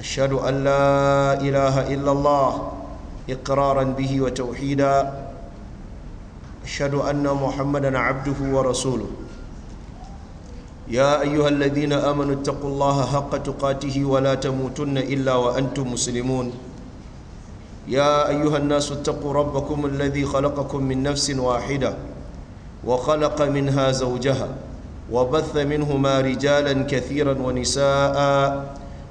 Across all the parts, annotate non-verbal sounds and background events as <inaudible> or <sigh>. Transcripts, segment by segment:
أشهد أن لا إله إلا الله إقرارا به وتوحيدا أشهد أن محمدا عبده ورسوله يا أيها الذين آمنوا اتقوا الله حق تقاته ولا تموتن إلا وأنتم مسلمون يا أيها الناس اتقوا ربكم الذي خلقكم من نفس واحدة وخلق منها زوجها وبث منهما رجالا كثيرا ونساء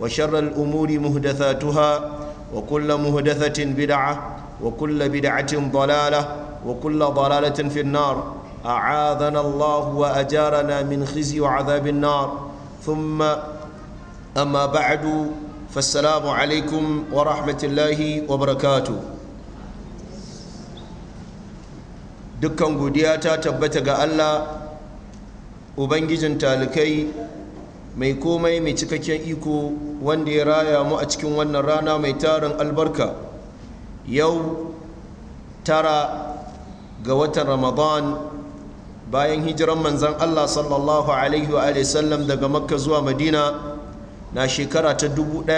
وشر الأمور مهدثاتها وكل مهدثة بدعة وكل بدعة ضلالة وكل ضلالة في النار أعاذنا الله وأجارنا من خزي وعذاب النار ثم أما بعد فالسلام عليكم ورحمة الله وبركاته دكان قدياتا تبتغى الله وبنجزن تالكي mai komai mai cikakken iko wanda ya raya mu a cikin wannan rana mai tarin albarka yau tara ga watan ramadan bayan hijiran manzan allah sallallahu alaihi wa sallam daga makka zuwa madina na shekara ta 1435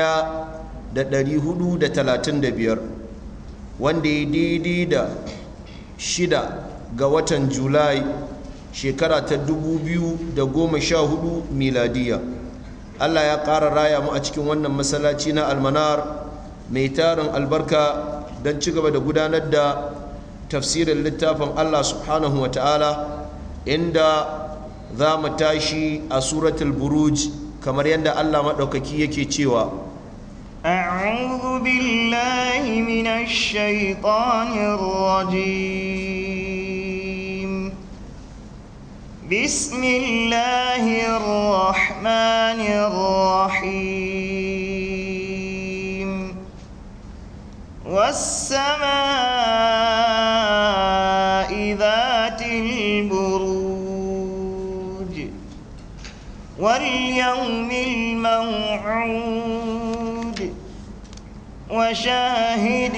wanda ya daidai da shida ga watan julai shekara ta 2014 miladiya Allah ya ƙara raya mu a cikin wannan masallaci na almanar mai tarin albarka don ci gaba da gudanar da tafsirin littafin Allah subhanahu wa ta'ala inda za mu tashi a suratul buruj kamar yadda Allah maɗaukaki yake cewa أعوذ بالله من الشيطان الرجيم بسم الله الرحمن الرحيم والسماء ذات البروج واليوم الموعود وشاهد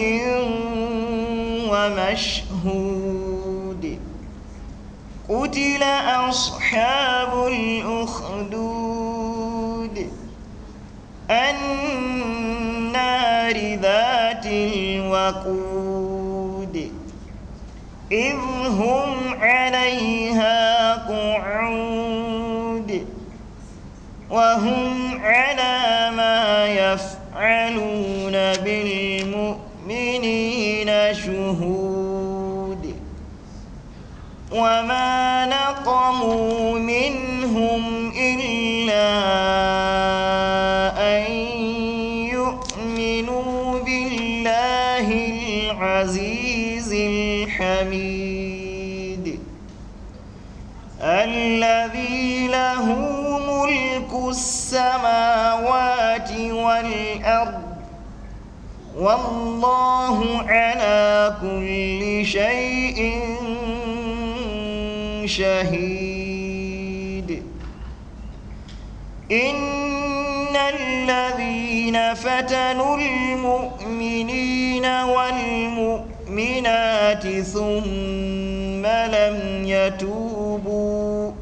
ومشهود قتل أصحاب الأخدود النار ذات الوقود إذ هم عليها قعود وهم على ما يفعلون بالمؤمنين شهود وما نقموا منهم إلا أن يؤمنوا بالله العزيز الحميد الذي له ملك السماوات والأرض والله على كل شيء شهيد إن الذين فتنوا المؤمنين والمؤمنات ثم لم يتوبوا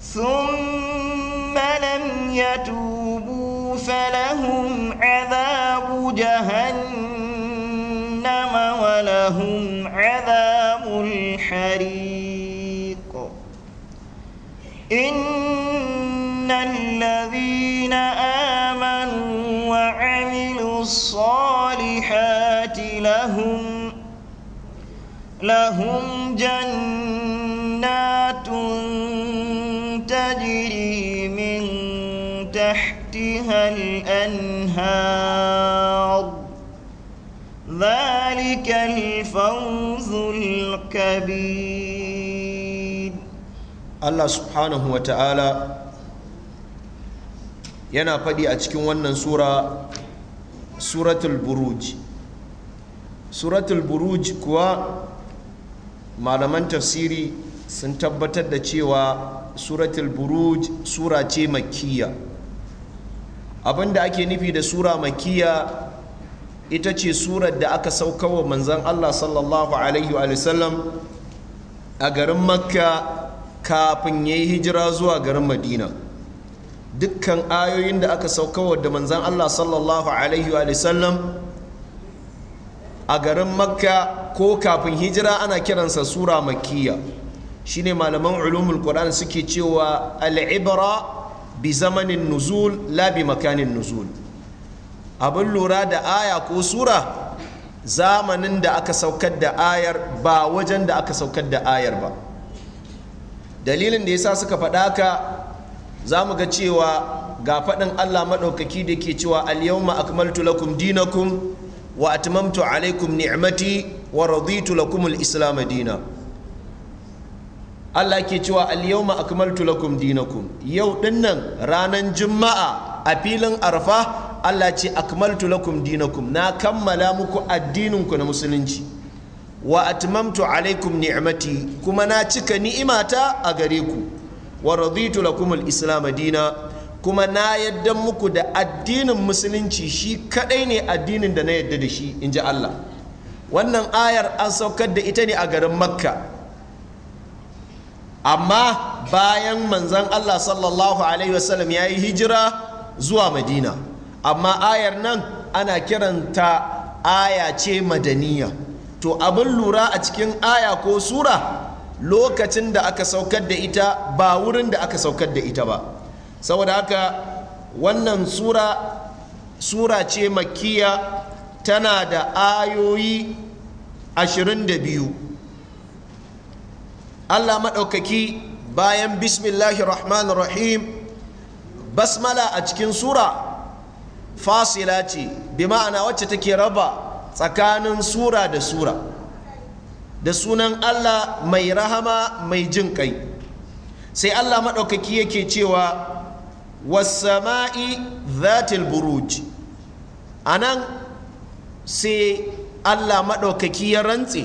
ثم لم يتوبوا فلهم عذاب جهنم إن الذين آمنوا وعملوا الصالحات لهم لهم جنات تجري من تحتها الأنهار ذلك الفوز الكبير Allah subhanahu wa ta'ala yana faɗi a cikin wannan sura suratul buruj suratul buruj kuwa malaman tafsiri sun tabbatar da cewa suratul buruj sura ce makiyya abinda ake nufi da sura makiyya ita ce surar da aka saukawa manzan Allah sallallahu alaihi wa a garin makka kafin ya yi hijira zuwa garin madina dukkan ayoyin da aka saukawar da manzan allah sallallahu alaihi wa sallam a garin makka ko kafin hijira ana kiransa sura Shi ne malaman ulumul quran suke cewa al'ibra bi zamanin nuzul la bi makanin nuzul abin lura da aya ko sura zamanin da aka saukar da ayar ba wajen da aka saukar da ayar ba dalilin da yasa suka faɗa ka za mu ga cewa ga faɗin Allah maɗaukaki da ke cewa al-yawma akmaltu lakum dinakum wa atmamtu alaikum ni'mati wa raditu lakum al-islam dina Allah ke cewa al akmaltu lakum dinakum yau dinnan ranar juma'a a filin arfa Allah ce akmaltu lakum dinakum na kammala muku addinin ku na musulunci wa atmamtu alaikum ni'mati kuma na cika ni'imata a gare ku wa raditu lakum al-islam dina kuma na yadda muku da addinin musulunci shi kadai ne addinin da na yadda da shi inji Allah wannan ayar an saukar da ita ne a garin makka amma bayan manzan Allah sallallahu alaihi wasallam ya yi hijira zuwa madina amma ayar nan ana kiranta aya ce madaniya to abin lura a cikin aya ko sura lokacin da aka saukar da ita ba wurin da aka saukar da ita ba saboda haka wannan sura sura ce makiya tana da ayoyi 22 allah maɗaukaki bayan bismillahir rahmanir rahim basmala a cikin sura fasila ce bi ma'ana wacce take raba tsakanin sura da sura da sunan Allah mai rahama mai jin kai sai Allah maɗaukaki yake cewa wasama'i zatil buruj a nan sai Allah maɗaukaki ya rantse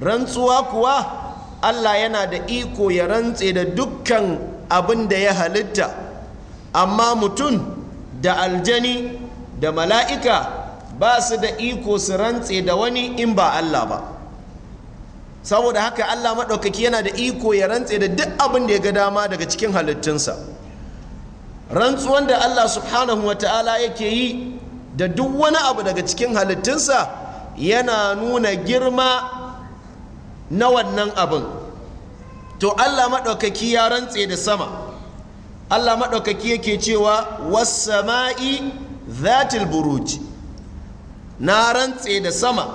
rantsuwa kuwa Allah yana da iko ya rantse da dukkan abin da ya halitta amma mutum da aljani da mala'ika ba su da iko su rantse da wani in ba Allah ba saboda haka Allah maɗaukaki yana da iko ya rantse da duk abin da ya ga dama daga cikin halittunsa rantsuwan da Allah subhanahu wa ta'ala yake yi da duk wani abu daga cikin halittunsa yana nuna girma na wannan abin to Allah maɗaukaki ya rantse da sama Allah maɗaukaki yake cewa wasu sama'i zatil buruji na rantse da sama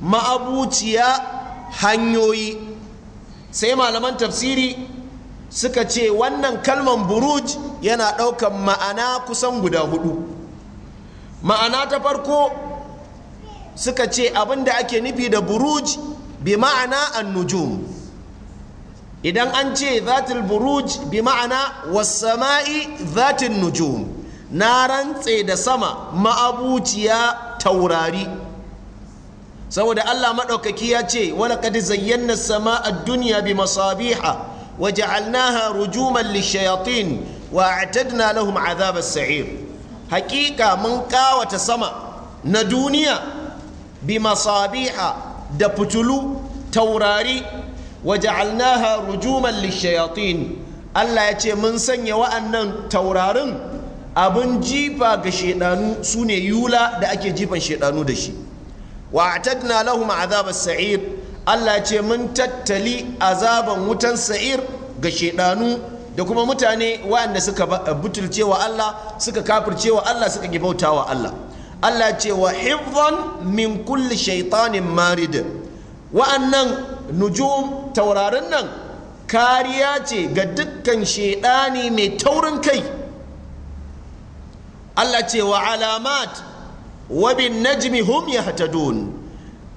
ma'abuciya hanyoyi sai malaman tafsiri suka ce wannan kalman buruj yana ɗaukan ma'ana kusan guda hudu ma'ana ta farko suka ce abin da ake nufi da buruj bi ma'ana annujum idan an ce zatil buruj bi ma'ana wasama'i zatin nujum na rantse da sama ma'abuciya taurari saboda Allah maɗaukaki ya ce walaƙad zayyana sama a duniya bi masabiha wa ja'alnaha rujuman lishayatin wa a'tadna lahum azab as-sa'ir haƙiƙa mun ƙawata sama na duniya bi masabiha da fitulu taurari wa ja'alnaha rujuman lishayatin Allah ya ce mun sanya wa'annan taurarin abin jifa ga shaidanu su ne yula da ake jifan shaidanu da shi wa atadna lahum azab sair Allah ce mun tattali azaban wutan sa'ir ga shaidanu da kuma mutane waɗanda suka eh, butulce wa Allah suka kafirce wa Allah suka gibauta wa Allah Allah ce wa hifzan min kulli shaitanin marid wa'annan nujum taurarin nan kariya ce ga dukkan shaidani mai taurin kai Allah ce wa alamat wa bin najmi hum yahtadun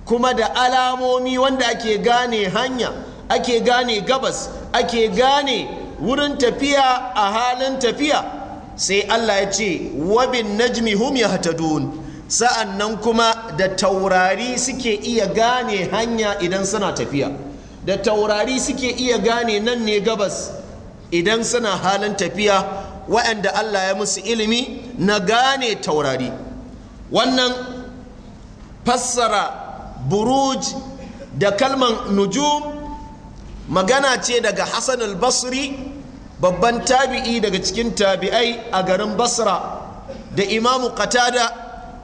kuma da alamomi wanda ake gane hanya ake gane gabas ake gane wurin tafiya a halin tafiya sai Allah ya ce wa bin najmi hum yahtadun sa'annan kuma da taurari suke iya gane hanya idan suna tafiya da taurari suke iya gane nan ne gabas idan suna halin tafiya waɗanda Allah ya musu ilimi na gane taurari wannan fassara buruj da kalman nujum magana ce daga hassan al-basri babban tabi'i daga cikin tabi'ai a garin basra da imamu qatada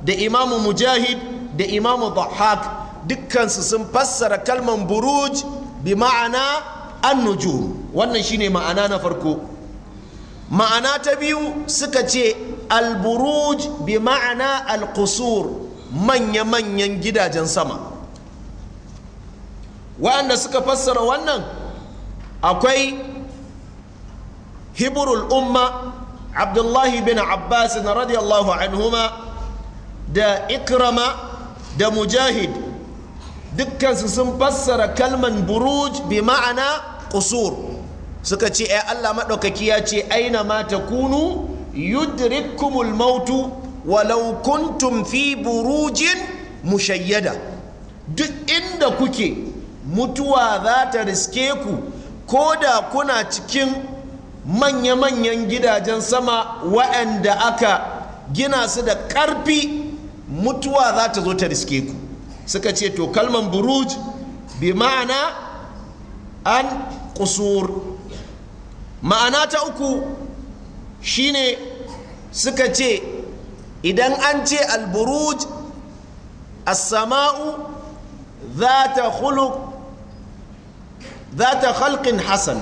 da imamu mujahid da imamu dhahak dukkansu sun fassara kalman buruj bi ma'ana an nujum wannan shine ma'ana na farko ma'ana ta biyu suka ce alburuj bi ma'ana alkusur manya-manyan gidajen sama waɗanda suka fassara wannan akwai hiburul umma abdullahi bin abbas na radiyallahu anhuma da ikrama da mujahid dukkansu sun fassara kalman buruj bi ma'ana kusur suka ce ai Allah maɗaukaki ya ce aina ma kunu yudrikkumul mautu walau kuntum fi burujin mushayyada duk inda kuke mutuwa za ta riske ku ko da kuna cikin manya-manyan gidajen sama waɗanda aka gina su da ƙarfi mutuwa za ta zo ta riske ku suka ce to kalman buruj bi ma'ana an kusur ma'ana ta uku shine suka ce idan an ce alburuj as-sama'u zata khuluq zata khalqin hasan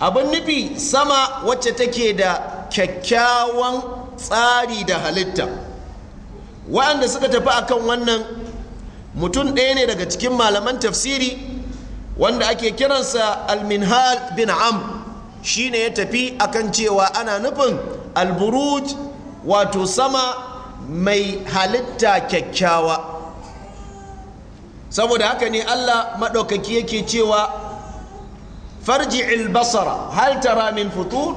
abin nufi sama wacce take da kyakkyawan tsari da halitta waɗanda suka tafi akan wannan mutum ɗaya ne daga cikin malaman tafsiri wanda ake kiransa Alminhar bin amr Shi ne ya tafi akan cewa ana nufin alburuj wato sama mai halitta kyakkyawa saboda haka ne Allah maɗaukaki yake cewa farji ilbasara, hal tara min futur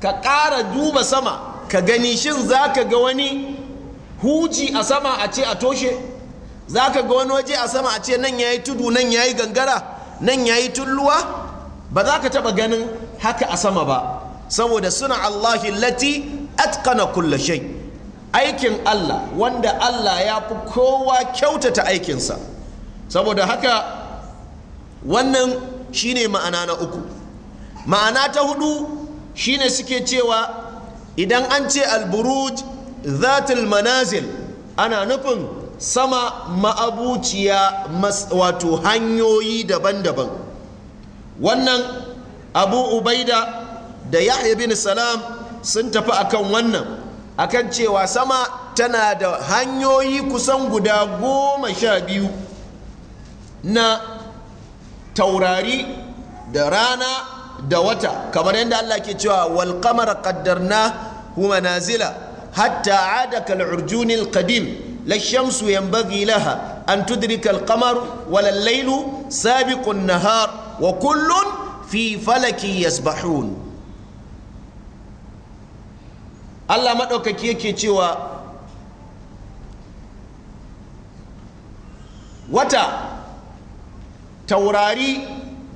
ka ƙara duba sama ka gani shin za ka ga wani huji a sama a ce a toshe za ka ga wani waje a sama a ce nan ya yi tudu nan ya yi gangara nan ya yi tulluwa ba za ka taɓa ganin haka a sama ba saboda suna Allah lati atkana kulla shai aikin Allah wanda Allah ya fi kowa kyautata aikinsa saboda haka wannan shine ma'ana na uku ma'ana ta hudu shine suke cewa idan an ce alburuj zatul manazil ana nufin sama ma'abuciya wato hanyoyi daban-daban wannan abu ubaida da yahya bin salam sun tafi akan wannan akan cewa sama tana da hanyoyi kusan guda goma sha biyu na taurari da rana da wata kamar yadda Allah ke cewa wal qamara qaddarna huma nazila hatta ada kal urjuni qadim la shamsu yanbaghi laha an tudrika al qamar wal laylu sabiqu nahar wa kullun fi falaki yasbahun Allah maɗaukaki yake cewa wata taurari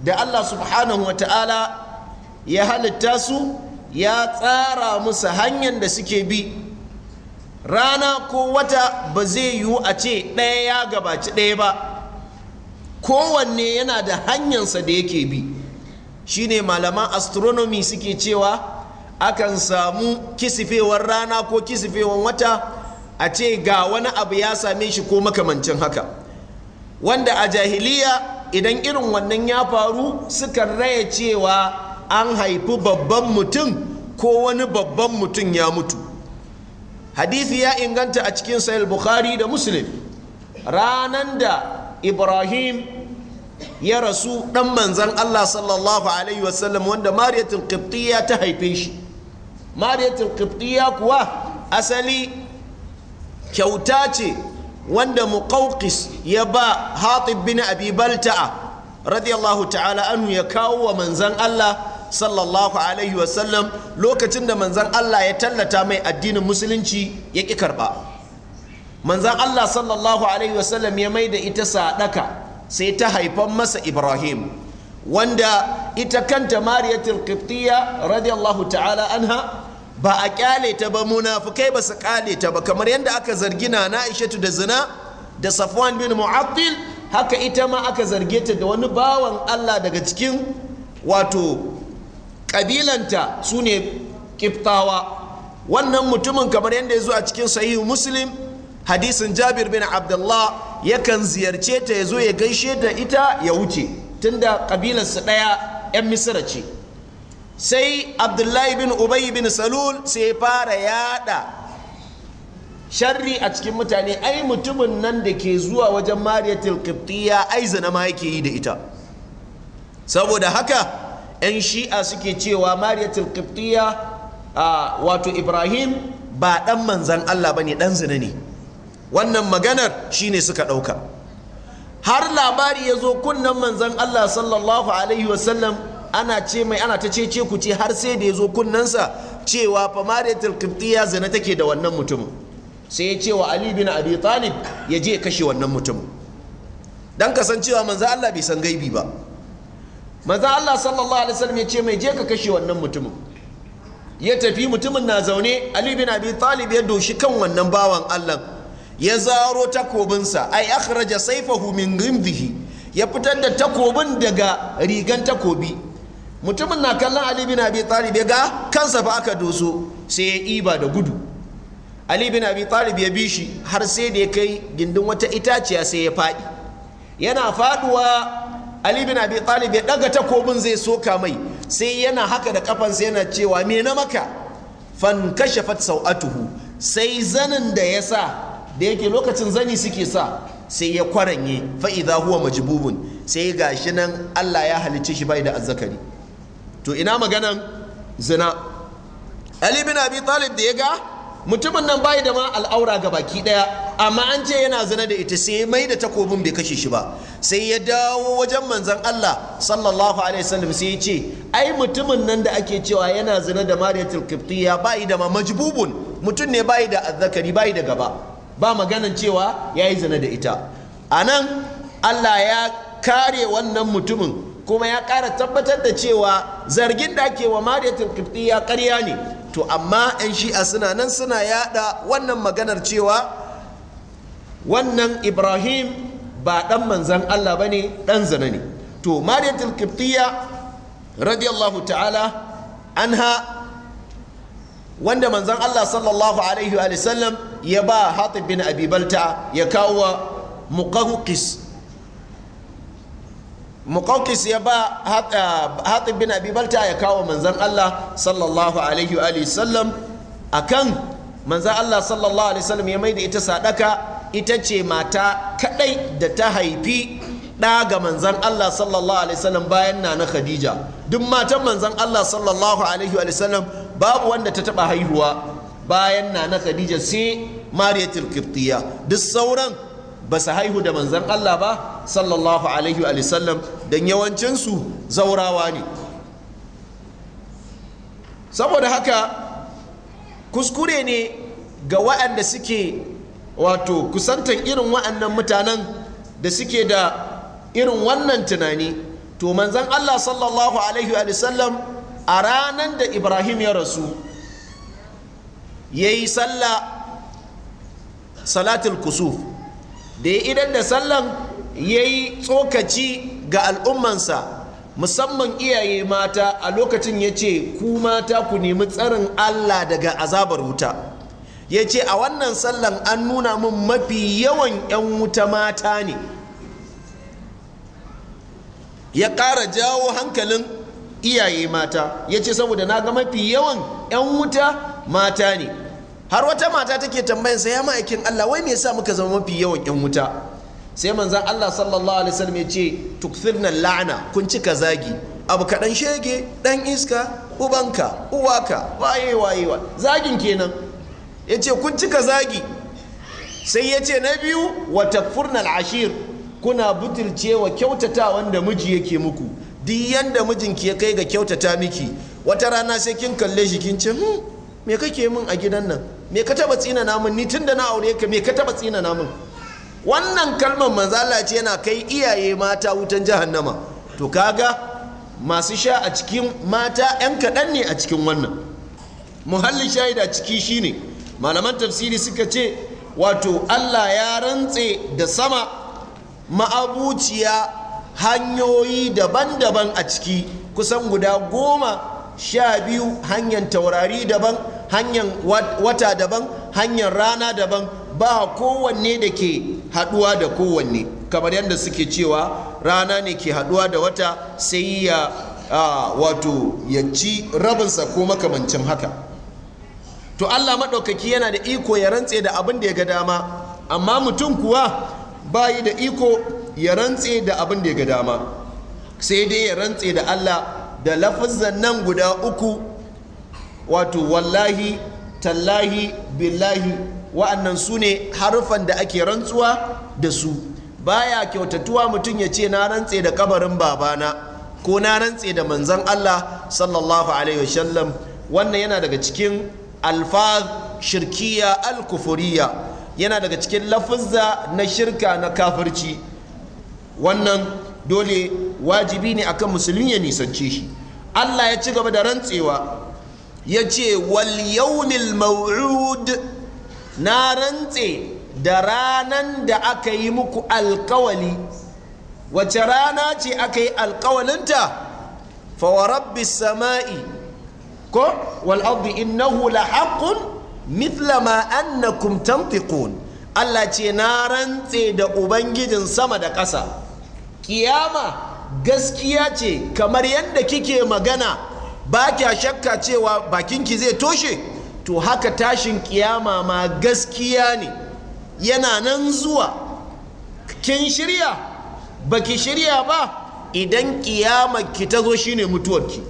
da Allah subhanahu wa ta'ala ya halitta su ya tsara musu hanyar da suke bi rana ko wata ba zai yiwu a ce ɗaya ya gabaci ɗaya ba kowanne yana da hanyarsa da yake bi shine malaman astronomy suke cewa akan samu kisifewar rana ko kisifewar wata a ce ga wani abu ya same shi ko makamancin haka wanda a jahiliya idan irin wannan ya faru sukan raya cewa an haifi babban mutum ko wani babban mutum ya mutu hadithi ya inganta a cikin sahih bukhari da muslim ranan da ibrahim ya rasu dan manzan Allah sallallahu alaihi wasallam wanda mariyatul qibtiyya ta haife shi mariyatul qibtiyya kuwa asali kyauta ce wanda muqawqis ya ba hatib bin abi balta'a radiyallahu ta'ala anhu ya kawo wa manzan Allah sallallahu alaihi wasallam lokacin da manzan Allah ya tallata mai addinin musulunci ya ƙi karɓa manzan Allah sallallahu alaihi wasallam ya mai da ita sadaka sai ta haifan masa ibrahim wanda ita kanta mariyatul qibtiyya radiyallahu ta'ala anha ba a kyale ta ba munafukai ba su kyale ta ba kamar yadda aka zargi na aishatu da zina da safwan bin mu'attil haka ita ma aka zarge ta da wani bawan allah daga cikin wato kabilanta su ne kiftawa wannan mutumin kamar yadda ya zo a cikin sahihu muslim hadisin jabir bin abdullah yakan ziyarce ta ya zo ya gaishe da ita ya wuce tunda kabilarsa ɗaya 'yan misira ce sai abdullahi bin ubay bin salul sai fara yada sharri a cikin mutane ai mutumin nan da ke zuwa wajen mariyatul qibtiyya ai zina ma yake yi da ita saboda haka 'yan shi'a suke cewa mariyatul qibtiyya wato ibrahim ba dan manzan allah bane dan zina ne wannan maganar shine suka ɗauka har labari ya zo kunnen manzan Allah sallallahu alaihi wasallam ana ce mai ana ta cece ku ce har sai da ya zo kunnensa cewa famariyatul qibtiyya zina take da wannan mutumin sai ya ce wa Ali bin Abi Talib ya je kashe wannan mutumin dan kasancewa manzan Allah bai san gaibi ba manzan Allah sallallahu alaihi wasallam ya ce mai je ka kashe wannan mutumin ya tafi mutumin na zaune Ali bin Abi Talib ya doshi kan wannan bawan Allah ya zaro takobinsa ai akhraja saifahu min ghimdihi ya fitar da takobin daga rigan takobi mutumin na kallon ali bin abi talib ya ga kansa ba aka doso sai ya iba da gudu ali bin abi talib ya bi shi har sai da ya kai gindin wata itaciya sai ya faɗi yana faduwa ali bin abi talib ya daga takobin zai soka mai sai yana haka da kafansa yana cewa me na maka fan kashafat sau'atuhu sai zanin da ya sa da yake lokacin zani suke sa sai ya kwaranye fa'iza huwa majibubun sai gashi nan Allah ya halicci shi bai da azzakari to ina maganan zina Ali bin Abi Talib da ya ga mutumin nan bai da ma al'aura ga baki daya amma an ce yana zina da ita sai mai da takobin bai kashe shi ba sai ya dawo wajen manzon Allah sallallahu alaihi wasallam sai ya ce ai mutumin nan da ake cewa yana zina da Mariyatul Qibtiyya bai da ma majbubun mutum ne bai da azzakari bai da gaba ba maganan cewa ya yi zina da ita a nan allah ya kare wannan mutumin kuma ya kara tabbatar da cewa zargin da ake wa kifti ya karya ne to amma 'yan shi'a suna nan suna yada wannan maganar cewa wannan ibrahim ba ɗan manzan allah ba ne ɗan zina ne to kifti ya radiyallahu ta'ala an ha. wanda manzon Allah sallallahu alaihi wa sallam ya ba Hatib bin Abi Balta ya kawo wa Muqawqis Muqawqis ya ba eh, Hatib bin Abi Balta ya kawo manzon Allah sallallahu alaihi wa sallam akan manzon Allah sallallahu alaihi wa sallam ya maida ita sadaka ita ce mata kadai da ta haifi ɗa ga manzan Allah sallallahu alaihi wa sallam bayan na na Khadija duk matan manzan Allah sallallahu alaihi wa sallam babu wanda ta taba haihuwa bayan na na khadija sai mariyatul qibtiyya duk sauran ba su haihu da manzon Allah ba sallallahu alaihi wa sallam dan yawancin su zaurawa ne saboda haka kuskure ne ga waɗanda suke wato kusantan irin waɗannan mutanen da suke da irin wannan tunani to manzon Allah sallallahu alaihi wa sallam a ranar da ibrahim ya rasu ya yi sallah salatul kusuf da ya idan da sallan ya yi tsokaci ga al'ummansa musamman iyaye mata a lokacin ya ce ku mata ku nemi tsarin allah daga azabar wuta ya ce a wannan sallan an nuna min mafi yawan 'yan wuta mata ne ya ƙara jawo hankalin iyaye mata ya ce saboda na ga mafi yawan 'yan wuta mata ne har wata mata take tambayan sa ya ma'aikin Allah wai me yasa muka zama mafi yawan 'yan wuta sai manzan Allah sallallahu alaihi wasallam ya ce tukthirna la'ana kun cika zagi abu kaɗan shege ɗan iska ubanka uwaka waye waye wa zagin kenan ya ce kun cika zagi sai ya ce na biyu wa takfurna al'ashir kuna butulce wa kyautata wanda miji yake muku duk yadda mijinki ya kai ga kyautata miki wata rana sai kin kalle shi kin ce hmm me kake min a gidan nan me ka taba tsina namun ni tun da na aure ka me ka taba tsina namun wannan kalmar manzala ce yana kai iyaye mata wutan jahannama to kaga masu sha a cikin mata yan kaɗan ne a cikin wannan muhallin shahida ciki shine malaman tafsiri suka ce wato allah ya rantse da sama ma'abuciya hanyoyi daban-daban a ciki kusan guda goma sha biyu hanyar taurari daban hanyar wata daban hanyar rana daban ba kowanne da ke haduwa da kowanne kamar yadda suke cewa rana ne ke haduwa da wata sai ya wato ya ci rabinsa ko makamancin haka to allah maɗaukaki yana da iko ya rantse da abin da ya ga dama amma mutum kuwa bayi da iko ya rantse da abin da ya ga dama sai dai ya rantse da Allah da lafazan nan guda uku wato wallahi tallahi billahi wa'annan su ne harufan da ake rantsuwa da su baya kyautatuwa mutum ya ce na rantse da kabarin babana ko na rantse da manzan Allah sallallahu alaihi wasallam wannan yana daga cikin alfaz shirkiya alkufuriya yana daga cikin lafazza na shirka na kafirci wannan dole wajibi ne akan musulmi ya nisance shi Allah ya ci gaba da rantsewa ya ce wal yawmil maw'ud na rantse da ranan da aka yi muku alkawali wace rana ce aka yi alkawalinta fawarabbi sama'i ko wal'adu innahu la'aqun mithla ma annakum tantiqun Allah ce na rantse da ubangijin sama da ƙasa kiyama gaskiya ce kamar yadda kike magana ba kya shakka cewa bakinki zai toshe to haka tashin kiyama ma gaskiya ne yana nan zuwa kin shirya baki shirya ba idan kiyama ki ta zo shine mutuwarki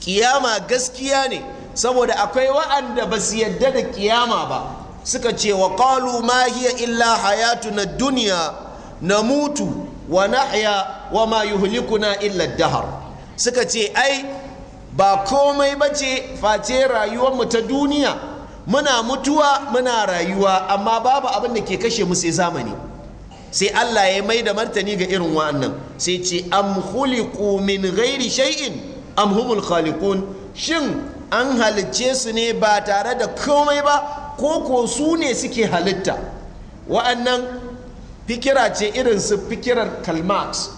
kiyama gaskiya ne saboda akwai wa'anda ba su yadda da kiyama ba suka ce wa qalu ma hiya illa hayatuna duniya namutu wa nahya wa ma yuhlikuna illa dahar suka ce ai ba komai bace face rayuwar mu ta duniya muna mutuwa muna rayuwa amma babu abin da ke kashe mu sai zamani sai Allah ya mai da martani ga irin wa'annan sai ce am khuliqu min ghairi shay'in am humul khaliqun shin an halicce su ne ba tare da komai ba ko ko su ne suke halitta wa'annan fikira ce irin su fikirar kalmax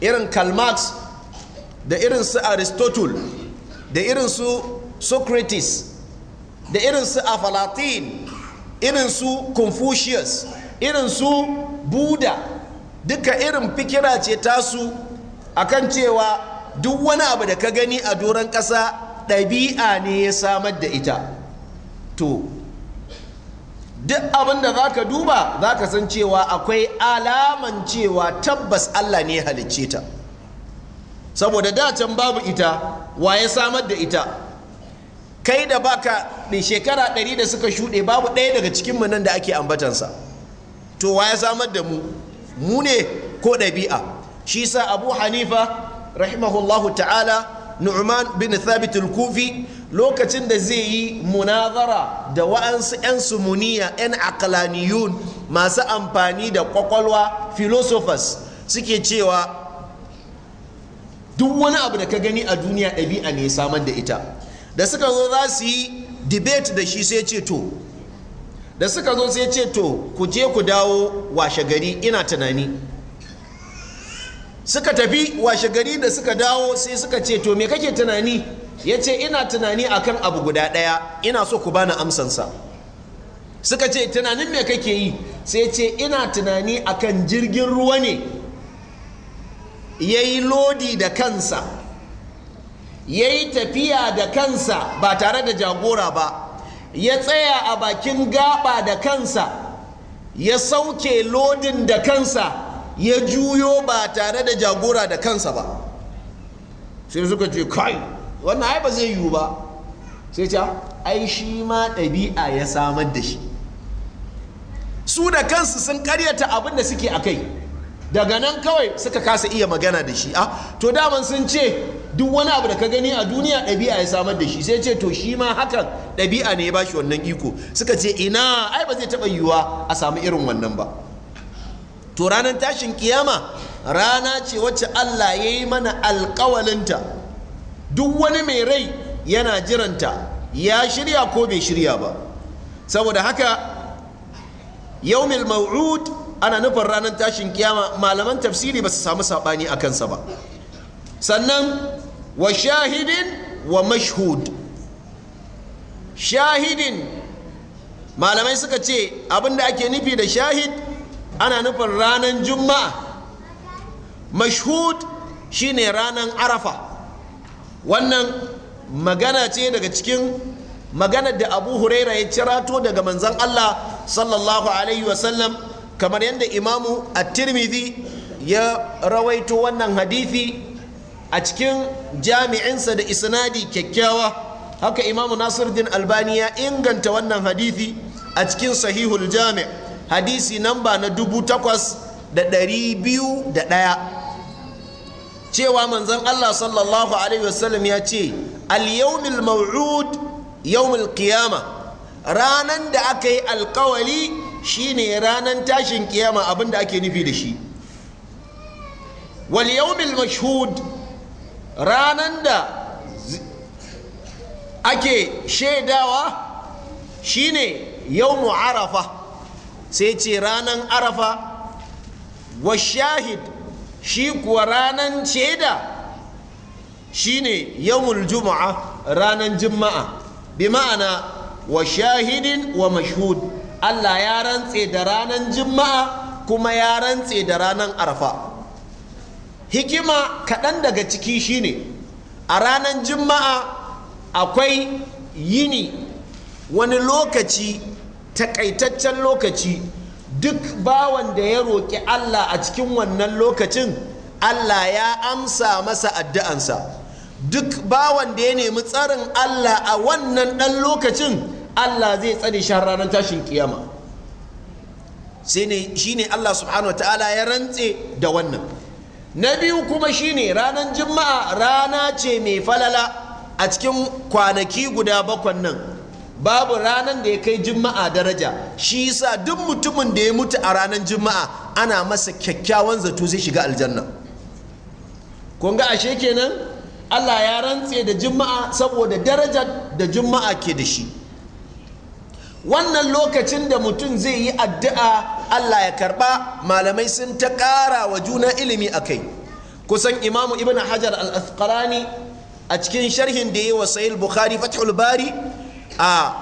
irin kalmax da irin su aristotle da irin su socrates da irin su afalatin irin su confucius irin su buda duka irin fikira ce tasu akan cewa duk wani abu da ka gani a doron ƙasa ɗabi'a ne ya samar da ita to duk abin da za ka duba za ka san cewa akwai alaman cewa tabbas Allah ne halicce ta saboda dacen babu ita wa samar da ita kai da baka da shekara ɗari da suka shuɗe babu ɗaya daga cikinmu nan da ake ambatansa to wa samar da mu mu ne ko ɗabi'a shi sa abu hanifa rahimahullahu ta'ala nu'man bin thabit al-kufi lokacin da zai yi munazara da wa'ansu 'yan sumuniya 'yan akalaniyun masu amfani da kwakwalwa philosophers suke cewa duk wani abu da ka gani a duniya ɗabi'a ne samar da ita da suka zo za su yi debate da shi sai ce to da suka zo sai ce to ku je ku dawo washe gari ina tunani suka tafi washe gari da suka dawo sai suka ce to me kake tunani ya ce ina tunani akan abu guda ɗaya ina so ku bani amsansa suka ce tunanin me kake yi sai ce ina tunani akan jirgin ruwa ne ya yi lodi da kansa ya yi tafiya da kansa ba tare da jagora ba ya tsaya a bakin gaba da kansa ya sauke lodin da kansa ya juyo ba tare da jagora da kansa ba sai suka ce kai wannan ai ba zai yiwu ba sai ce ai shi ma ɗabi'a ya samar da shi su da kansu sun karyata abin da suke a kai daga nan kawai suka kasa iya magana da shi a ah, to daman sun ce duk wani abu da ka gani a duniya ɗabi'a ya samar da shi sai ce to shi ma hakan ɗabi'a ne ya bashi wannan iko suka ce ina ai ba zai taɓa yiwuwa a samu irin wannan ba to ranar tashin kiyama rana ce wacce Allah ya yi mana alƙawalinta duk wani mai rai yana jiranta ya shirya ko bai shirya ba saboda haka yaumil maw'ud ana nufin ranar tashin kiyama malaman tafsiri ba su samu saɓani a kansa ba sannan wa shahidin wa mashhud shahidin malamai suka ce abinda ake nufi da shahid ana nufin ranar juma'a mashhud shine ranar arafa wannan magana ce daga cikin maganar da abu huraira ya cirato daga manzan allah sallallahu alaihi wasallam kamar yadda imamu at-tirmidhi ya rawaito wannan hadithi a cikin jami'insa da isnadi kyakkyawa haka imamu nasiruddin albani ya inganta wannan hadithi a cikin sahihul jami' hadisi namba na dubu takwas da ɗari biyu da ɗaya cewa manzon Allah sallallahu alaihi wasallam ya ce al-yawmil maw'ud yawmul qiyama ranan da aka yi alkawali shine ranan tashin kiyama da ake nufi da shi wal yawmil mashhud ranan da ake shaidawa shine yawmu arafa sai ce ranan arafa wa shahid shi kuwa ranan ceda shine yawmul juma'a ranan juma'a bi ma'ana wa shahidin wa mashhud Allah ya rantse da ranan juma'a kuma ya rantse da ranan arfa hikima kaɗan daga ciki shine a ranan juma'a akwai yini wani lokaci takaitaccen lokaci duk bawan da ya roƙi Allah a cikin wannan lokacin Allah ya amsa masa addu'ansa duk bawan da ya nemi tsarin Allah a wannan ɗan lokacin Allah zai tsare shi har ranar tashin kiyama shi ne Allah subhanahu wa ta'ala ya rantse da wannan na biyu kuma shi ne ranar juma'a rana ce mai falala a cikin kwanaki guda bakwan nan babu ranar da ya kai juma'a daraja shi yasa duk mutumin da ya mutu a ranar juma'a ana masa kyakkyawan zato zai shiga aljanna kun ga ashe kenan Allah ya rantse da juma'a saboda darajar da juma'a ke da shi wannan lokacin da mutum zai yi addu'a Allah ya karba malamai sun ta ƙara wa juna ilimi a kai kusan imamu ibn hajar al-asqalani a cikin sharhin da yi wa sahih bukhari fathul bari a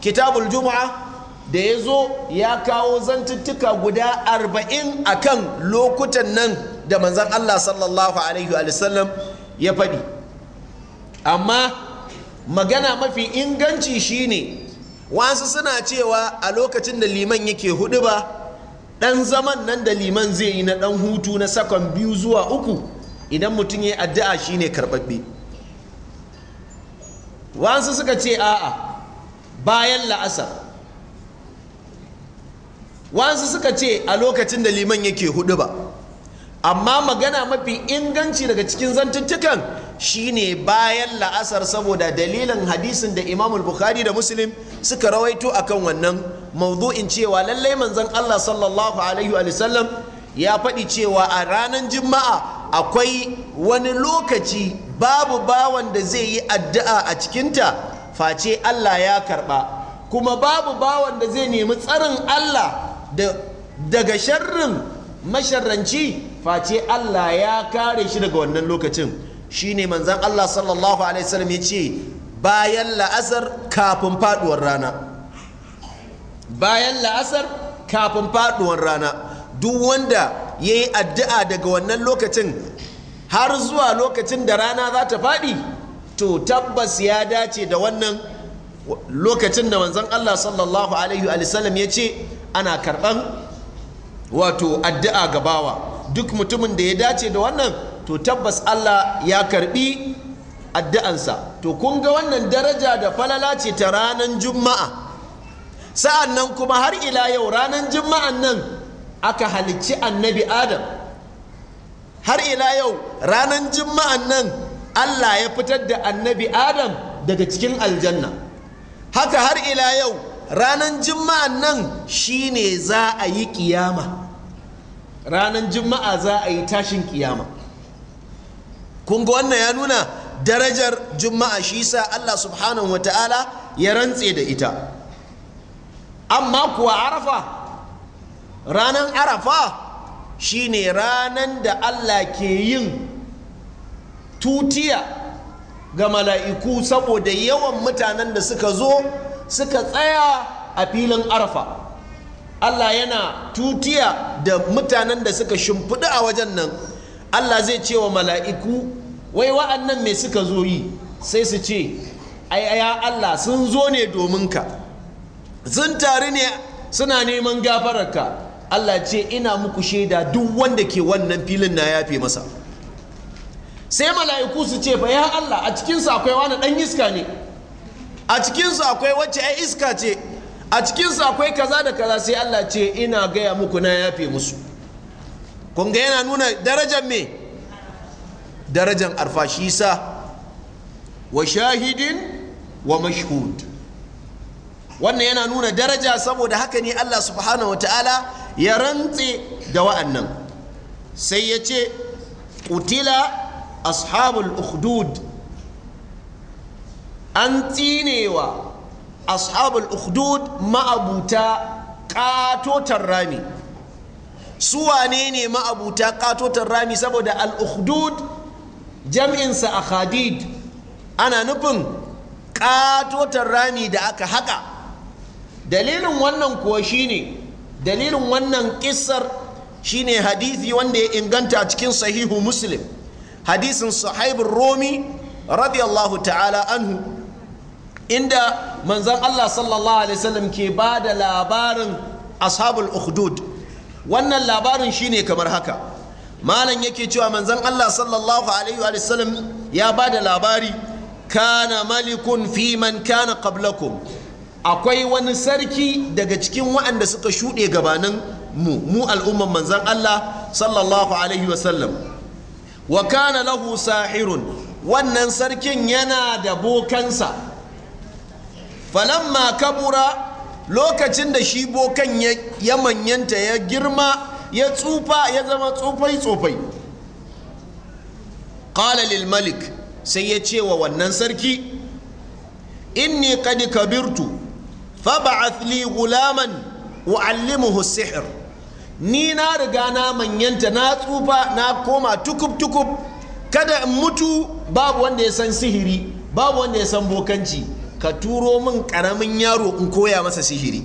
kitabul juma'a da ya zo ya kawo zantuttuka guda arba'in a kan lokutan nan da manzan Allah sallallahu alaihi wasallam ya faɗi amma magana mafi inganci shine wasu suna cewa a lokacin da liman yake hudu ba ɗan zaman nan da liman zai yi na ɗan hutu na sakon biyu zuwa uku idan mutum ya addu'a shine karɓaɓɓe wasu suka ce a'a bayan la'asar wasu suka ce a lokacin da liman yake hudu ba amma magana mafi inganci daga cikin zantuttukan shine bayan la'asar saboda dalilin hadisin da imamul bukhari da muslim suka rawaito a kan wannan mawdu'in cewa lallai manzon allah sallallahu alaihi wa sallam ya faɗi cewa a ranar juma'a akwai wani lokaci babu bawan da zai yi addu'a a cikinta face Allah ya karɓa kuma babu bawan da zai nemi tsarin Allah daga sharrin masharranci face Allah ya kare shi daga wannan lokacin Shi shine manzan Allah sallallahu alaihi wasallam ya ce bayan la'asar kafin faduwar rana bayan la'asar kafin faduwar rana duk wanda ya yi addu'a daga wannan lokacin har zuwa lokacin da rana za ta faɗi to tabbas ya dace da wannan lokacin da manzon Allah sallallahu alaihi Wasallam ya ce ana karɓan wato addu'a gabawa duk mutumin da ya dace da wannan to tabbas Allah ya karɓi addu'ansa to kun ga wannan daraja da falala ce ta ranar juma'a sa'an nan kuma har ila yau ranar juma'an nan aka halicci annabi adam har ila yau ranar juma'an nan Allah ya fitar da annabi Adam daga cikin aljanna haka har ila yau ranan juma'an nan shine za a yi kiyama Ranan juma'a za a yi tashin kiyama kunga wannan ya nuna darajar juma'a shi sa Allah subhanahu wa ta'ala ya rantse da ita amma kuwa arafa Ranan arafa shine ranan da Allah ke yin tutiya ga mala'iku saboda yawan mutanen da suka zo suka tsaya a filin arfa Allah yana tutiya da mutanen da suka shimfiɗi a wajen nan Allah zai ce wa mala'iku wai wa'annan mai suka zo yi sai su ce ya Allah sun zo ne domin ka sun taru ne suna neman gafararka Allah ce ina muku shaida duk wanda ke wannan filin na yafe masa sai mala'iku su ce fa ya Allah a cikinsu akwai wani dan iska ne a cikinsu akwai wacce ai iska ce a cikinsu akwai kaza da kaza sai Allah ce ina gaya muku na yafe musu kun ga yana nuna darajar me darajar arfashisa wa shahidin wa mashhud wannan yana nuna daraja saboda haka ne Allah subhanahu wataala ya rantse da wa'annan sai ya ce kutila ashabul uhdud an tsinewa ashabul uhdud ma'abuta katotar rami su wanene ne ma'abuta katotar rami saboda al-ukhdud jam'insa a khadid ana nufin katotar rami da aka haka dalilin wannan kuwa shine dalilin wannan kissar shine hadisi wanda ya inganta a cikin sahihu muslim hadisin sahaibin romi radiyallahu ta'ala anhu inda manzan Allah sallallahu alaihi wasallam ke ba da labarin ashabul ukhdud wannan labarin shine kamar haka malam yake cewa manzan Allah sallallahu alaihi wasallam ya ba da labari kana malikun fi man kana qablakum akwai wani sarki daga cikin waɗanda suka shuɗe gabanin mu mu al'umman manzan Allah sallallahu alaihi wasallam wa kana lahu sahirun wannan sarkin yana da bokansa falamma kabura lokacin da shi bokan ya manyanta ya girma ya tsufa ya zama tsufai-tsufai ƙala lil malik sai ya ce wa wannan sarki inni qad kabirtu fab'ath li gulaman allimuhu sihr ni na riga na manyanta na tsufa na koma tukub-tukub kada in mutu babu wanda ya san sihiri babu wanda ya san bokanci ka turo min karamin yaro in koya masa sihiri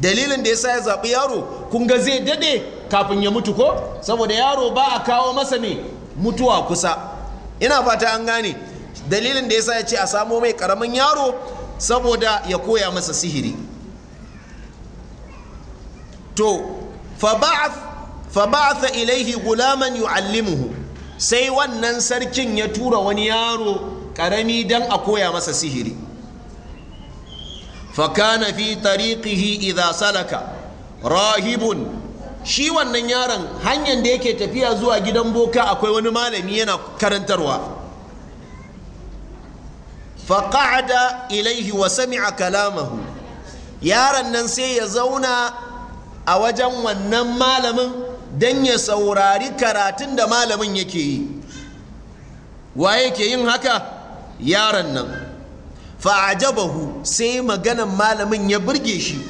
dalilin da ya sa ya zaɓi yaro kun ga zai daɗe kafin ya mutu ko saboda yaro ba a kawo masa ne mutuwa kusa ina fata an gane dalilin da ya sa ya ce a samo mai karamin yaro saboda ya koya masa sihiri to fa ba'atha ilaihi gulaman yu'allimuhu sai wannan sarkin ya tura wani yaro karami dan a koya masa sihiri fa kana fi tariqihi salaka rahibun shi wannan yaron hanyar da yake tafiya zuwa gidan boka akwai wani malami yana karantarwa fa qa'ada ilaihi wa a kalamahu yaron nan sai ya zauna a wajen wannan malamin don ya saurari karatun da malamin yake yi wa yake yin haka yaron nan fa'ajabahu sai maganan malamin ya burge shi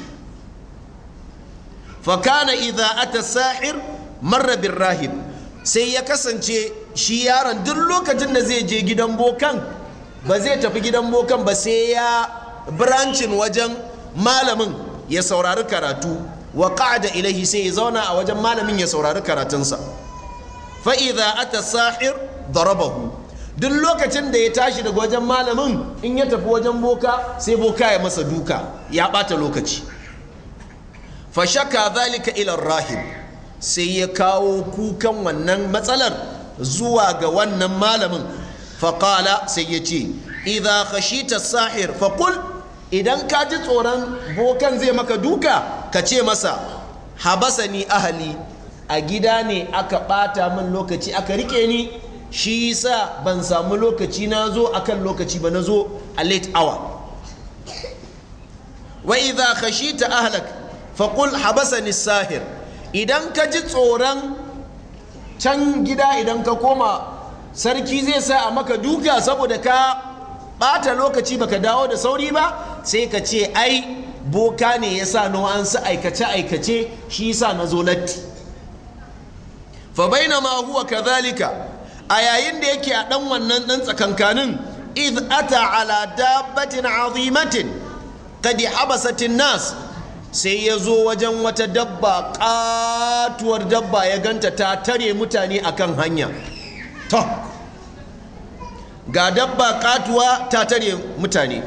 fakana idha ata sahir marra sai ya kasance shi yaron duk lokacin da zai je gidan bokan ba zai tafi gidan bokan ba sai ya birancin wajen malamin ya saurari karatu wa da ilahi sai ya zauna a wajen malamin ya saurari karatunsa faiza idza ata sahir darabahu duk lokacin da ya tashi daga wajen malamin in ya tafi wajen boka sai boka ya masa duka ya bata lokaci fa shaka zalika ilar rahim, sai ya kawo kukan wannan matsalar zuwa ga wannan malamin faƙala sai ya ce idza khashita sahir faƙul, idan ka ji tsoron bokan zai maka duka ka ce masa ni ahali a gida ne aka ɓata min lokaci aka rike ni shi sa ban samu lokaci na zo a kan lokaci ba na zo a late hour wa idha khashita ahlak faqul habasani sahir idan ka ji tsoron can gida idan ka koma sarki zai sa a maka duka saboda ka ɓata lokaci baka dawo da sauri ba sai ka ce ai boka ne ya sa no an su aikace-aikace shi sa na zo latti fa baina ma huwa kadhalika a yayin da yake a dan wannan dan tsakankanin id ata ala dabbatin azimatin qad habasatin nas sai ya zo wajen wata dabba katuwar dabba ya ganta ta tare mutane akan hanya to ga dabba katuwa ta tare mutane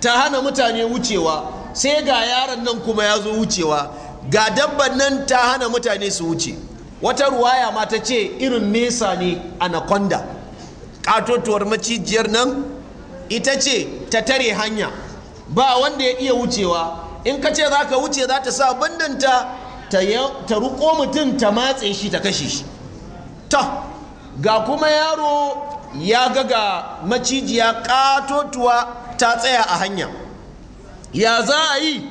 ta hana mutane wucewa sai ga yaron nan kuma ya zo wucewa ga dabban nan ta hana mutane su wuce wata ruwaya ma ta ce irin nesa ne anaconda katotuwar macijiyar nan ita ce ta tare hanya ba wanda ya iya wucewa in ka ce za ka wuce za ta sa bandanta ta ruko mutum ta matse shi ta kashe shi ta ga kuma yaro ya ga ga macijiya katotuwa ta tsaya a hanya ya za a yi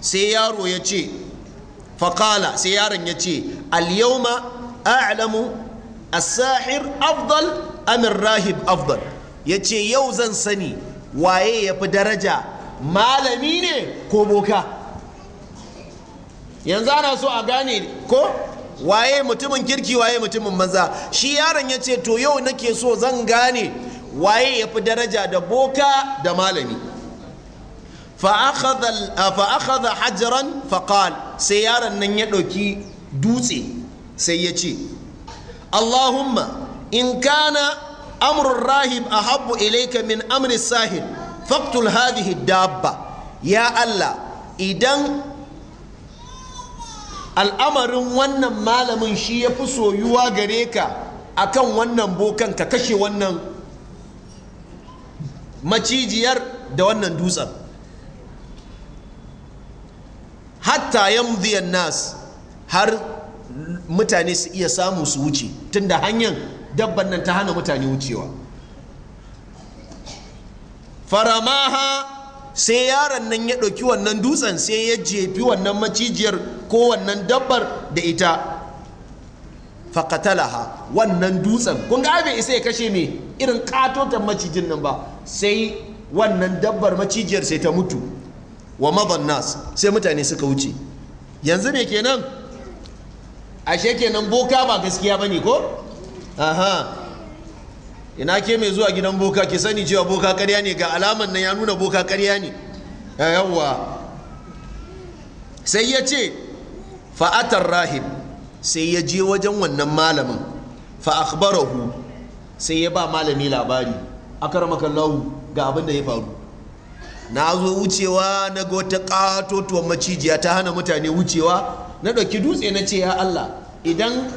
sai yaro ya ce faƙala sai yaron ya ce alyauma a'lamu as-sahir afdal amin rahib afdal ya ce yau zan sani waye ya fi daraja malami ne ko boka yanzu ana so a gane ko waye mutumin kirki waye mutumin maza? shi yaron ya ce to yau nake so zan gane waye ya fi daraja da boka da malami fa'akhadha hajaran faƙal sai yaron nan ya ɗauki dutse sai ya ce allahumma in kana amrun rahib a habbu ilaika min amri sahil faktul hadhihi dabba ya allah idan al'amarin wannan malamin shi ya fi soyuwa gare ka akan wannan bokan ka kashe wannan macijiyar da wannan dutsen hatta yamdiyan nas har mutane su iya samu su wuce tunda hanyar dabban nan ta hana mutane wucewa faramaha sai yaron nan ya ɗauki wannan dutsen sai ya jefi wannan macijiyar ko wannan dabbar da ita fakatalaha wannan dutsen kun ga bai isa ya kashe me irin katotan macijin nan ba sai wannan dabbar macijiyar sai ta mutu wa madan nas sai mutane suka wuce yanzu me kenan ashe kenan boka ba gaskiya bane ko aha ina ke mai zuwa gidan boka ki sani cewa boka karya ne ga alaman nan ya nuna boka karya ne eh, yawwa sai ya ce fa'atar rahib sai ya je wajen wannan malamin fa'akbarahu sai ya ba malami labari karamakallahu ga abin da ya faru na zo wucewa na ga wata katotuwar macijiya ta hana mutane wucewa na ɗauki dutse na ce ya Allah idan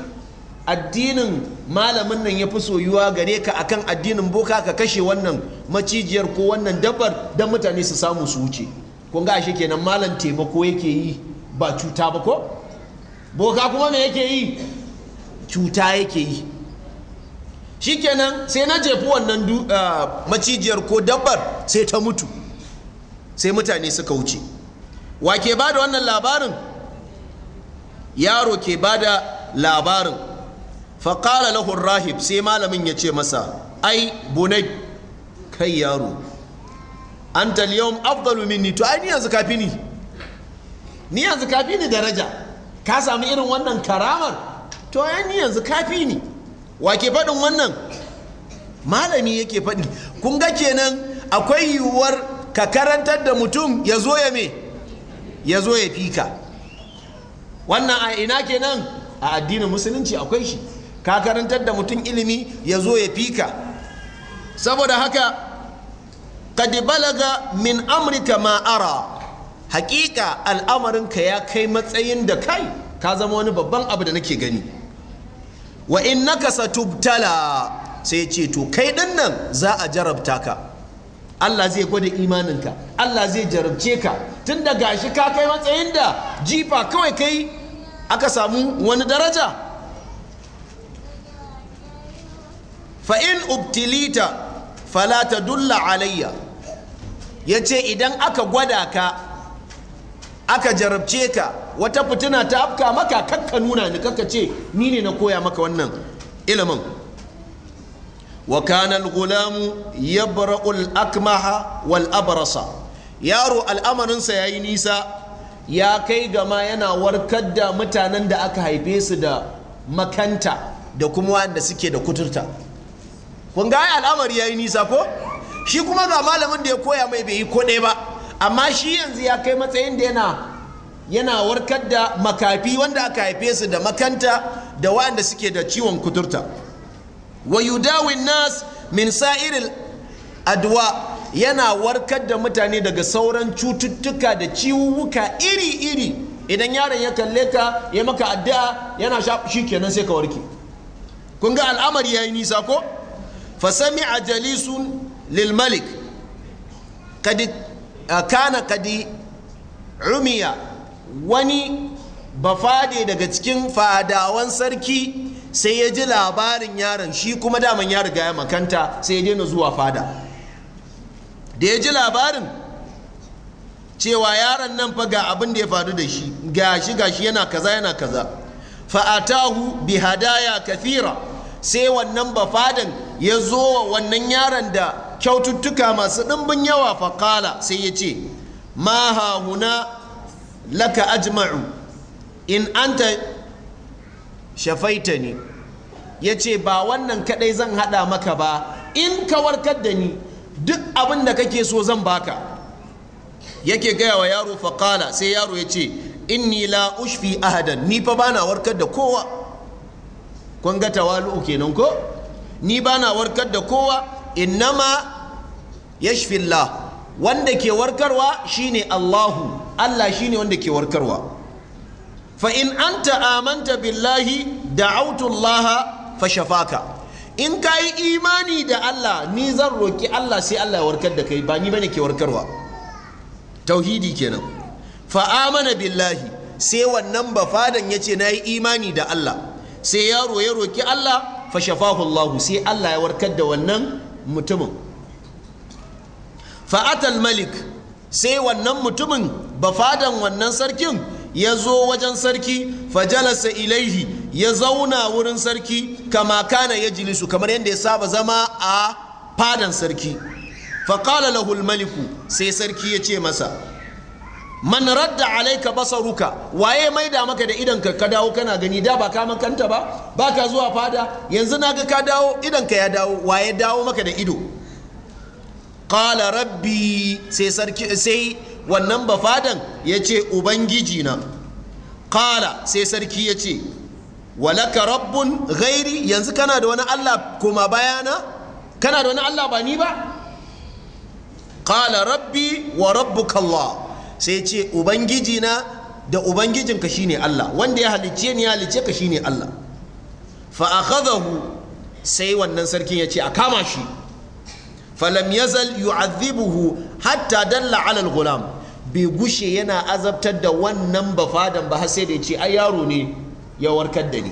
addinin malamin nan ya fi soyuwa gare ka kan addinin boka ka kashe wannan macijiyar ko wannan dabar don mutane su samu su wuce kun ga shi kenan malam taimako yake yi ba cuta ba ko boka kuma me yake yi cuta yake yi shikenan sai na jefi wannan ah, macijiyar ko dabbar sai ta mutu sai mutane suka wuce wa ke ba da wannan labarin yaro ke ba da labarin faƙala lahun rahib sai malamin ya ce masa ai bunai kai yaro an taliyom afdalu minni to ai ni yanzu kafi ni ni yanzu kafi ni daraja ka sami irin wannan karamar to ai ni yanzu kafi ni wa ke faɗin wannan malami yake faɗi kun ga kenan akwai yiwuwar ka karantar da mutum ya zo ya me ya zo ya fika wannan a ina kenan a addinin musulunci akwai shi ka karantar da mutum ilimi ya zo ya fika saboda haka kadi balaga min amrika ma ara hakika al'amarinka ya kai matsayin da kai ka zama wani babban abu da nake gani wa in innaka satubtala sai ce to kai dinnan za a jarabta ka Allah zai gwada imaninka Allah zai jarabce ka tun da gashi ka kai matsayin da jifa kawai kai aka samu wani daraja fa'in ubtilita falata dulla alayya ya ce idan aka gwada ka aka jarabce ka wata fitina ta afka maka kakka nuna ni kakka ce ni ne na koya maka wannan ilimin wa kana al-ghulam yabra'u al-akmaha wal abrasa yaro al'amarinsa yayi nisa ya kai gama yana warkar da mutanen da aka haife su da makanta da kuma wanda suke da kuturta kun ga al'amari yayi nisa ko shi kuma ga malamin da ya koya mai bai yi ko ɗaya ba amma shi yanzu ya kai matsayin da yana yana warkar da makafi wanda aka haife su da makanta da waɗanda suke da ciwon kuturta wa dawin nas min sa'iril addu'a yana warkar da mutane daga sauran cututtuka da ciwuka iri-iri idan yaron ya kalle ka ya maka addu'a yana shi kenan sai ka warke kun ga al'amari ya yi nisa ko fasami a jalisun lilmalik kana kadi rumiya wani bafade daga cikin fadawan sarki sai ya ji labarin yaron shi kuma daman ya riga ya makanta sai ya daina zuwa fada da ya ji labarin cewa yaron nan fa ga abin da ya faru da shi gashi gashi yana kaza yana kaza fa'atahu bi hadaya kathira sai wannan bafadan ya zo wa wannan yaron da kyaututtuka masu ɗimbin yawa faƙala sai ya ce ma hahuna laka ajma'u in anta Shafaita ne ya ce ba wannan kadai zan hada maka ba in ka warkar da ni duk abin da kake so zan baka yake gaya wa yaro faƙala sai yaro ya ce inni la ushfi ahadan ni fa bana warkar da kowa kun ga tawalu kenan ko ni bana warkar da kowa innama yashfi Allah wanda ke warkarwa shine Allahu Allah shine wanda ke warkarwa fa in anta amanta billahi da Allah fa shafaka in kayi imani da Allah ni zan roki Allah sai Allah ya warkar da kai ba ni bane ke warkarwa tauhidi kenan fa amana billahi sai wannan bafadan yace na yi imani da Allah sai yaro ya roki Allah fa shafahu Allah sai Allah ya warkar da wannan mutumin fa atal malik sai wannan mutumin bafadan wannan sarkin ya zo wajen sarki fajalasa ilaihi ya zauna wurin sarki kama kana ya jilisu kamar yadda ya saba zama a fadan sarki faƙala lahul maliku sai sarki ya ce masa man radda alaika basaruka waye mai da maka da idan ka dawo kana gani da ba ka makanta ba ba ka zuwa fada yanzu na ga ka dawo idan ka ya dawo waye dawo maka da ido ƙala rabbi sai wannan bafadan ya ce ubangiji na Ƙala sai sarki ya ce walaka rabbun gairi yanzu kana da wani allah kuma bayana kana da wani allah ba ni ba Ƙala rabbi wa rabbuka allah sai ce ubangiji na da ubangijinka shine allah wanda ya halicce ni ya halicce ka shine allah fa akhadahu sai wannan sarkin ya ce a kama shi falam yazal yu'adhibuhu hatta dalla ala al-ghulam bai gushe yana azabtar da wannan bafadan ba har sai da ya ce ai yaro ne ya warkar da ni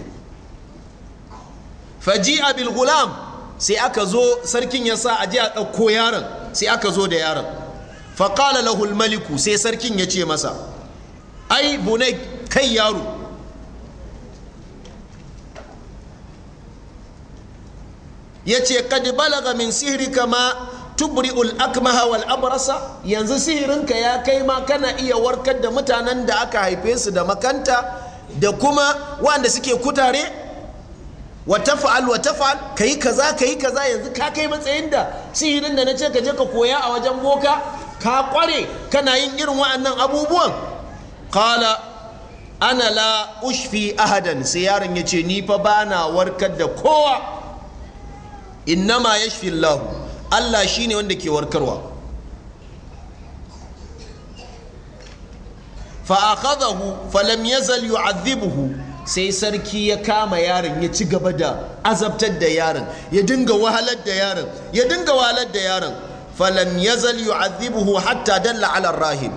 faji abil gulam sai aka zo sarkin ya sa aji a ɗauko yaron sai aka zo da yaron faƙala lahul maliku sai sarkin ya ce masa ai bunai kai yaro ya ce balaga min sihirika ma tubri'ul akmaha wal abrasa yanzu sihirinka ya kai ma kana iya warkar da mutanen da aka haife su da makanta da kuma wanda suke kutare wa tafa'al wa tafa'al kai kaza kai kaza yanzu ka kai matsayin da sihirin da nace ka je ka koya a wajen boka ka kware kana yin irin wa'annan abubuwan qala ana la ushfi ahadan sai yaron ya ce ni fa bana warkar da kowa innama yashfi Allahu Allah shi ne wanda ke warkarwa fa'akadahu falam yazal yu'adhibuhu sai sarki ya kama yaron ya ci gaba da azabtar da yaron ya dinga wahalar da yaron ya dinga wahalar da yaron falam yazal yu'adhibuhu hatta dalla ala rahim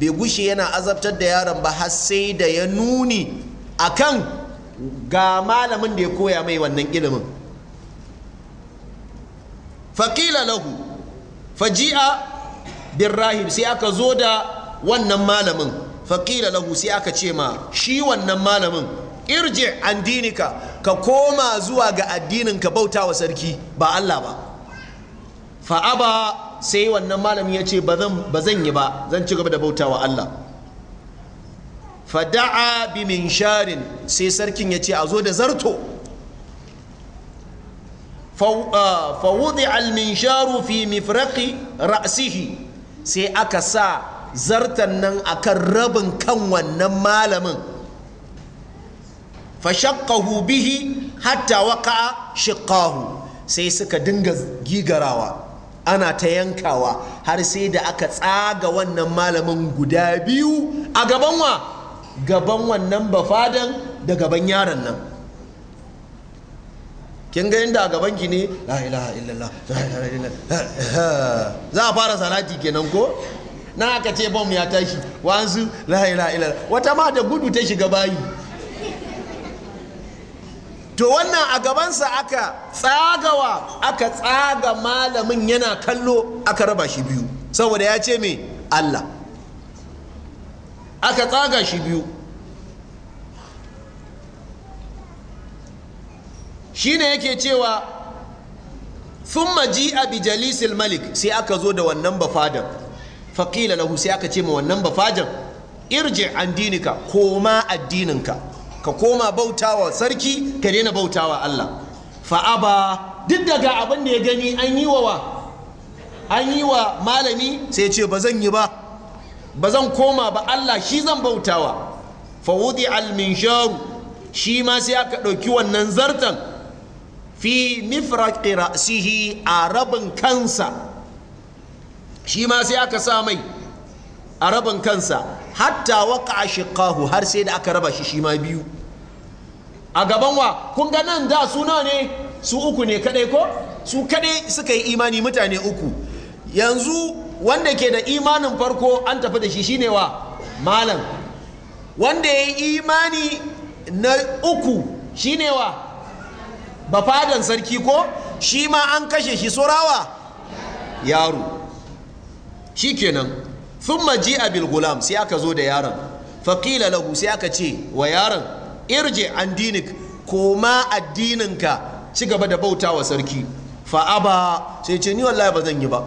bai gushe yana azabtar da yaron ba har sai da ya nuni akan ga malamin da ya koya mai wannan ilimin faƙila lahu faji'a birrahim sai aka zo da wannan malamin faƙila lahu sai aka ce ma shi wannan malamin irje an dinika ka koma zuwa ga addinin ka bauta wa sarki ba Allah ba fa'aba sai wannan malamin ya ce ba zan yi ba zan ci gaba da bautawa Allah fada'a bi min sharin sai sarkin ya ce a zo da zarto fawudi uh, alminsharu fi mifraki ra'sihi sai aka sa zartan nan akan rabin kan wannan malamin fashaqqahu bihi hatta waqa'a shiqqahu sai suka dinga gigarawa ana ta yankawa har sai da aka tsaga wannan malamin guda biyu a gaban wa gaban wannan bafadan da gaban yaron nan kin ga inda a gaban ki ne la ilaha illallah za a fara salati kenan ko na aka ce bom ya tashi wanzu la ilaha illallah wata ma da gudu ta shiga bayi to wannan a gabansa aka tsagawa aka tsaga malamin yana kallo aka raba shi biyu saboda ya ce me Allah aka tsaga shi biyu shine yake cewa thumma ji'a jalisil malik sai aka zo da wannan bafadan faqila lahu sai aka ce ma wannan bafadan irji an dinika koma addininka ka koma bautawa sarki ka daina bautawa Allah fa'aba duk daga abin da ya gani an yi wa an yi wa malami sai ce ba zan yi ba ba zan koma ba Allah shi zan bautawa fa wudi al shi ma sai aka ɗauki wannan zartan fi mifraqi ra'sihi a rabin kansa shi ma sai aka sa mai a rabin kansa hatta waka shiqahu har sai da aka raba shi shi ma biyu a gaban wa kun ga nan da su ne su uku ne kadai ko su kadai suka yi imani mutane uku yanzu wanda ke da imanin farko an tafi da shi shine wa malam wanda ya yi imani na uku shine wa ba fadan sarki ko shi ma an kashe shi surawa yaro shi kenan sun maji abil gulam sai aka zo da yaron Fakila lahu sai aka ce wa yaron irje an dinik koma addininka ci gaba da bauta wa sarki fa'aba sai ce ni wallahi ba zan yi ba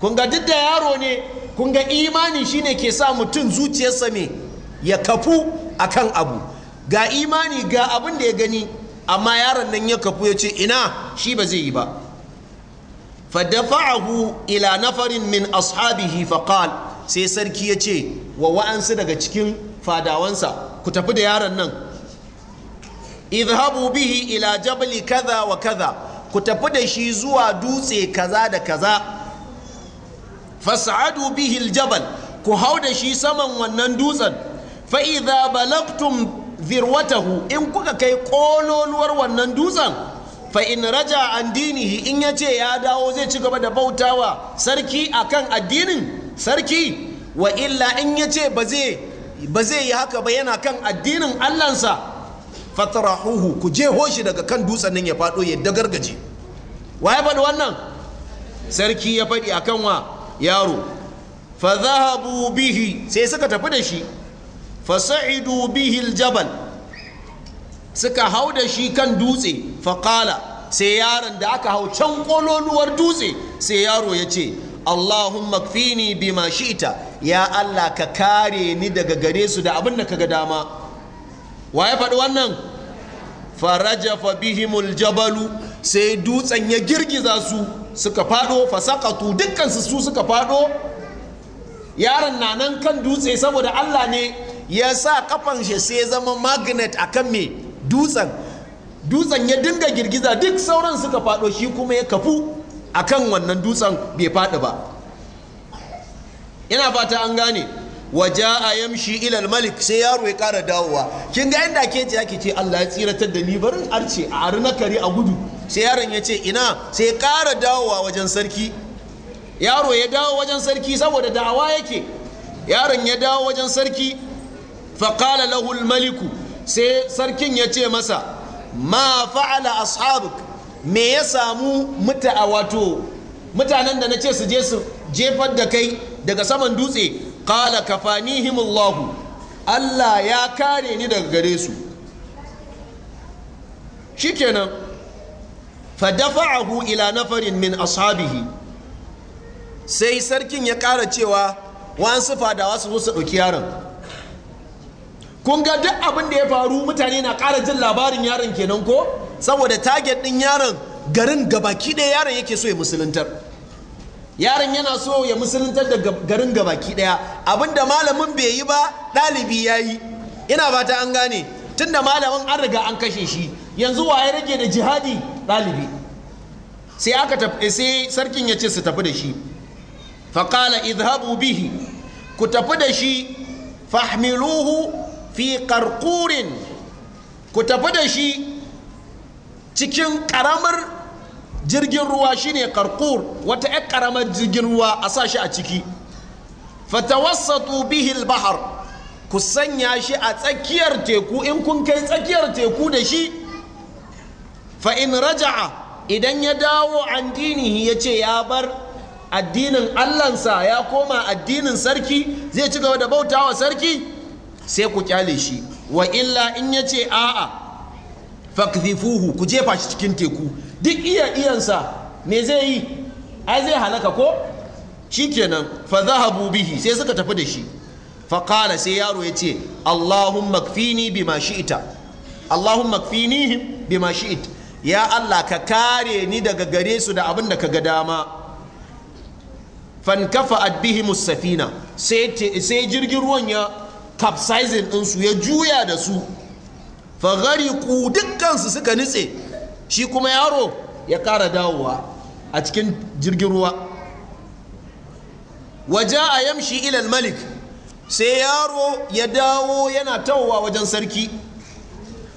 kun duk da yaro ne kun ga imani shine ke sa mutum zuciyarsa me ya kafu akan abu ga imani ga abin da ya gani amma yaron nan ya kafu ya ina shi ba zai yi ba fadafa'ahu ila nafarin min ashabihi faqal sai sarki ya ce wa wa'ansu daga cikin fadawansa ku tafi da yaron nan idhabu bihi ila jabali kaza wa kaza ku tafi da shi zuwa dutse kaza da kaza fas'adu bihi aljabal ku hau da shi saman wannan dutsen fa idza balagtum zirwatahu in kuka kai kololuwar wannan dutsen fa in raja an dinihi in ya ce ya dawo zai ci gaba da bautawa sarki akan addinin sarki wa illa in ya ce ba zai yi haka ba yana kan addinin allansa fatarahuhu ku je hoshi daga kan dutsen nan ya fado ya dagargaje wa ya faɗi wannan sarki ya faɗi akan wa yaro fa zahabu bihi sai suka tafi da shi fasa'idu bihil jabal suka hau da shi kan dutse faƙala sai yaron da aka hau can ƙololuwar dutse sai yaro ya ce allahumma fini bima shi'ita ya allah ka kare ni daga gare su da abin da ka ga dama wa ya faɗi wannan Fa bihimul jabalu sai dutsen ya girgiza su suka faɗo fasakatu dukkansu su suka faɗo yaron na nan kan dutse saboda allah ne ya sa kafan shi sai zama magnet akan mai dutsen dutsen ya dinga girgiza duk sauran suka fado shi kuma ya kafu akan wannan dutsen bai fadi ba ina fata an gane waje a yamshi ilal malik sai yaro ya kara dawowa kin ga inda ke ce ake ce Allah ya tsiratar da ni barin arce a ari na kare a gudu sai yaron ya ce ina sai ya kara dawowa wajen sarki yaro ya dawo wajen sarki saboda da'awa yake yaron ya dawo wajen sarki faƙala lahul maliku sai sarkin ya ce masa ma fa'ala ashabuk me ya samu muta a wato mutanen da na ce su je su jefar da kai daga saman dutse ƙala kafanihimullahu Allah ya kare ni daga gare su shikenan fadafa'ahu ila nafarin min ashabihi sai sarkin ya ƙara cewa wa'ansu fadawa su zo ɗauki yaron kun ga duk abin da ya faru mutane na kara jin labarin yaron kenan ko saboda target ɗin yaron garin gabaki ɗaya yaron yake so ya musuluntar yaron yana so ya musuluntar da garin gabaki ɗaya abin da malamin bai yi ba ɗalibi ya yi ina fata an gane tunda malamin an riga an kashe shi yanzu wa ya rage da jihadi ɗalibi sai aka eh, sai sarkin ya ce su tafi da shi faƙala idhabu bihi ku tafi da shi fahmiluhu fi ƙarƙurin ku tafi da shi cikin ƙaramar jirgin ruwa shine ƙarƙur wata ƴan ƙaramar jirgin ruwa a sa shi a ciki fatawassatu bihil bahar ku sanya shi a tsakiyar teku in kun kai tsakiyar teku da shi fa in raja'a idan ya dawo an dinihi ya ce ya bar addinin allansa ya koma addinin sarki zai ci gaba da bautawa sarki sai ku kyale shi wa illa in ya ce a'a fakzifuhu ku jefa shi cikin teku duk iya iyansa me zai yi ai zai halaka ko shikenan fa zahabu bihi sai suka tafi da shi fa qala sai yaro ya ce allahumma kfini bima shi'ta allahumma kfini bima ita. ya allah ka kare ni daga gare su da abin da ka ga dama fankafa adbihi musafina sai jirgin ruwan ya capsizing ɗinsu ya juya da su ku dukkansu suka nitse shi kuma yaro ya kara dawowa a cikin jirgin ruwa waje a yamshi ilal malik sai yaro ya dawo yana tawowa wajen sarki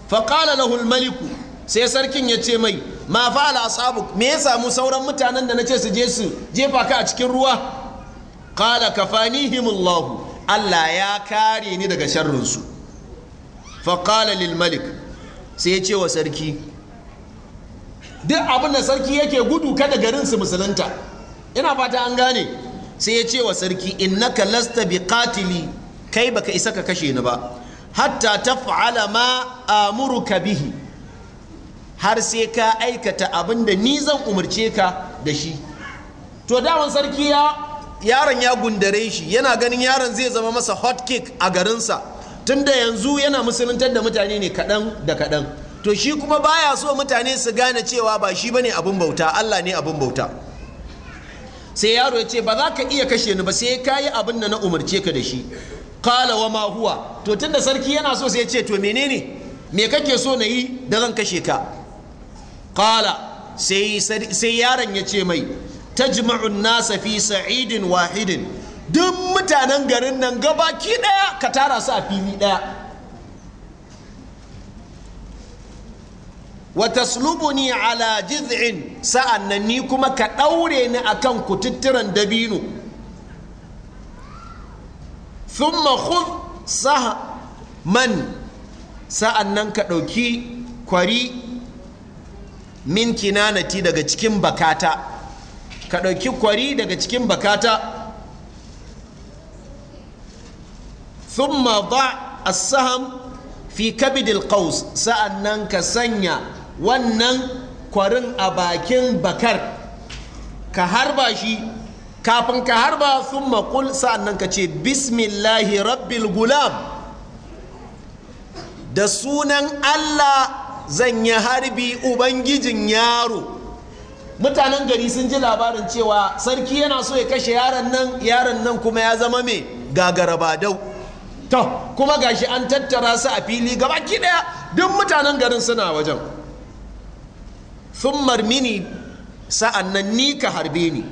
faƙala na maliku sai sarkin ya ce mai ma fa'ala ashabuk me ya samu sauran mutanen da na ce su je su jefa ka a cikin ruwa ka qala kafanihimullahu Allah ya kare ni daga sharrinsu faƙala lil malik sai ya ce wa sarki duk abin sarki yake gudu kada garin su musulunta ina fata an gane sai ya ce wa sarki innaka lasta bi qatili kai baka isa ka kashe ni ba hatta taf'ala ma amuruka bihi har sai ka aikata abinda da ni zan umarce ka da shi to daman sarki ya yaron ya gundare shi yana ganin yaron zai zama masa hot cake a garinsa tunda yanzu yana musuluntar da mutane ne kaɗan da kaɗan to shi kuma baya so mutane su gane cewa ba shi bane abin bauta Allah ne abin bauta sai yaro ya ce ba za ka iya kashe ni ba sai ka yi abin da na umarce ka da shi kala wa ma huwa to tunda sarki yana so sai ya ce to menene me kake so na yi da zan kashe ka kala sai yaron ya ce mai ta nasa fi sa'idin wahidin duk mutanen garin nan gaba ki daya ka tara su a fili daya wa taslubuni ala jiz'in sa'annan ni kuma ka daure ni a kan kututturan dabino thumma khudh sa'an sa'annan ka dauki kwari min kinanati daga cikin bakata ka ɗauki kwari daga cikin bakata ma ba a saham fi kabidil qaus sa'annan ka sanya wannan kwarin a bakin bakar ka harba shi kafin ka harba thumma qul sa'annan ka ce bismillahi rabbil gulam da sunan Allah zan yi harbi ubangijin yaro mutanen gari sun ji labarin cewa sarki yana so ya kashe yaron nan yaron nan kuma ya zama mai dau. to kuma gashi an tattara su a fili gaba ki daya duk mutanen garin suna wajen thummar mini sa'an nan ni ka harbe ni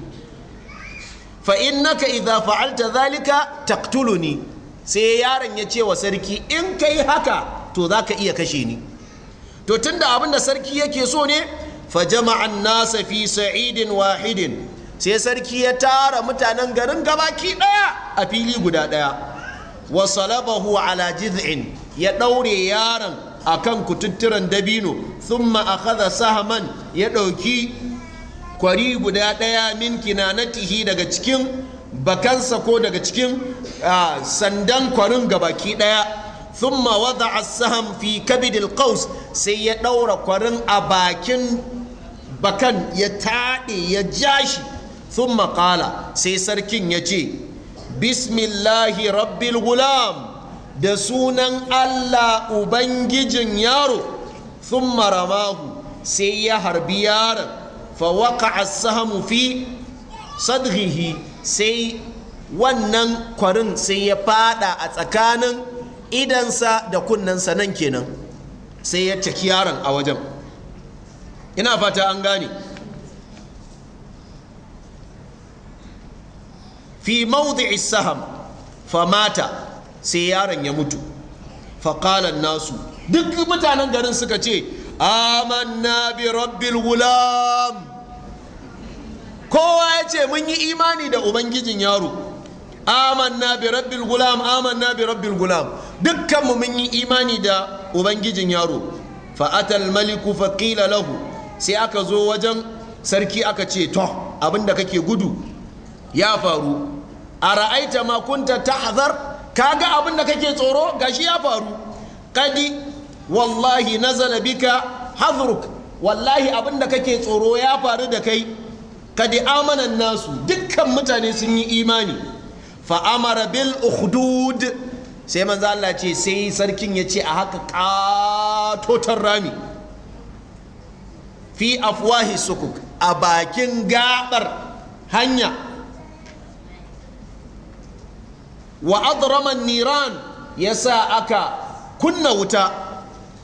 fa innaka idza fa'alta zalika taqtuluni sai yaron ya ce wa sarki in kai haka to zaka iya kashe ni to tunda abin da sarki yake so ne fa jama'an nasa fi sa'idin wahidin sai sarki ya tara mutanen garin gabaki daya a fili guda daya wa salabahu ala jiz'in ya daure yaron akan kututturen dabino thumma akhadha sahaman ya dauki kwari guda daya min kinanatihi daga cikin bakansa ko daga cikin sandan kwarin gabaki daya thumma wada'a saham fi kabidil qaus sai ya daura kwarin a bakin bakan ya taɗe ya ja shi sun maƙala sai sarkin ya ce bismillahi rabbil gulam da sunan allah ubangijin yaro sun maramahu sai ya harbi yaron fawaka sahamu fi sadrihi sai wannan kwarin sai ya fada a tsakanin idansa da kunnensa nan kenan sai ya caki yaron a wajen ina fata an gane fi mawdi'i saham famata sai yaron ya mutu faƙalan nasu duk mutanen garin suka ce amanna bi rabbil gulam kowa ya ce mun yi imani da ubangijin yaro amanna bi rabbil gulam amanna bi rabbil gulam dukkanmu mun yi imani da ubangijin yaro fa'atal maliku faƙila lahu sai aka zo wajen sarki aka ce to abinda kake gudu ya faru a ra'aita ma kunta tahzar ga abinda kake tsoro gashi ya faru kadi wallahi nazala bika hazruk wallahi abinda kake tsoro ya faru da kai kadi amanan nasu dukkan mutane sun yi imani fa bil ukhdud sai manzo ce sai sarkin ya ce a haka katotar rami fi afwahi sukuk a bakin gabar hanya wa adraman niran ya sa aka kunna wuta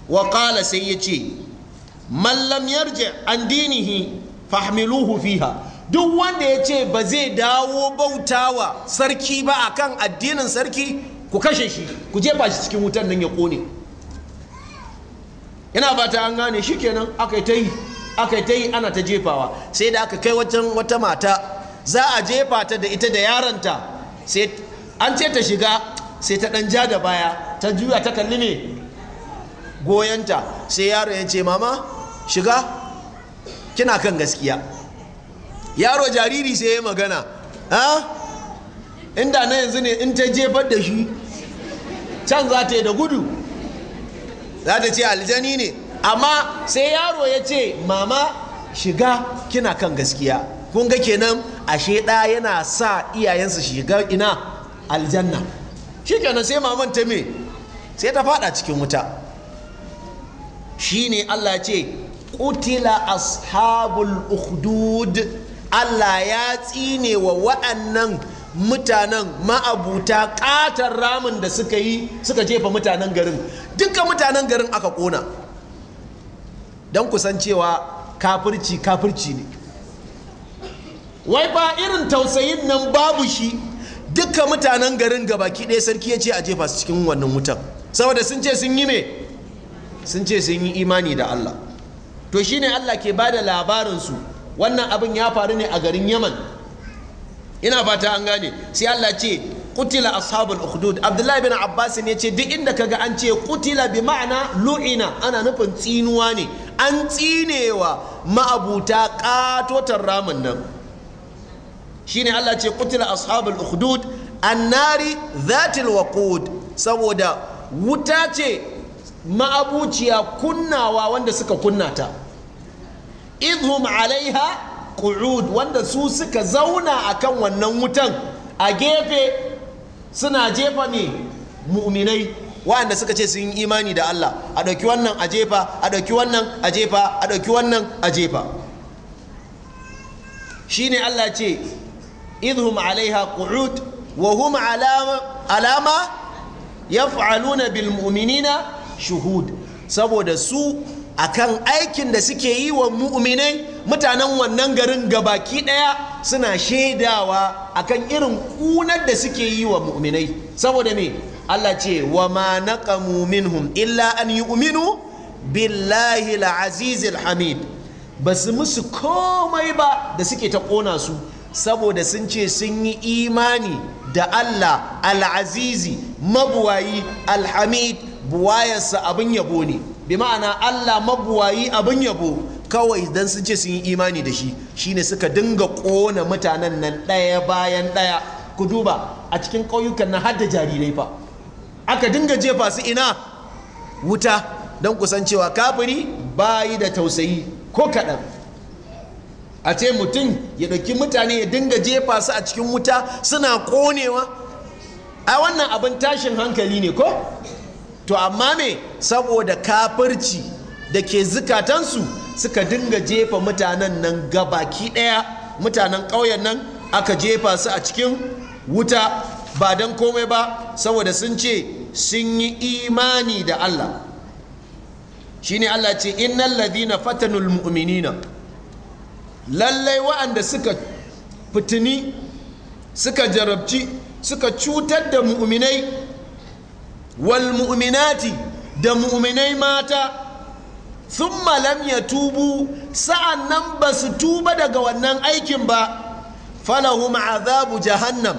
wa ƙala sai ya ce mallam yarje an dinihi fahmiluhu fiha duk wanda ya ce ba zai dawo bautawa sarki ba a kan addinin sarki ku kashe shi ku jefa shi cikin wutan nan ya kone yana ba ta an gane shi kenan aka yi ta yi aka ta yi ana ta jefawa sai da aka kai wajen wata mata za a jefa ta da ita da yaronta sai an ce ta shiga sai ta ɗan ja da baya ta juya ta kalli ne goyonta sai yaro ya ce mama shiga kina kan gaskiya yaro jariri sai ya magana ha inda na yanzu ne in ta jefar da shi can za ta yi da gudu za ta ce aljani ne amma sai yaro ya ce mama shiga kina kan gaskiya kun ga kenan ashe ɗa yana sa iyayensa shiga ina aljanna shi kenan sai maman ta me sai ta fada cikin wuta shine Allah ce kutila ashabul ukhdud Allah ya tsine wa waɗannan mutanen ma'abuta ƙatar ramin da suka yi suka jefa mutanen garin duka mutanen garin aka ƙona. don kusan cewa kafirci kafirci ne wai ba irin tausayin nan babu shi duka mutanen garin gabaki ɗaya sarki ya ce a jefa su cikin wannan wutan saboda sun ce sun yi me sun ce sun yi imani da Allah to shine Allah ke ba da labarinsu wannan abin ya faru ne a garin Yaman ina fata an gane sai Allah ce a ashabul ukhdud abdullahi bin abbas ne ce duk inda kaga an ce kutila bi ma'ana lu'ina ana nufin tsinuwa ne an tsinewa ma'abuta katotar ramin nan shine Allah ce qutila ashabul ukhdud annari zatil waqud saboda wuta ce ma'abuciya kunnawa wanda suka kunna ta idhum alaiha ku'ud wanda su suka zauna akan wannan wutan a gefe suna jefa mai mu'minai waɗanda suka ce sun yi imani da Allah a ɗauki wannan a jefa a ɗauki wannan a jefa a ɗauki wannan a jefa shine Allah ce idhum alaiha ƙu'ud wa hum alama yaf'aluna bil mu'minina shuhud saboda su akan aikin da suke yi wa mu'minai mutanen wannan garin gabaki daya suna shaidawa akan irin kunar da suke yi wa mu'minai saboda me Allah ce wa ma naqamu minhum illa an yu'minu billahi al-azizil hamid ba su musu komai ba da suke ta ƙona su saboda sun ce sun yi imani da Allah al-azizi mabuwayi al-hamid buwayarsa abin yabo ne bi ma'ana Allah mabuwayi abin yabo kawai dan sun ce sun yi imani da shi shine suka dinga kona mutanen nan ɗaya bayan ɗaya ku duba a cikin ƙauyukan na har jarirai fa aka dinga jefa su ina wuta don kusancewa kafiri bayi da tausayi ko kaɗan a ce mutum ya ɗauki mutane ya dinga jefa su a cikin wuta suna ƙonewa a wannan abin tashin hankali ne ko to amma me saboda kafirci da ke zukatansu suka dinga jefa mutanen nan gabaki ɗaya mutanen ƙauyen nan aka jefa su a cikin wuta ba don komai ba saboda sun ce sun yi imani da Allah Shi ne Allah ce innal ladina fatanul mu'minina lallai wa'anda suka fitini suka jarabci suka cutar da mu'minai wal mu'minati da mu'minai mata sun lam tubu sa'an nan ba su tuba daga wannan aikin ba falahum azabu jahannam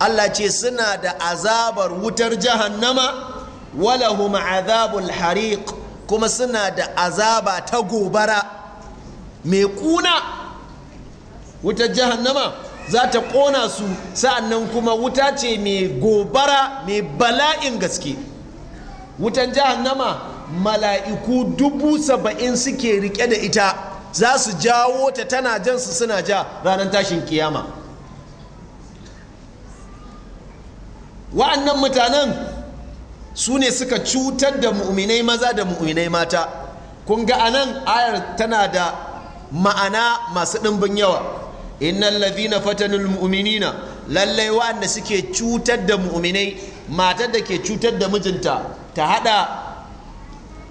Allah ce suna da azabar wutar jahannama walahum azabul hariq kuma suna da azaba ta gobara mai kuna wutar jahannama za ta ƙona su sa'annan kuma wuta ce mai gobara mai bala'in gaske wutan jahannama mala'iku dubu saba'in suke rike da ita za su jawo ta tana jan su suna ja ranar tashin kiyama wa'annan mutanen su ne suka cutar da mu'minai maza da mu'minai mata kun ga anan ayar tana da ma'ana masu ɗimbin yawa innal na fatanul mu'minina lallai wa'anda suke cutar da mu'minai matar da ke cutar da mijinta ta hada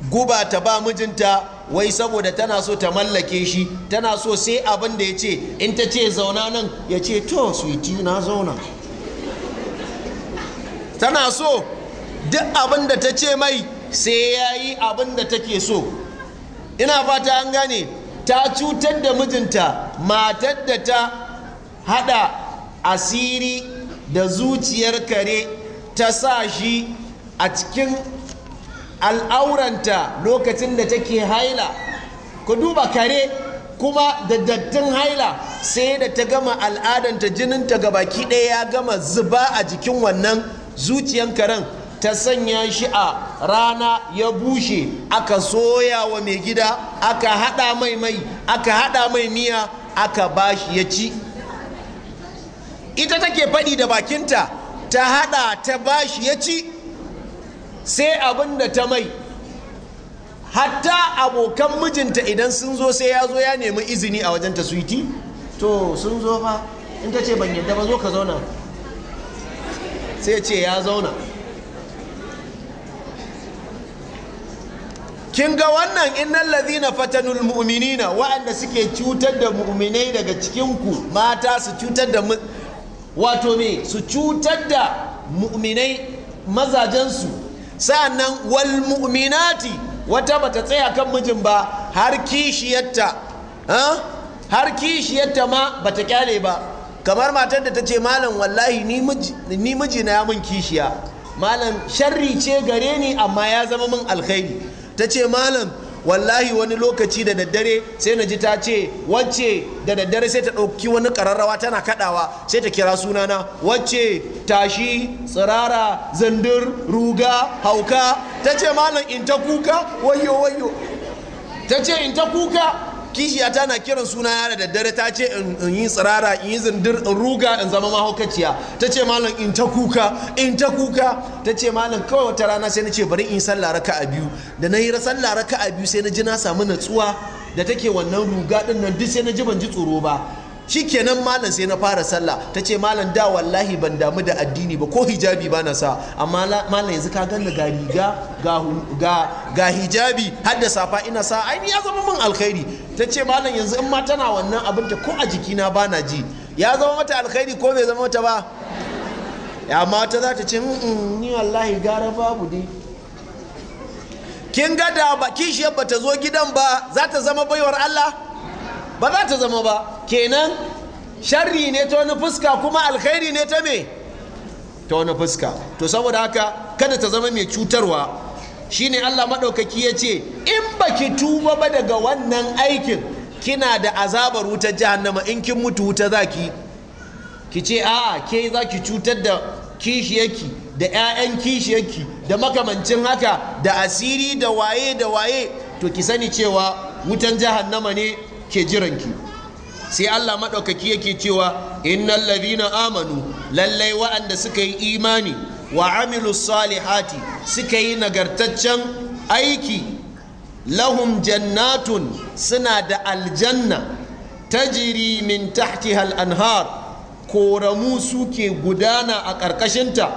guba ta ba mijinta wai saboda tana so ta mallake shi tana so sai abin da ya ce in ta ce zauna nan ya ce to suiti na zauna tana so duk abin da ta ce mai sai ya yi abin da take so ina fata an gane ta cutar da mijinta matar da ta hada asiri da zuciyar kare ta sa shi a cikin al'auranta lokacin da take haila ku duba kare kuma da dattin haila sai da ta gama al'adanta jininta ga baki ɗaya ya gama zuba a jikin wannan zuciyar karen ta sanya shi a rana ya bushe aka soya wa mai gida aka hada mai mai aka hada mai miya aka bashi ya ci ita take faɗi da bakinta ta hada ta bashi ya ci sai abin da ta mai hatta abokan mijinta idan sun zo sai ya zo ya nemi izini a wajen taswiti to sun zo fa in ta ce ban yadda ba zo ka zauna sai ce ya zauna kin ga wannan innal na fatanul mu'minina wa'anda suke cutar da mu'minai daga cikin ku mata su cutar da wato me su cutar da mu'minai mazajen su sa'annan wal mu'minati wata bata tsaya kan mijin ba har kishiyarta har kishiyarta ma bata kyale ba kamar matar da ta ce malam wallahi ni miji ya mun kishiya malam sharri ce gare ni amma ya zama min alkhairi ta ce malam wallahi wani lokaci da daddare sai na ji ta ce wacce da daddare sai ta ɗauki wani ƙararrawa tana kaɗawa sai ta kira sunana wacce tashi tsirara zandir ruga hauka ta ce malam in ta kuka wayo wayo ta ce in ta kuka kishiya ta na kiran suna yara da daddare ta ce in yi tsirara in yi zindir in ruga in zama mahaukaciya ta ce malam in ta kuka in ta kuka ta ce malam kawai wata rana sai na ce bari in sallah raka a biyu da na yi sallah raka a biyu sai na ji na samu natsuwa da take wannan ruga din nan duk sai na ji ban ji tsoro ba shikenan malam sai na fara sallah ta ce malam da wallahi ban damu da addini ba ko hijabi ba na sa amma malam yanzu ka ganna ga riga ga hijabi har da safa ina sa ai ya zama min alkhairi ta ce malam yanzu in ma tana wannan abin ta ko a jikina ba na ji ya zama mata alkhairi ko bai zama mata ba ya mata za ta ce mm, mm, ni wallahi gara babu dai kin ga da ba kishiyar ba ta zo gidan ba za ta zama baiwar Allah ba za ta zama ba kenan sharri ne ta wani fuska kuma alkhairi ne ta me ta wani fuska to saboda haka kada ta zama mai cutarwa shine Allah maɗaukaki ya ce in baki tuba ba daga wannan aikin kina da azabar wutar jahannama in kin mutu wuta zaki ki ce a'a ke zaki cutar da kishiyarki da 'ya'yan kishiyarki da makamancin haka da asiri da waye da waye to ki sani cewa wutan jahannama ne ke jiranki sai Allah maɗaukaki yake cewa innal na amanu lallai wa'anda suka yi imani wa amilu salihati suka yi nagartaccen aiki lahum jannatun suna da aljanna tajiri min tahtiha al-anhar koramu suke gudana a ƙarƙashinta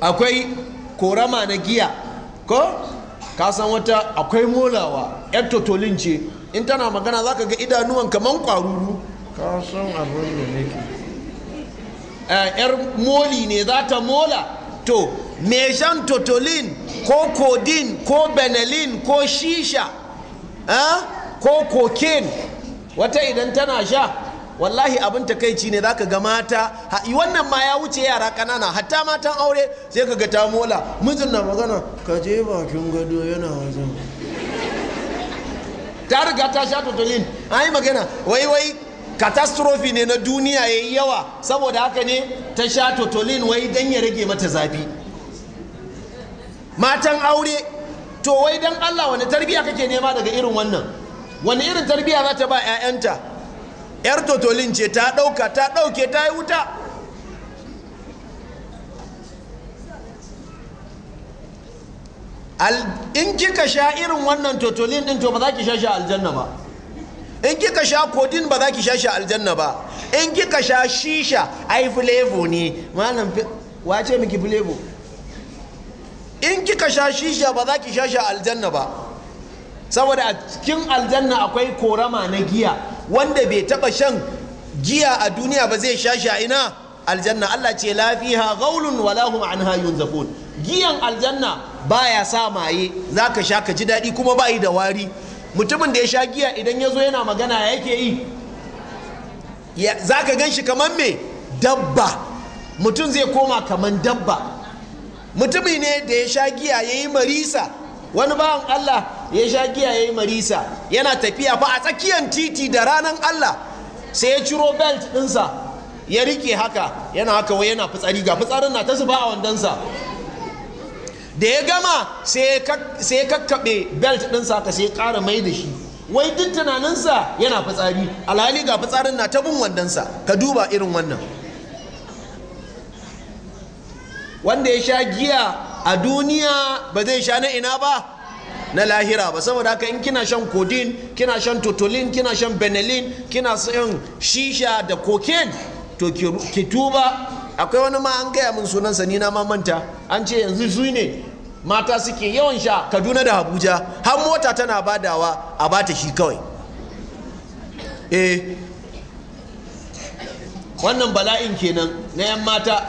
akwai korama na giya ko kasan wata akwai molawa yar totolin ce in tana magana za ka ga idanuwan kaman kwaruru ka abin da nake eh, yar moli ne za ta mola to mejan totolin ko kodin ko benelin ko shisha eh, ko cocaine wata idan tana sha wallahi abin takaici ne za ka ga mata wannan ma ya wuce yara ƙanana. hatta matan aure sai ka ga ta mola mijin na magana ka je bakin gado yana wajen ta riga ta sha totolin an yi magana wai wai catastrophe ne na duniya ya yi yawa saboda haka ne ta sha totolin wai don ya rage mata zafi matan aure to wai don allah wani tarbiya kake nema daga irin wannan wani irin tarbiya za ta ba 'ya'yanta 'yar totolin ce ta ɗauka ta ɗauke ta yi wuta in kika sha irin wannan totolin din to ba za ki sha shi aljanna ba in kika sha kodin ba za ki sha shi aljanna ba in kika sha shisha ai flavor ne malam wace miki flavor in kika sha shisha ba za ki sha shi aljanna ba saboda a cikin aljanna akwai korama na giya wanda bai taba shan giya a duniya ba zai sha shi a ina aljanna Allah ce lafiha gaulun wala hum anha yunzafun giyan aljanna baya sa maye za ka sha ka ji daɗi kuma ba yi da wari mutumin da ya sha giya idan ya zo yana magana ya yake yi za ka gan shi kamar me dabba mutum zai koma kamar dabba mutumi ne da ya sha giya ya yi marisa wani bawan allah ya sha giya ya yi marisa yana tafiya fa a tsakiyar titi da ranar allah sai ya ciro belt ɗinsa ya rike haka yana haka wai yana fitsari ga fitsarin na ta zuba a wandonsa da ya gama sai ya kakkaɓe belt ɗinsa ka sai ya ƙara mai da shi wai duk tunaninsa yana fitsari alhali ga fitsarin na ta bin sa ka duba irin wannan wanda ya sha giya a duniya ba zai sha na ina ba na lahira ba saboda haka in kina shan codeine kina shan totolin kina shan benelin kina shan shisha da cocaine to ki tuba akwai wani ma an gaya min sunansa ni na ma an ce yanzu su ne mata suke yawan sha kaduna da abuja har mota tana badawa a bata shi kawai eh wannan bala'in kenan na 'yan mata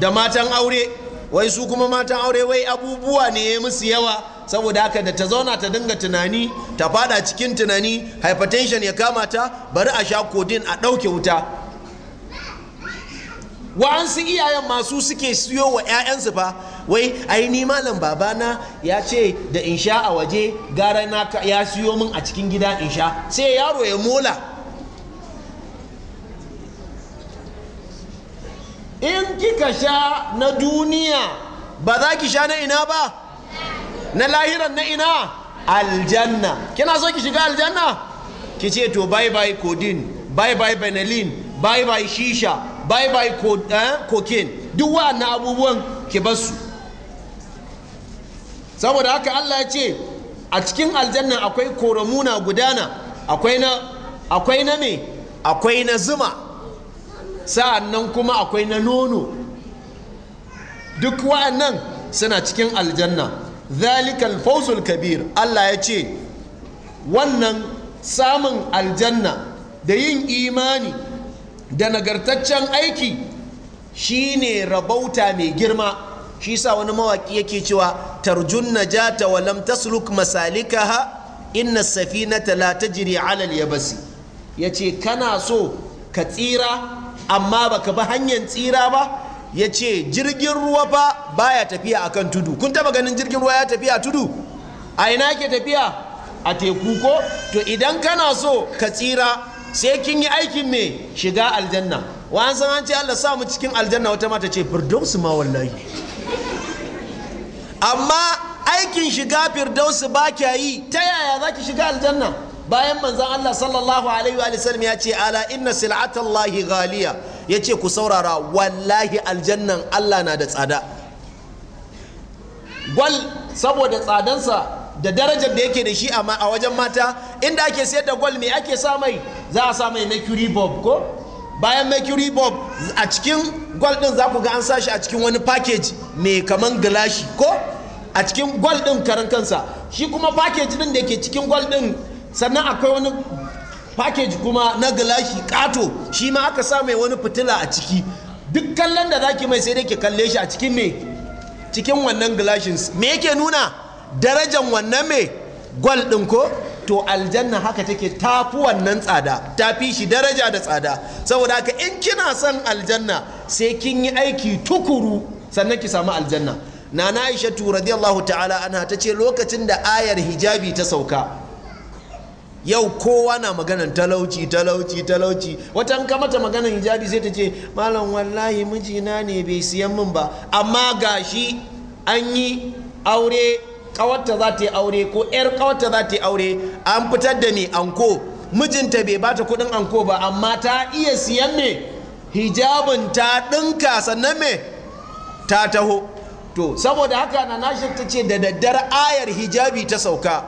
da matan aure wai su kuma matan aure wai abubuwa ne ya musu yawa saboda haka da ta zauna ta dinga tunani ta fada cikin tunani hypertension ya kama ta bari a sha codeine a ɗauke wuta wa'ansu iyayen masu suke siyo wa 'ya'yansu ba wai ai ni malam babana ya ce da in sha a waje gara na ya siyo min a cikin gida in sha sai yaro ya mola in kika sha na duniya ba za ki sha na ina ba na lahiran na ina aljanna kina so ki shiga aljanna ki ce to bye bye codeine bye bye benelin bye bye shisha bye bye eh, cocaine duk wa'annan abubuwan ke basu saboda haka Allah ya ce a cikin aljanna akwai koromuna gudana akwai na akwai na me akwai na zuma sa'annan kuma akwai na nono duk wa'annan suna cikin aljanna zalikal fawzul kabir Allah ya ce wannan samun aljanna da yin imani da nagartaccen aiki shine rabauta mai girma shi sa wani mawaki yake cewa tarjun najata wa lam tasluk safi inna talata la alal ya basi. Ya ce kana so ka tsira amma baka bi hanyar tsira ba Ya ce jirgin ruwa fa baya tafiya akan tudu kun taba ganin jirgin ruwa ya tafiya tudu a ina ke tafiya a teku ko to idan kana so ka tsira sai kin yi aikin me shiga aljanna wa'an san an ce Allah sa cikin aljanna wata mata ce firdausu ma wallahi amma aikin shiga firdausu ba kya yi ta yaya za ki shiga aljanna bayan manzan Allah sallallahu alaihi wa sallam ya ce ala inna sil'atallahi ghaliya ya ce ku saurara wallahi aljannan Allah na da tsada gwal saboda tsadansa da darajar da yake da shi a wajen mata inda ake sayar da gwal me ake sa mai za a sa mai mercury bob ko bayan mercury bob a cikin gwal din za ku ga an sa shi a cikin wani package mai kaman gilashi ko a cikin gwal din karan kansa shi kuma package din da ke cikin gwal din sannan akwai wani package kuma na gilashi kato shi ma aka sa mai wani fitila a ciki duk kallon da zaki mai sai dai ke kalle shi a cikin me cikin wannan gilashin me yake nuna darajan wannan mai gwal ɗin ko to aljanna haka take tafi wannan tsada ta fi shi daraja da tsada saboda haka in kina son aljanna sai kin yi aiki tukuru sannan ki samu aljanna nana aisha tu radiyallahu ta'ala ana ta ce lokacin da ayar hijabi ta sauka yau kowa na maganan talauci talauci talauci wata an mata maganan hijabi sai ta ce malam wallahi mijina ne bai siyan min ba amma gashi an yi aure kawarta za ta yi aure ko yar kawarta za ta yi aure an fitar da mai anko mijinta bai bata kudin anko ba amma ta iya siyan me hijabin ta dinka sannan me ta taho to saboda haka na nashi ta ce da daddare ayar hijabi ta sauka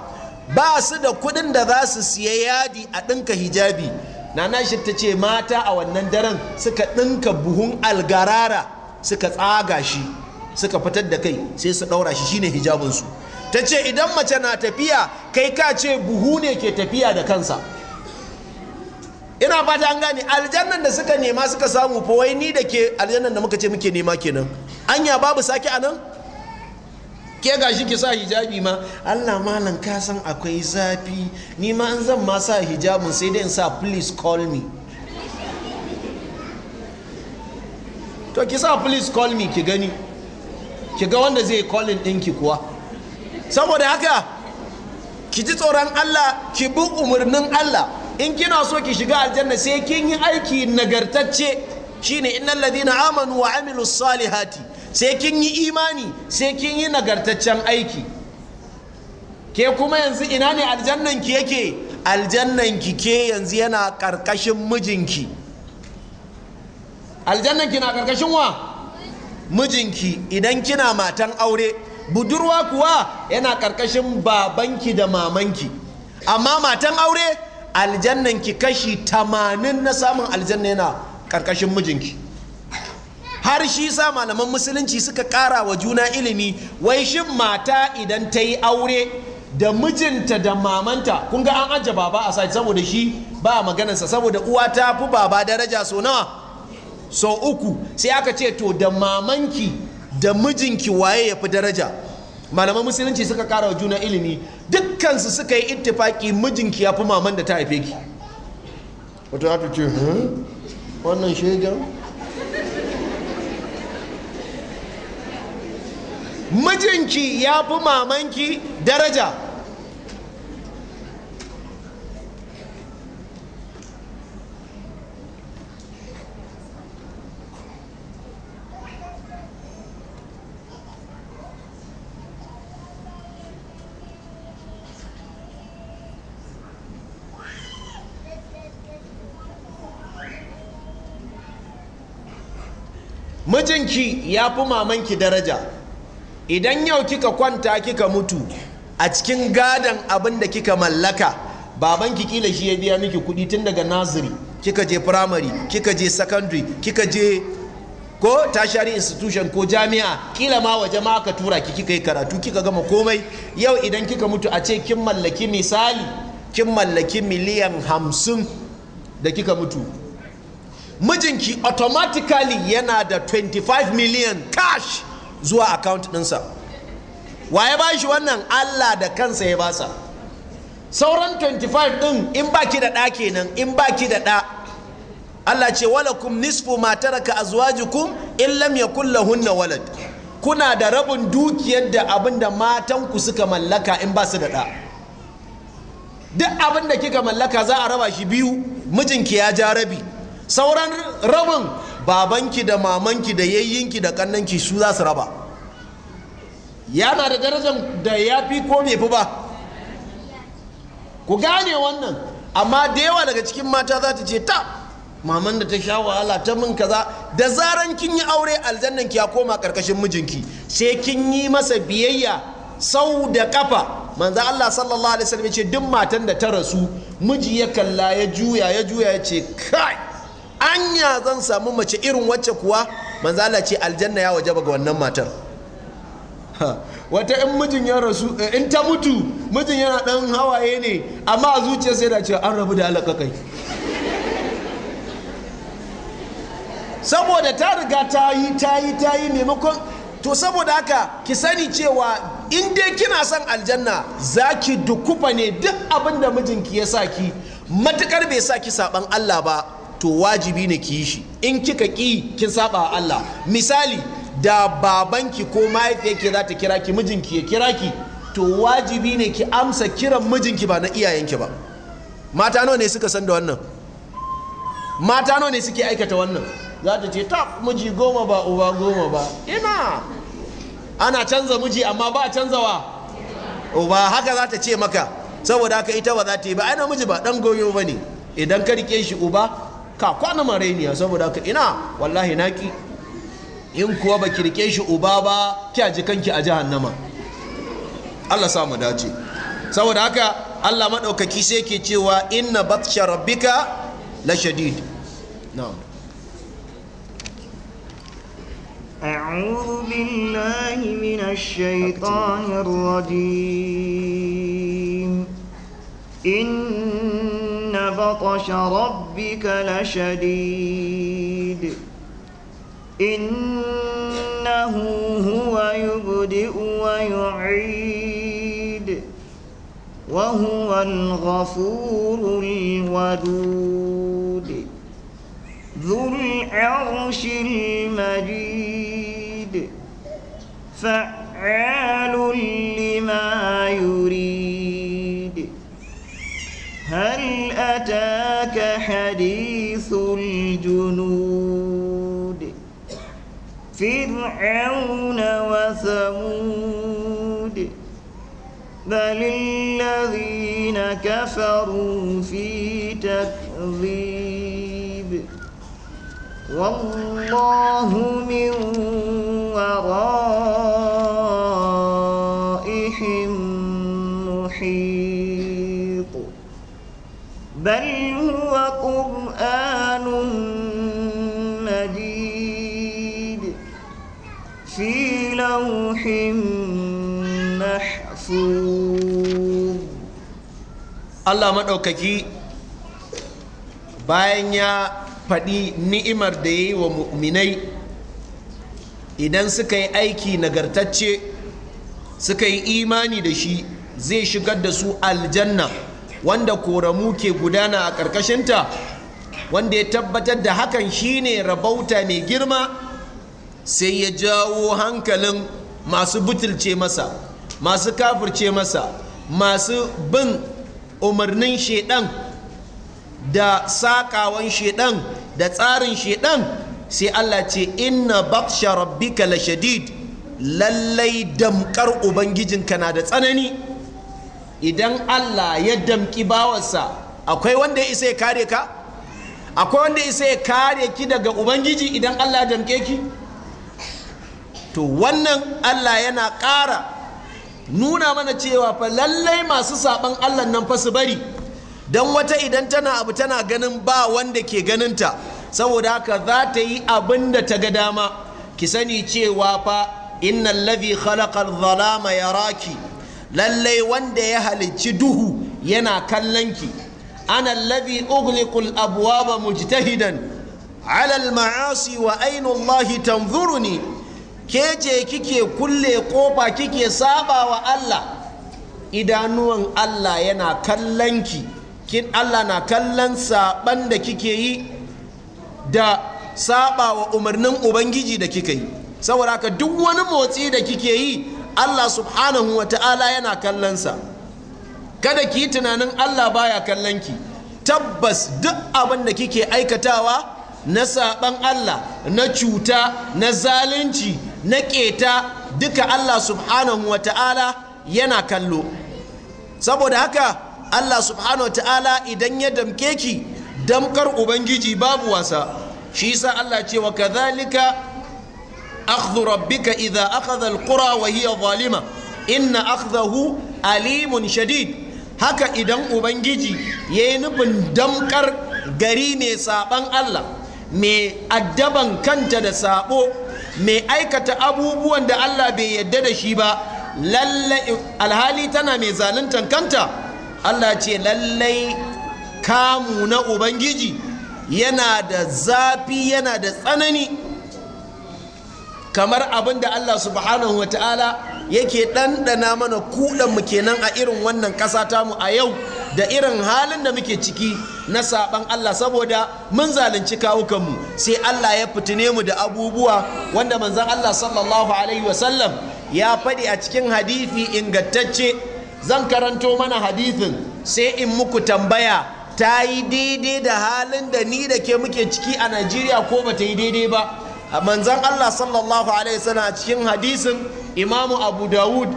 ba su da kudin da za su siya yadi a dinka hijabi na nashi ta ce mata a wannan daren suka dinka buhun algarara suka tsaga shi suka fitar da kai sai su ɗaura shi shine hijabinsu ta ce idan mace na tafiya kai ka ce buhu ne ke tafiya da kansa ina fata an gane aljannan da suka nema suka samu fawai ni da ke aljannan da muka ce muke nema kenan anya babu sake a nan ke gashi ki sa hijabi ma allah malam ka san akwai zafi ni ma an zan ma sa hijabin sai dai in sa please call me to ki sa please call me ki gani ki ga wanda zai callin ɗinki kuwa saboda haka ki ji tsoron Allah ki bi umarnin Allah in kina so ki shiga aljanna sai kin yi aiki nagartacce shine innal ladina amanu wa amilus salihati sai kin yi imani sai kin yi nagartaccen aiki ke kuma yanzu ina ne aljannan ki yake aljannan ki ke yanzu yana karkashin mijinki aljannan ki na karkashin wa mijinki idan kina matan aure budurwa kuwa yana karkashin babanki da mamanki amma matan aure aljannan ki kashi tamanin na samun aljanna yana karkashin mijinki har shi sa malaman musulunci suka kara wa juna ilimi wai shin mata idan ta yi aure da mijinta da mamanta kun ga an ajiye baba a sati saboda shi ba maganarsa saboda uwa ta fi baba daraja so nawa sau uku sai aka ce to da mamanki da mijinki waye ya fi daraja malaman musulunci suka kara wa juna ilimi dukkansu suka yi ittifaki mijinki ya fi maman da ta haife ki wato ya ce wannan shegen mijinki ya fi mamanki daraja shi ya fi mamanki daraja idan yau kika kwanta kika mutu a cikin gadon abin da kika mallaka babanki kila shi ya biya miki kuɗi tun daga naziri kika je primary kika je secondary kika je ko tashari institution ko jami'a kila ma waje ma aka tura ki kika yi karatu kika gama komai yau idan kika mutu a ce kin mallaki misali kin mallaki miliyan hamsin da kika mutu mijinki automatically yana da 25 million cash zuwa account ɗinsa wa ya bashi wannan allah da kansa ya basa sauran 25 ɗin in baki da ɗa kenan in baki da ɗa allah ce walakum nisfu matar a taraka azwajukum in lam kulla hunna walad kuna da rabin dukiyar da abin da matanku suka mallaka in ba su da ɗa duk abin da kika mallaka za a raba shi biyu mijinki ya ja rabi sauran rabin babanki da mamanki da yayyinki da kannanki su za su raba yana da darajar da ya fi ko mai fi ba ku gane wannan amma da yawa daga cikin mata za ta ce ta maman da ta sha wahala ta min kaza da zaran kin yi aure aljannan ki ya koma karkashin mijinki sai kin yi masa biyayya sau da kafa manzo Allah sallallahu alaihi wasallam ya ce duk matan da ta rasu miji ya kalla ya juya ya juya ya ce kai anya zan samu mace irin wacce kuwa manzala ce aljanna ya waje ga wannan matar wata in mijin ya rasu eh, in ta mutu mijin yana dan hawaye ne amma a zuciya sai da cewa an rabu da alaka kai saboda ta riga ta yi ta yi ta yi maimakon to saboda haka ki sani cewa in dai kina son aljanna za ki dukufa ne duk abin da mijinki ya sa ki matukar bai sa ki saban Allah ba to wajibi ne ki yi shi in kika ki kin saba Allah misali da babanki ko mahaifiyarki za ta kira ki mijinki ya kira ki to wajibi ne ki amsa kiran mijinki ba na iyayenki ba mata nawa ne suka san da wannan mata nawa ne suke aikata wannan za ta ce ta miji goma ba uba goma ba ina ana canza miji amma ba canzawa uba haka za ta ce maka saboda haka ita ba za ta yi ba ai miji ba dan goyo ba ne idan ka rike shi uba ka kwana marainiya saboda ka ina wallahi naki in kuwa ba kirke shi uba ba kya ji kanki a jahannama Allah sa mu dace saboda haka Allah madaukaki sai ke cewa inna batsha rabbika la shadid na'am أعوذ بالله من الشيطان الرجيم بطش ربك لشديد إنه هو يبدئ ويعيد وهو الغفور الودود ذو العرش المجيد فعال لما يريد هل أتاك حديث الجنود فرعون وثمود بل الذين كفروا في تكذيب والله من وراء بل هو قرآن مجيد في لوح محفوظ الله bayan ya faɗi ni'imar da ya yi wa mu'minai idan suka yi aiki nagartacce suka yi imani da shi zai shigar da su aljanna wanda koramu ke gudana a ƙarƙashinta wanda ya tabbatar da hakan shine rabauta mai girma sai ya jawo hankalin masu butulce masa masu kafirce masa masu bin umarnin shedan da sakawan shedan da tsarin shedan sai Allah ce inna baksha rabbika la shadid lallai damkar ubangijinka na da tsanani idan Allah ya damki bawansa akwai wanda ya isa ya kare ka akwai wanda isa ya kare ki daga ubangiji idan Allah ya damke ki to wannan Allah yana ƙara nuna mana cewa fa lallai masu saɓan Allah nan fa su bari don wata idan tana abu tana ganin ba wanda ke ganinta saboda haka za ta yi abin da ta ga dama ki sani cewa fa innal ladhi khalaqal zalama yaraki lallai wanda ya halicci duhu yana kallon ki. ana labi ughliqu abuwa abwaba mujtahidan Halal maasi wa ainihin lahi tanzuruni ke ce kike kulle kofa kike saba wa Allah idanuwan Allah yana kallonki kin Allah na kallon saban da kike yi da saba wa umarnin ubangiji da kika yi saboda haka duk wani motsi da kike yi Allah subhanahu wa ta'ala yana kallonsa kada ki yi tunanin Allah baya kallon ki tabbas duk abin da kike aikatawa na saɓan Allah na cuta na zalunci na ƙeta duka Allah subhanahu wa ta'ala yana kallo saboda haka Allah subhanahu wa ta'ala idan ya damke ki damkar Ubangiji babu wasa shi sa Allah ce wa kazalika akhdhu rabbika idha akhadha alqura wa hiya zalima inna akhdahu alimun shadid haka idan ubangiji yayi nufin damkar gari mai saban Allah mai addaban kanta da saɓo, mai aikata abubuwan da Allah bai yarda da shi ba lallai alhali tana mai zaluntan kanta Allah ce lallai kamu na ubangiji yana da zafi yana da tsanani kamar abin da Allah subhanahu wa ta'ala yake ɗanɗana mana kuɗanmu kenan a irin wannan ƙasa tamu a yau da irin halin da muke ciki na saɓan Allah saboda mun zalunci kawukanmu sai Allah ya fitine mu da abubuwa wanda manzan Allah sallallahu alaihi wasallam ya faɗi a cikin hadithi ingantacce zan karanto mana hadithin sai in muku tambaya ta yi daidai da halin da ni da ke muke ciki a Najeriya ko ba ta yi daidai ba manzon Allah sallallahu alaihi a cikin hadisin Imam Abu Dawud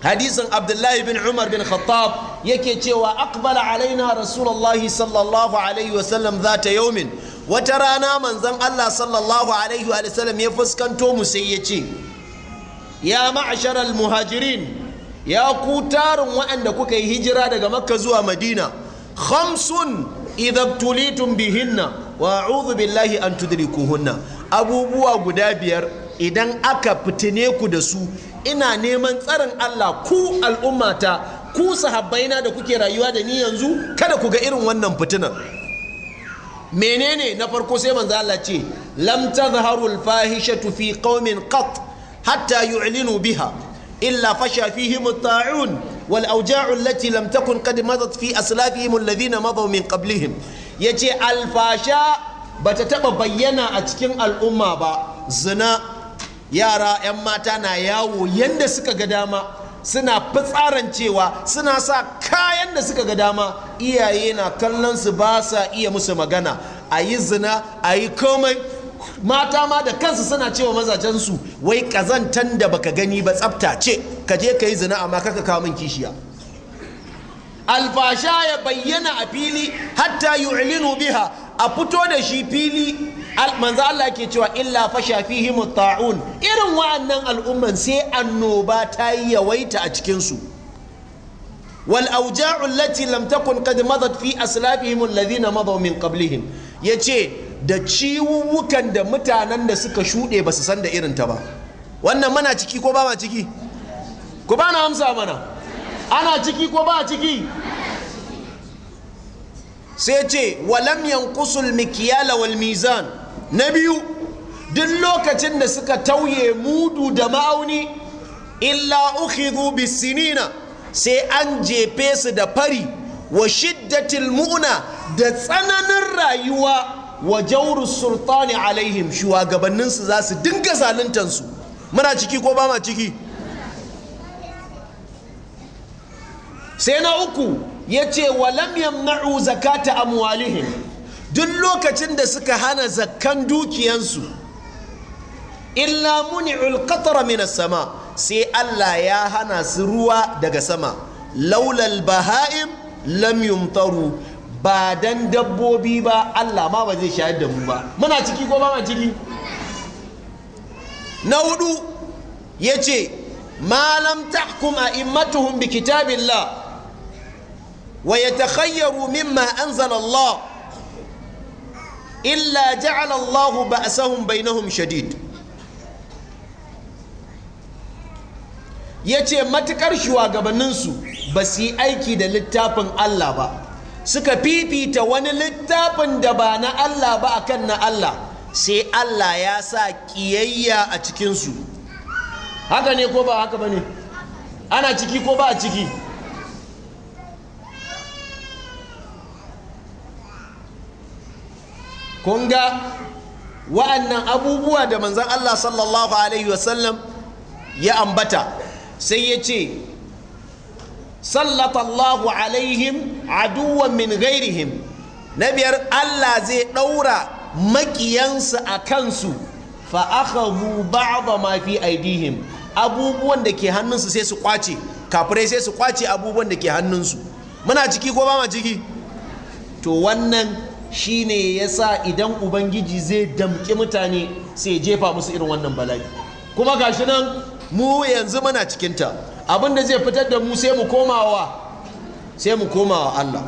hadisin Abdullahi bin Umar bin Khattab yake cewa aqbala alaina Rasulullahi sallallahu alaihi wasallam ta yaumin wata rana manzon Allah sallallahu alaihi wasallam ya fuskanto mu sai ya ce ya ma'asharal muhajirin ya ku tarin waɗanda kuka yi hijira daga makka zuwa madina khamsun idabtulitun bihinna wa a'udhu billahi an tudrikuhunna abubuwa guda biyar idan aka fitine ku da su ina neman tsarin Allah ku al'ummata ku sahabbaina da kuke rayuwa da ni yanzu kada ku ga irin wannan fitinar menene na farko sai manzo Allah ce lam tadhharu al-fahishatu fi qaumin qat hatta yu'linu biha illa fasha fihim at wal awja'u allati lam takun qad madat fi aslafihim alladhina madaw min qablihim yace al-fasha ba ta taɓa bayyana a cikin al'umma ba zina yara 'yan mata na yawo yadda suka ga dama suna cewa suna sa kayan da suka ga dama iyaye na kallon su ba sa iya musu magana a yi zina a yi komai mata ma da kansu suna cewa mazajensu wai kazantan da baka gani ba tsafta ce ka je ka yi zina amma kaka kawo min kishiya alfasha ya bayyana a fili hatta yu'linu biha a fito da shi fili manzo Allah ke cewa illa fasha fihi mutta'un irin wa'annan al'umman sai annoba ta yi yawaita a cikin su wal awja'u allati lam takun qad madat fi aslafihim alladhina madaw min qablihim yace da ciwuwukan da mutanen da suka shuɗe ba su san da irin ta ba wannan mana ciki ko ba ma ciki ku ba na amsa mana ana ciki ko ba ciki sai ce walam yanqusul mikyala wal mizan na biyu duk lokacin da suka tauye mudu da ma'auni illa ukhidhu bisinina sai an jefe su da fari wa shiddatil mu'na da tsananin rayuwa wa jawru sultani alaihim shugabannin su za su dinga zaluntar su muna ciki ko ba ma ciki sai na uku ya ce walam yamna'u zakata amwalihim duk lokacin da suka hana zakkan dukiyansu illa muni'ul qatara min sama sai Allah ya hana su ruwa daga sama laulal baha'im lam yumtaru ba dan dabbobi ba Allah ma ba zai shayar da mu ba muna ciki ko ba ma ciki na hudu yace ma lam tahkum immatuhum bi kitabillah wa yatakhayyaru mimma anzala Allah illa ja'ala Allah ba'sahum bainahum shadid ce matukar shugabanninsu ba su yi aiki da littafin Allah ba suka fifita wani littafin da ba na Allah ba akan na Allah sai Allah ya sa kiyayya a cikinsu haka ne ko ba haka ba ne ana ciki ko ba a ciki kun ga wa'annan abubuwa da manzan Allah sallallahu alaihi wasallam ya ambata sai ya ce sallatallahu alaihim aduwan min gairihim na biyar Allah zai ɗaura maƙiyansa a kansu fa'akahu ba ma fi aidihim abubuwan da ke hannunsu sai su kwace kafirai sai su kwace abubuwan da ke hannunsu muna ciki ko ba ma ciki to wannan shi ne ya sa idan ubangiji zai damƙi mutane sai jefa musu irin wannan bala'i kuma gashi nan mu yanzu muna cikinta abinda zai fitar da mu sai mu komawa sai mu komawa Allah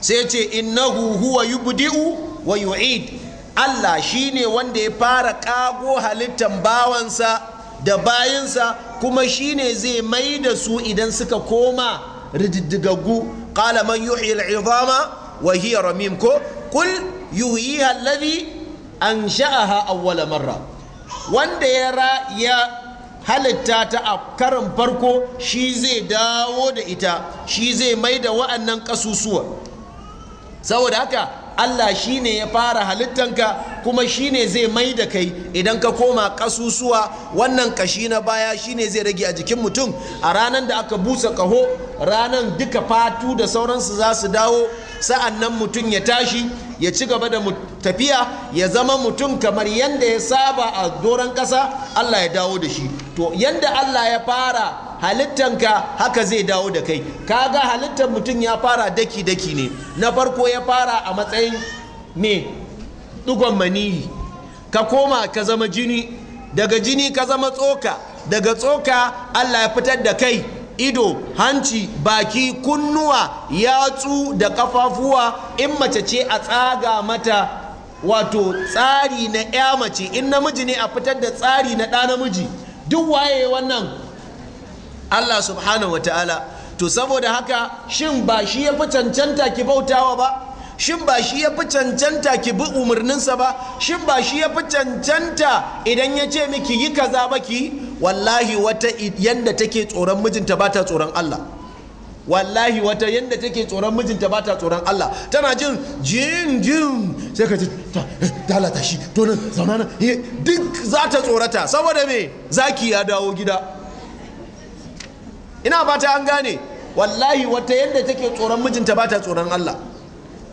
sai ce innahu huwa yubdi'u wa yu'id Allah shine wanda ya fara ƙago halittan bawansa da bayinsa kuma shine zai mai da su idan suka koma rididdigaggu qala man yuhyi wa hiya ramim ko kul yuhyiha alladhi ansha'aha awwala marra wanda ya ya halitta ta a karin farko shi zai dawo da ita shi zai mai da wa'annan kasusuwa saboda haka Allah shi ne ya fara halittanka kuma shi ne zai mai da kai idan ka koma ƙasusuwa wannan kashi na baya shi ne zai rage a jikin mutum a ranar da aka busa kaho ranar duka fatu da sauransu za su dawo sa'an nan mutum ya tashi ya ci gaba da tafiya ya zama mutum kamar yadda ya saba a doron ƙasa Allah ya dawo da shi to yadda Allah ya fara halittanka haka zai dawo da kai kaga halittar mutum ya fara daki-daki ne na farko ya fara a matsayin ne ɗigon maniyi ka koma ka zama jini daga jini ka zama tsoka daga tsoka Allah ya fitar da kai ido hanci baki kunnuwa yatsu da kafafuwa in mace ce a tsaga mata wato tsari na ya mace in namiji ne a fitar da tsari na ɗa namiji duk waye wannan allah subhanahu wa ta'ala to saboda haka shin ba shi ya fi cancanta ki bautawa ba shin ba shi ya fi cancanta ki bi umarninsa ba shin ba shi ya fi cancanta idan ya ce miki yi kaza ba ki wallahi wata yanda take tsoron mijinta ba ta tsoron Allah wallahi wata yanda take tsoron mijinta ba ta tsoron Allah tana jin jin jin sai ka ji dalata eh, shi to nan zauna nan eh, duk za ta tsorata saboda me zaki ya dawo gida ina fata an gane wallahi wata yanda take tsoron mijinta ba ta tsoron Allah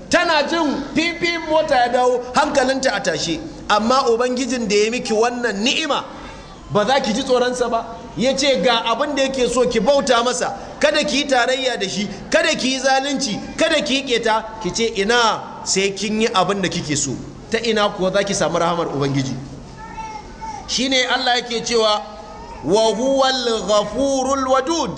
tana jin fifi mota ya dawo hankalinta a tashe amma ubangijin da ya miki wannan ni'ima ba za ki ji tsoronsa ba ya ce ga abin da yake so ki bauta masa kada ki yi tarayya da shi kada ki yi zalunci kada ki yi keta ki ce ina sai kin yi abin da kike so ta ina kuwa za ki samu rahamar ubangiji shine Allah yake cewa wa huwal ghafurul wadud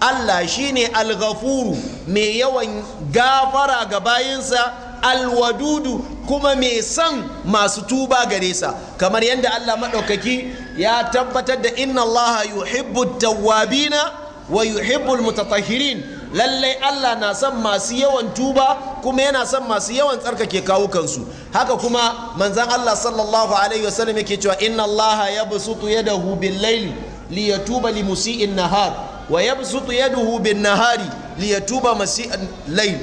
Allah shine al-ghafuru mai yawan gafara ga bayinsa alwadudu kuma mai san masu tuba gare sa kamar yadda Allah maɗaukaki ya tabbatar da inna Allah yuhibbu tawwabina wa yuhibbu mutatahirin lallai Allah na san masu yawan tuba kuma yana son masu yawan tsarkake kawukansu haka kuma manzon Allah sallallahu alaihi wasallam yake cewa inna Allah yabsutu yadahu bil layli liyatuba limusi'in nahar wa yabsutu yadahu bin nahari liyatuba masi'an layl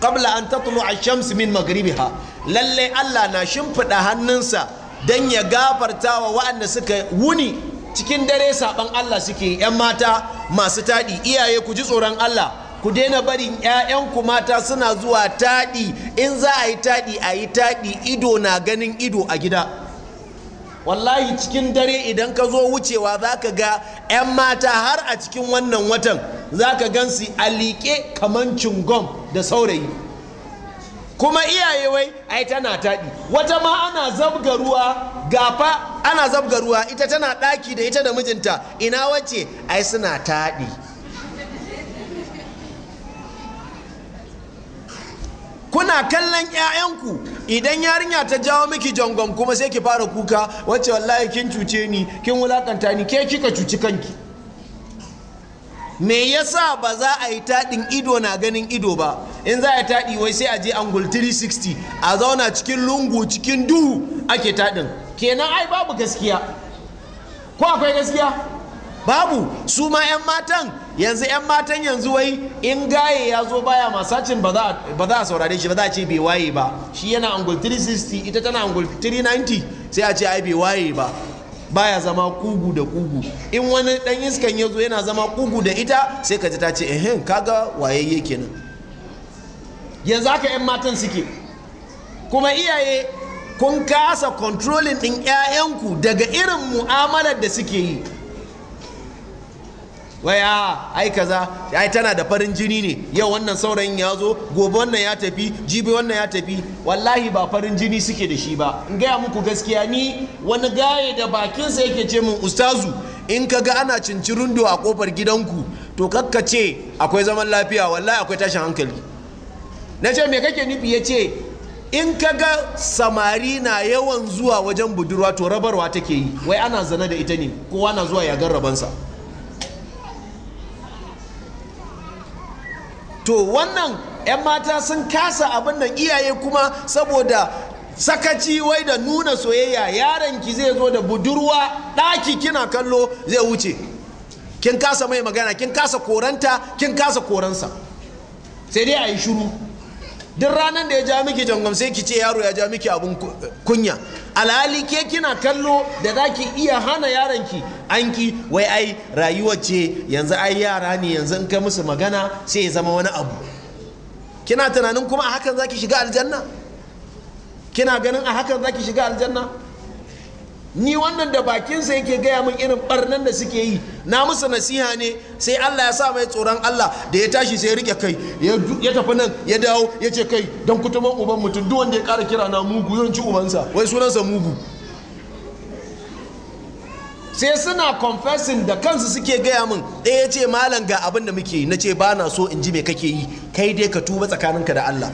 kabla an tatlu a shams min maghribiha lalle Allah na shimfida hannunsa dan ya gafarta wa waɗanda suka wuni cikin dare saban Allah suke yan mata masu taɗi iyaye ku ji tsoron Allah ku daina barin 'ya'yanku mata suna zuwa taɗi in za a yi taɗi a yi taɗi ido na ganin ido a gida wallahi cikin dare idan ka zo wucewa za ka ga 'yan mata har a cikin wannan watan za ka gansu a liƙe kamar cingom da saurayi kuma iyaye wai ai tana taɗi wata ma ana zabga ruwa gafa ana zabga ruwa ita tana ɗaki da ita da mijinta ina wace ai suna taɗi kuna kallon 'ya'yanku idan yarinya ta jawo miki jangon kuma sai ki fara kuka wacce wallahi kin cuce ni kin wulakanta ni ke kika cuci kanki me yasa ba za a yi taɗin ido na ganin ido ba in za a taɗi wai sai a je angul 360 a zauna cikin lungu cikin duhu ake taɗin kenan ai babu gaskiya ko akwai gaskiya babu su ma 'yan matan yanzu 'yan matan yanzu wai in gaye ya zo baya masacin ba za a saurare shi ba za a ce bai waye ba shi yana angul 360 ita tana angul 390 sai a ce ai bai waye ba baya zama kugu da kugu in wani dan iskan ya zo yana zama kugu da ita sai ka ji ta ce ehem kaga wayayye nan yanzu haka 'yan matan suke kuma iyaye kun kasa controlling din 'ya'yanku daga irin mu'amalar da suke yi waya ah, ai kaza ai tana da farin jini ne yau wannan saurayin ya zo gobe wannan ya tafi jibi wannan ya tafi wallahi ba farin jini suke da shi ba in gaya muku gaskiya ni wani gaye da bakinsa yake ce min ustazu in kaga ga ana cincirundo a kofar gidanku to kakka ce akwai zaman lafiya wallahi akwai tashin hankali na ce me kake nufi ya ce in kaga samari na yawan zuwa wajen budurwa to rabarwa take yi wai ana zana da ita ne kowa na zuwa ya gan rabansa to wannan 'yan mata sun kasa abin nan iyaye kuma saboda sakaci wai da nuna soyayya yaron ki zai zo da budurwa ɗaki kina kallo zai wuce kin kasa mai magana kin kasa koranta kin kasa koransa sai dai a yi shuru duk ranar da ya ja miki jangon sai ki ce yaro ya ja miki abun kunya alhali ke kina kallo da za ki iya hana yaron ki an ki wai ai rayuwar ce yanzu ai yara ne yanzu in kai musu magana sai ya zama wani abu kina tunanin kuma a hakan za ki shiga aljanna kina ganin a hakan za ki shiga aljanna ni wannan da bakinsa yake gaya min irin barnan da suke yi na musu nasiha ne sai Allah ya sa mai tsoron Allah da ya tashi sai ya rike kai ya tafi nan ya dawo ya ce kai don kutuman uban mutum duk wanda ya kara kira na mugu yawanci ubansa wai sunansa mugu sai suna confessing da kansu suke gaya min ɗaya eh, ya ce malam ga abin da muke yi na ce ba na so in ji me kake yi kai dai ka tuba tsakaninka da Allah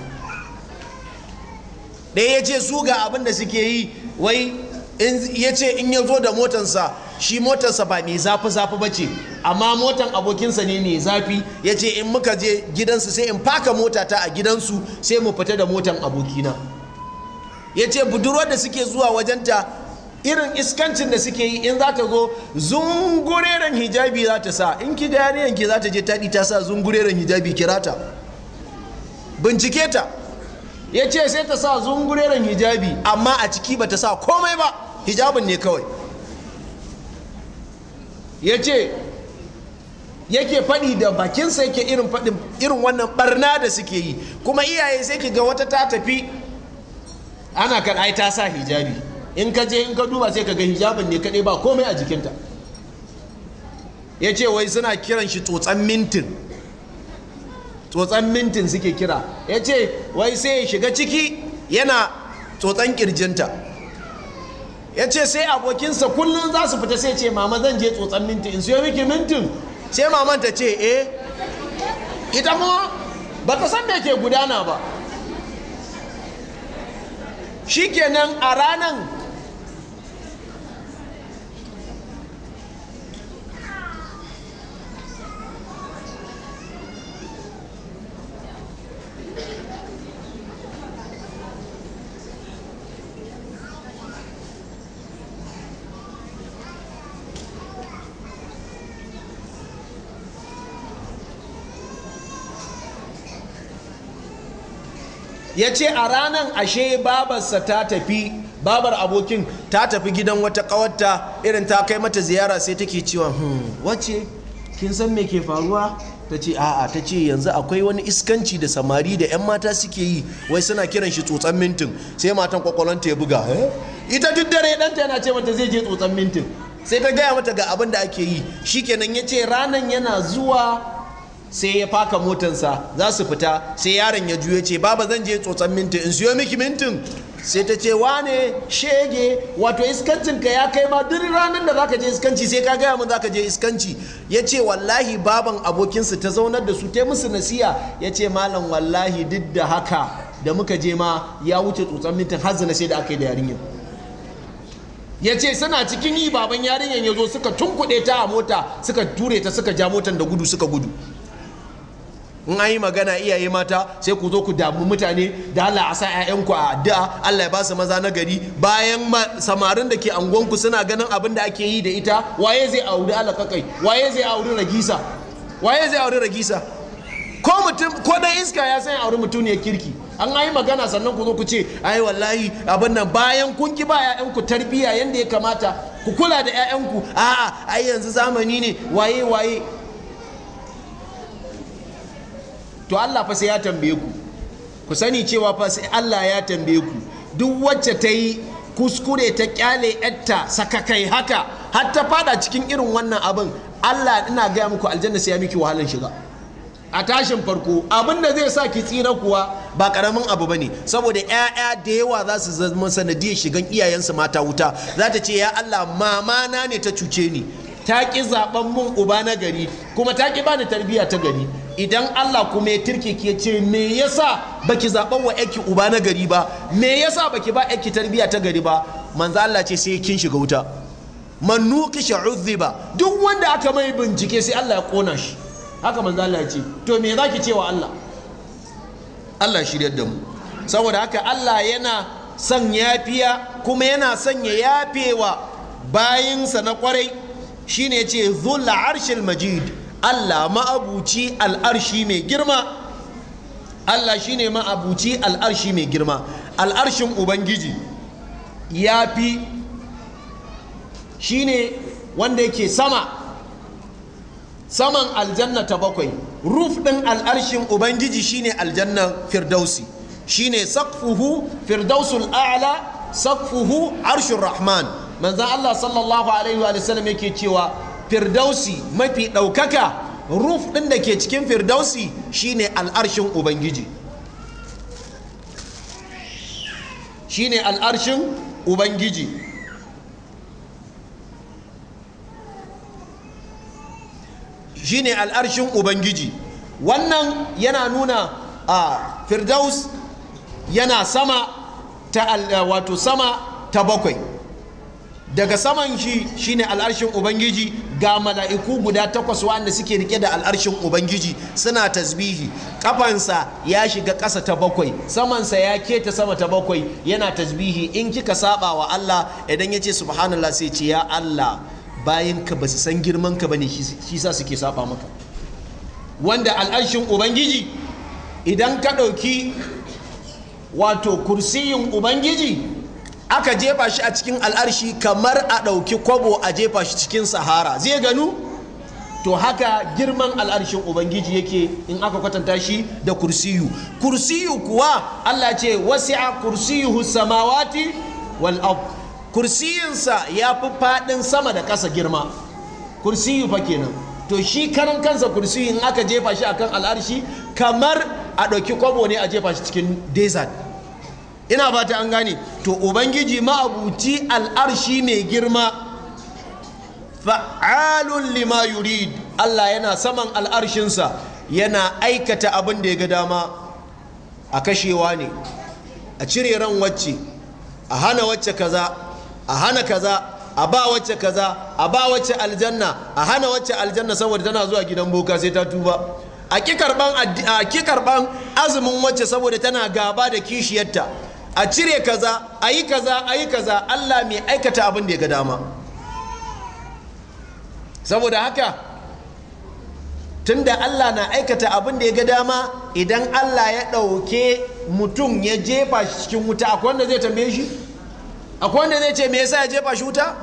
ɗaya ya ce su ga abin da suke yi wai in ya ce in ya zo da motansa shi motarsa ba mai zafi-zafi ba ce amma motan abokinsa ne mai zafi ya ce in muka je gidansu sai in faka motata a gidansu sai mu fita da motan abokina ya ce budurwar da suke zuwa wajenta irin iskancin da suke yi in za ta zo zungureren hijabi za ta sa in ki da za ta je taɗi ta sa zungureren hijabi kirata bincike ta ya ce sai ta sa zungureren hijabi amma a ciki ba ta sa komai ba hijabin ne kawai ya ce yake faɗi da bakinsa yake irin faɗin irin wannan barna da suke yi kuma iyaye sai ki ga wata ta tafi ana kan ai ta sa hijabi in ka je in ka duba sai ka ga hijabin ne kaɗai ba komai a jikinta ya ce wai suna kiran shi tsotsan mintin tsotsan mintin suke kira ya ce wai sai ya shiga ciki yana tsotsan kirjinta ya ce sai abokinsa kullum za su fita sai ce mama zan je tsotsan minti in siyo miki mintin sai maman ta ce eh ita ma ba ta san me ke gudana ba shi kenan a ranan ya ce a ranan ashe babarsa ta tafi babar abokin ta tafi gidan wata kawarta irin ta kai mata ziyara sai take cewa hmm, wace kin san me ke faruwa ta ce a'a ta ce yanzu akwai wani iskanci da samari da 'yan mata suke yi wai suna kiran shi tsotsan mintin sai matan kwakwalonta ya buga eh? ita duk dare ɗanta yana ce mata zai je tsotsan mintin sai ta gaya mata ga abin da ake yi shikenan ya ce ranan yana zuwa sai ya faka motansa za su fita sai yaron ya juya ce baba zan je tsotsan mintin in siyo miki mintin sai ta ce wane shege wato iskancin ka ya kai ma duk ranar da zaka je iskanci sai ka gaya min zaka je iskanci ya ce wallahi baban abokinsa ta zaunar da su ta musu nasiya ya ce malam wallahi duk da haka da muka je ma ya wuce tsotsan mintin har zina sai da aka yi da yarinyar ya ce suna cikin yi baban yarinyar ya zo suka tunkuɗe ta a mota suka ture ta suka ja motan da gudu suka gudu in an yi magana iyaye mata sai ku zo ku damu mutane da Allah a sa 'ya'yanku a addu'a Allah ya ba su maza na gari bayan samarin da ke angonku suna ganin abin da ake yi da ita waye zai auri kakai waye zai auri ragisa waye zai auri ragisa ko mutum ko dan iska ya san auri mutum ne kirki an yi magana sannan ku zo ku ce ai wallahi abin nan bayan kun ki ba 'ya'yanku tarbiyya yanda ya kamata ku kula da 'ya'yanku a'a ai yanzu zamani ne waye waye to Allah fa sai ya tambaye ku ku sani cewa fa sai Allah ya tambaye ku duk wacce ta yi kuskure ta kyale yatta sakakai haka har ta fada cikin irin wannan abin Allah ina gaya muku aljanna sai ya miki wahalan shiga a tashin farko abin da zai sa ki tsira kuwa ba karamin abu bane saboda 'ya'ya da yawa za su zama sanadiyar shigan iyayensu mata wuta za ta ce ya Allah mama na ne ta cuce ni ta ki zaɓen mun uba na gari kuma ta ki bani tarbiyya ta gari idan Allah kuma ya ke ce me yasa baki zaɓan wa yaki uba na gari ba me yasa baki ba yaki tarbiya ta gari ba manzo Allah ce sai kin shiga wuta man nuqisha ba. duk wanda aka mai bincike sai Allah ya kona shi haka manzo Allah ya ce to me zaki cewa Allah Allah shiryar da mu saboda haka Allah yana son yafiya kuma yana son ya yafewa bayinsa na kwarai shine ya ce zul arshil majid Allah ma'abuci al'arshi mai girma Allah shi ne ma'abuci al'arshi mai girma al'arshin Ubangiji ya fi shi ne wanda yake sama saman aljanna ta bakwai ruf ɗin al'arshin Ubangiji shi ne aljannan firdausi shi ne sakfuhu firdausul a'la sakfuhu arshin rahman manzan Allah sallallahu alaihi wa yake cewa firdausi mafi ɗaukaka ruf ɗin da ke cikin firdausi shine al'arshin ubangiji shine al'arshin ubangiji shine al'arshin ubangiji wannan yana nuna a firdaus yana sama ta wato sama ta bakwai daga saman shi shine al'arshin ubangiji ga mala'iku guda takwas wanda suke rike da al'arshin ubangiji suna tasbihi kafansa ya shiga ƙasa ta bakwai samansa ya keta sama ta bakwai yana tasbihi in kika saba wa Allah idan ya ce subhanallah sai ce ya Allah bayan ka su san girman ka bane shi sa suke saba maka wanda al'arshin ubangiji idan ka ɗauki wato kursiyin ubangiji aka jefa shi a cikin al'arshi kamar a ɗauki kwabo a jefa shi cikin sahara zai ganu to haka girman al'arshin ubangiji yake in aka kwatanta shi da kursiyu kursiyu kuwa allah ce wasi'a kursiyuhu samawati wal ard kursiyinsa ya fi faɗin sama da ƙasa girma kursiyu fa kenan to shi karan kansa kursiyu in aka jefa shi akan al'arshi kamar a ɗauki kwabo ne a jefa shi cikin desert ina ba ta an gane to ubangiji ma'abuci al'arshi mai girma fa'alun lima yurid Allah yana saman al'arshinsa yana aikata abin da ya ga dama a kashewa ne a cire ran wacce a hana wacce kaza a hana kaza a ba wacce kaza a ba wacce aljanna a hana wacce aljanna saboda tana zuwa gidan boka sai ta tuba a ki karɓan azumin wacce saboda tana gaba da kishiyarta a cire kaza a yi kaza a yi kaza allah mai aikata abin da ya ga dama saboda haka tunda allah na aikata abin da ya ga dama idan allah ya ɗauke mutum ya jefa shi cikin wuta akwai wanda zai tambaye shi akwai wanda zai ce me yasa ya jefa shi wuta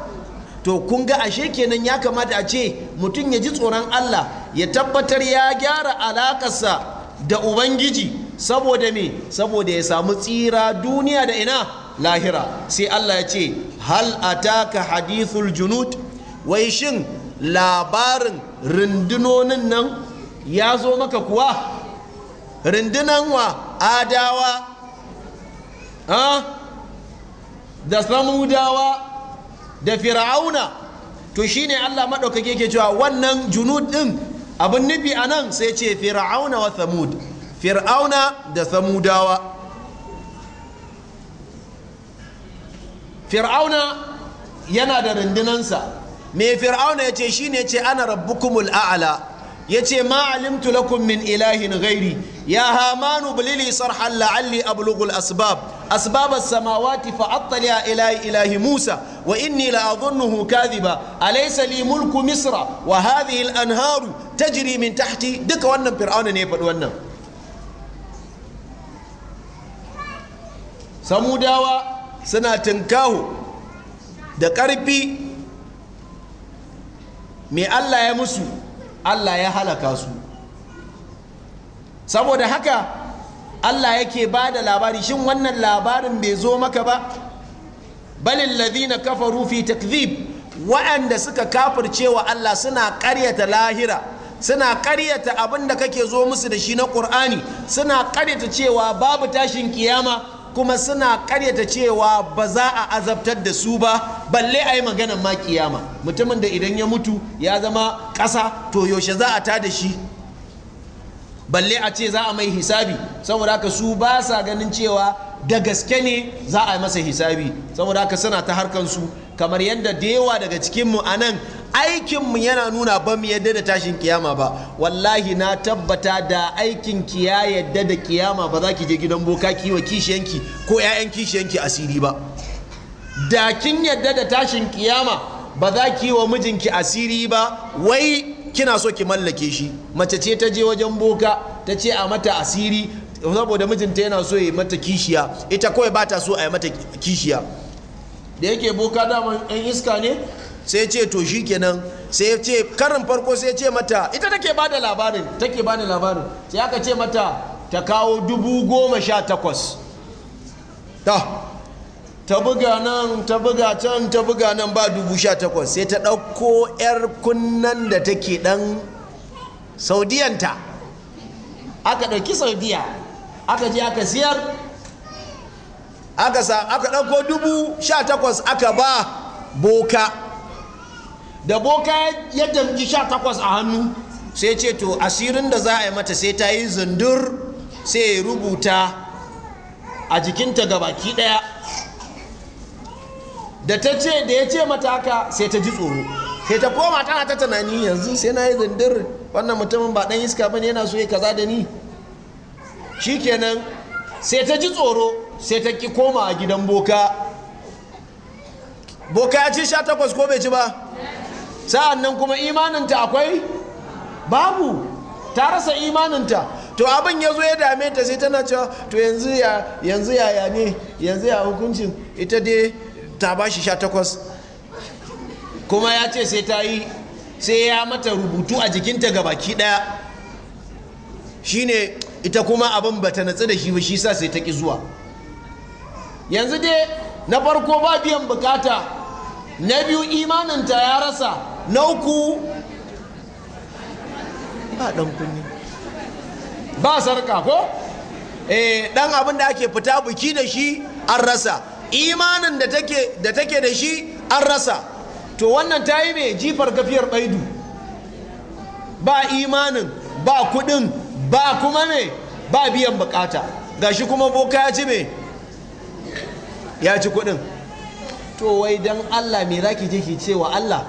to kun ga ashe kenan ya kamata a ce mutum ya ji tsoron allah ya tabbatar ya gyara alakarsa da ubangiji saboda me saboda ya samu tsira duniya da ina lahira sai Allah ya ce hal ataka hadithul junud wai shin labarin rundunonin nan ya zo maka kuwa rundunan wa adawa da samudawa da fir'auna to shine Allah maɗaukake ke cewa wannan junud din? abin nufi a nan sai ce fir'auna wa samud fir'auna da samudawa fir'auna yana da rundunansa me fir'auna ya ce shi ne ce ana rabbukumul a'ala ya ce ma'alimtu lakum min ilahin gairi ya hamanu bilili sarhan la'alli ablughul asbab asbab as-samawati fa'attali'a ila ilahi Musa wa inni la'adhunnuhu kadhiba alaysa li mulku misra wa hadhihi al-anharu tajri min tahti duka wannan fir'auna ne ya faɗi wannan samudawa suna tinkahu da ƙarfi mai allah ya musu allah ya halaka su saboda haka allah yake ba da labari shin wannan labarin bai zo maka ba balin na kafa rufi takzib Waɗanda suka kafirce cewa allah suna ƙaryata lahira suna karyata abinda kake zo musu da shi na ƙur'ani suna karyata cewa babu tashin kiyama kuma suna karyata cewa ba za a azabtar da su ba balle a yi maganan ma kiyama mutumin da idan ya mutu ya zama ƙasa to yaushe za a ta da shi balle a ce za a mai hisabi saboda haka su ba sa ganin cewa da gaske ne za a yi masa hisabi saboda haka suna ta harkan su kamar yadda da yawa daga cikinmu a nan aikinmu yana nuna ba mu yadda da tashin kiyama ba wallahi na tabbata da aikin ki yadda da kiyama ba za ki je gidan boka ki wa kishiyanki ko 'ya'yan kishiyanki asiri ba da kin yadda da tashin kiyama ba za ki wa mijinki asiri ba wai kina so ki mallake shi mace ce ta je wajen boka ta ce a mata asiri saboda mijinta yana so ya mata kishiya ita kawai ba ta so a yi mata kishiya da yake boka dama yan iska ne sai ce to shi kenan sai ce karin farko sai ce mata ita take ba da labarin take ba da labarin sai aka ce mata ta kawo dubu goma sha takwas ta buga nan ta buga can ta buga nan ba dubu sha takwas sai ta ɗauko 'yar kunnan da take ɗan saudiyanta aka ɗauki saudiya aka je aka siyar aka ɗauko dubu sha takwas aka ba boka da boka ya damji sha takwas a hannu sai ce to asirin da za a yi mata sai ta yi zundur sai rubuta a jikinta gabaki ɗaya da ta ce da ya ce mata haka sai ta ji tsoro sai ta koma tana ta tunani yanzu sai na yi zindir wannan mutumin ba dan iska bane yana so ya kaza da ni shikenan sai ta ji tsoro sai ta ki koma a gidan boka boka ya ci sha takwas ko bai ci ba sa'an nan kuma imaninta akwai babu ta rasa imaninta to abin ya zo ya dame ta sai tana cewa to yanzu ya yanzu ya ne yanzu ya hukuncin ita dai ta ba shi sha takwas kuma ya ce sai ta yi sai ya mata rubutu a jikinta ga baki ɗaya shine ita kuma abin bata natsu da shi ba shi sa sai ta ki zuwa yanzu dai na farko ba biyan bukata na biyu imaninta ya rasa na uku ba dan kunni ba sarka ko eh dan abin da ake fita buki da shi an rasa imanin da take da shi an rasa to wannan ta yi mai jifar gafiyar baidu ba imanin ba kudin ba kuma ne ba biyan bukata gashi kuma boka ya ci me ya ci kudin to wai don Allah mai zaki je cewa Allah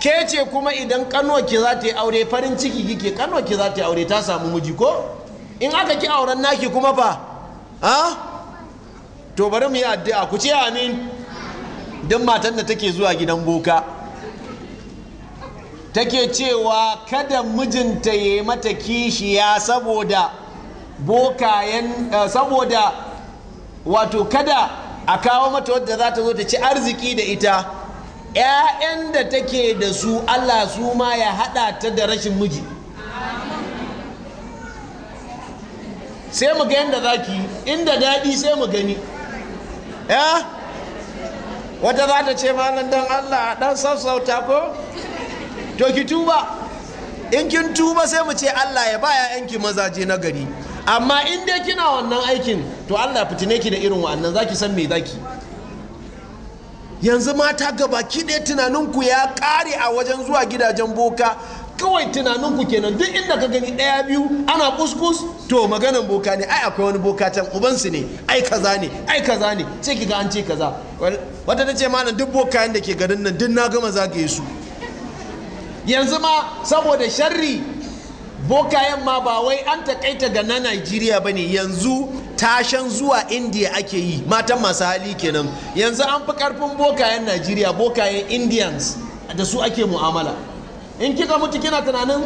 ke ce kuma idan ki za ta yi aure farin ciki kike ki za ta yi aure ta samu miji ko in aka ki auren naki kuma fa ha to bari mu yi addu'a ku ce amin Don matan da take zuwa gidan boka take cewa kada mijinta ya yi mata kishiya saboda yan eh, saboda wato kada a kawo mata wadda za ta zo ta ci arziki da ita 'ya'yan da take da su allah su ma ya haɗa ta da rashin miji sai mu ga yadda za ki inda daɗi sai mu gani ya wata za ta ce malam don allah dan sassauta ko to ki tuba in kin tuba sai mu ce allah ya ba yanki mazaje na gari amma in dai kina wannan aikin to allah fitine ki da irin wannan za ki san me za ki yanzu mata gaba ki ɗaya tunaninku ya ƙare a wajen zuwa gidajen boka kawai tunaninku kenan duk inda ka gani ɗaya biyu ana kuskus to maganan boka ne ai akwai wani boka can ubansu ne ai kaza ne ai kaza ne sai ki an ce kaza wata ta ce malam duk bokayen da ke garin nan duk na gama zagaye su yanzu ma saboda sharri bokayen ma ba wai an takaita ga na Najeriya ba ne yanzu tashan zuwa indiya ake yi matan masu hali kenan yanzu an fi karfin bokayen Najeriya bokayen indians da su ake mu'amala in kika mutu kina tunanin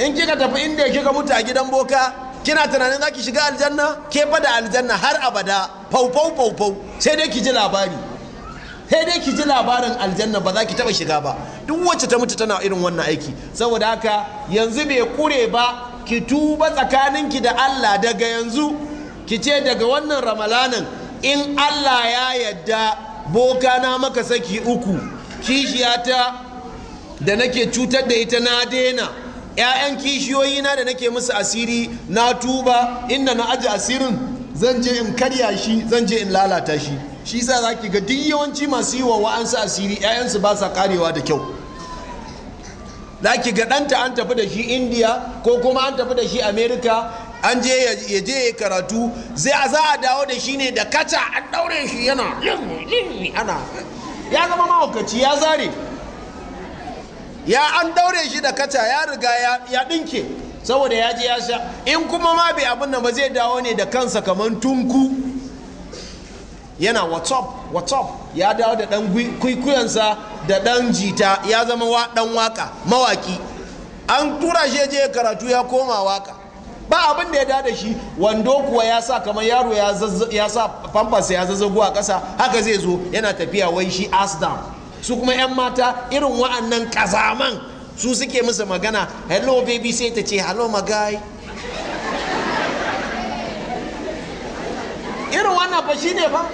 in kika tafi inda kika mutu a gidan boka kina tunanin za ki shiga aljanna ke fa da aljanna har abada faufau faufau sai dai ki ji labari sai dai ki ji labarin aljanna ba za ki taba shiga ba duk wacce ta mutu tana irin wannan aiki saboda haka yanzu bai kure ba ki tuba tsakaninki da Allah daga yanzu ki ce daga wannan ramalanin in Allah ya yadda boka na maka saki uku kishiya ta. da nake cutar da ita na daina ‘ya'yan kishiyoyi na da nake musu asiri na tuba inda na aji asirin zan je in karya shi zan je in lalata shi shi sa za ki ga duk yawanci masu yi wa wa'ansu asiri ‘ya'yansu ba sa karewa da kyau za ki ga ɗanta an tafi da shi indiya ko kuma an tafi da shi amerika an je ya je ya karatu zai a za a dawo da shi ne da kaca an ɗaure shi yana ana ya zama mahaukaci ya zare ya an daure shi da kaca ya riga ya ɗinke saboda ya je ya sha in kuma ma bai abin da ba zai dawo ne da kansa kamar tunku yana watop watop ya dawo da ɗan kwikwiyansa da ɗan jita ya zama ɗan waka mawaki an tura shi je karatu ya koma waka ba abin da ya da shi wando kuwa ya sa kamar yaro ya sa pampas ya zazzagu a ƙasa haka zai zo yana tafiya wai shi asdam su kuma 'yan mata irin wa'annan kazaman su suke musu magana hello baby sai ta ce hello magai irin wannan fa shine fa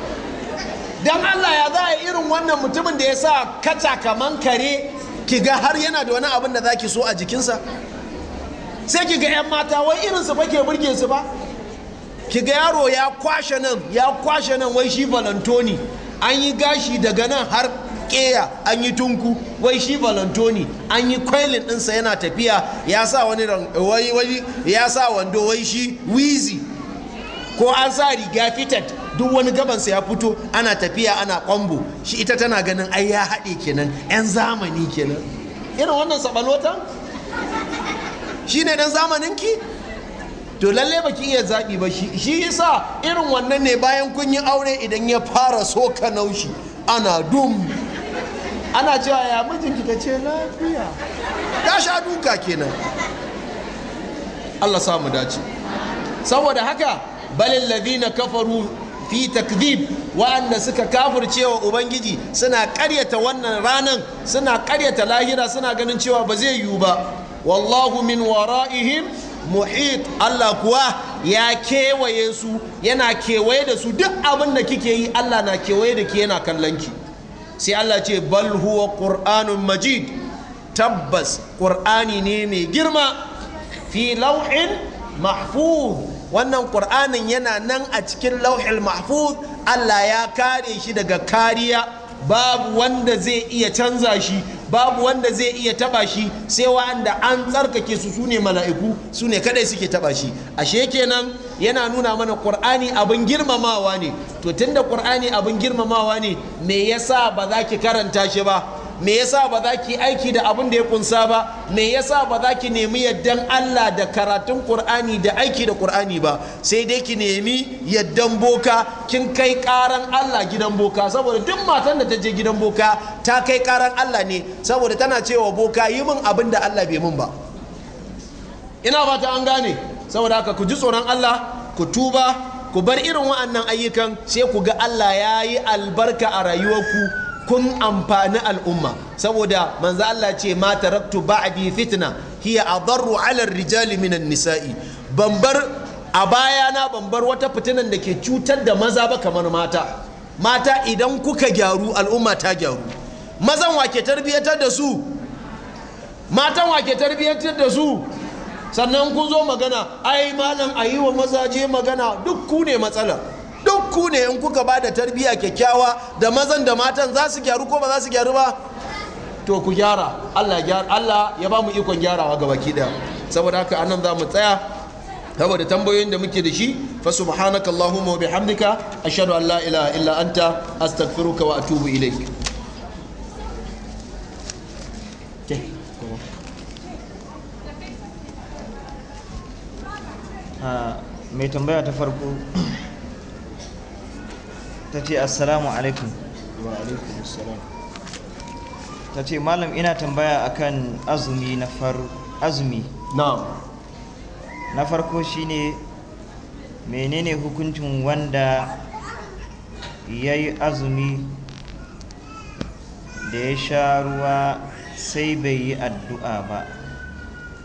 dan Allah ya za a irin wannan mutumin da ya sa kaca kaman kare ki ga har yana da wani abin da za ki so a jikinsa sai ki ga 'yan mata wai irin su ke burge su ba ki ga yaro ya kwashe nan ya kwashe nan wai shi valentoni an yi gashi daga nan har keya an yi tunku wai shi valentoni an yi kwailin ɗinsa yana tafiya ya sa wani ya sa wando wai shi wizi ko an sa riga fitat duk wani gabansa ya fito ana tafiya ana kwambo shi ita tana ganin ai ya haɗe kenan 'yan zamani kenan irin wannan sabalotan shi ne ɗan zamanin ki to lalle baki iya zaɓi ba shi yasa irin wannan ne bayan kun yi aure idan ya fara soka naushi ana dum ana cewa ya mijinki ta ce lafiya ta sha duka kenan Allah samu dace saboda haka balin ladina kafaru fi takdhib wa'anda suka cewa ubangiji suna karyata wannan ranan suna karyata lahira suna ganin cewa ba zai yiwu ba wallahu min wara'ihim muhit Allah kuwa ya kewaye su yana kewaye da su duk abin da kike yi Allah na kewaye da ke yana kallon ki sai Allah ce bal huwa qur'anun majid tabbas qur'ani ne mai girma fi lauhin mahfuz wannan qur'anin yana nan a cikin lauhin mahfuz Allah ya kare shi daga kariya babu wanda zai iya canza shi babu wanda zai iya taba shi sai wa'anda an tsarkake su su ne mala'iku su ne kadai suke taba shi ashe kenan yana nuna mana qur'ani abin girmamawa ne to tunda qur'ani abin girmamawa ne me yasa ba za ki karanta shi ba me yasa ba za ki aiki da abin da ya kunsa ba me yasa ba za ki nemi yaddan Allah da karatun Qur'ani da aiki da Qur'ani ba sai dai ki nemi yaddan boka kin kai karan Allah gidan boka saboda duk matan da ta je gidan boka ta kai karan Allah ne saboda tana cewa boka yi min abin da Allah bai min ba ina fata an gane saboda haka ku ji tsoron Allah ku tuba ku bar irin wa'annan ayyukan sai ku ga Allah ya yi albarka a rayuwarku kun amfani al'umma saboda manzo Allah ce ma taraktu ba'di fitna hiya adarru 'ala ar-rijali an nisa'i bambar a baya na bambar wata fitinan da ke cutar da maza ba kamar mata mata idan kuka gyaru al'umma ta gyaru mazan wake tarbiyyatar da su matan ke da su sannan kun zo magana ai malam ayi wa mazaje magana duk ku ne matsalar duk ku ne in kuka ba da tarbiyya kyakkyawa da mazan da matan za su gyaru ko ba za su gyaru ba to ku gyara Allah Allah ya ba mu ikon gyarawa ga baki daya saboda haka anan za mu tsaya saboda tambayoyin da muke da shi fa subhanaka allahumma wa bihamdika ashhadu an la ilaha illa anta astaghfiruka wa atubu ilaik ah, mai tambaya ta farko ta ce assalamu alaikum ta ce malam ina tambaya akan azumi na far azumi na farko shine menene hukuncin wanda ya yi azumi da ya sha ruwa sai bai yi addu'a ba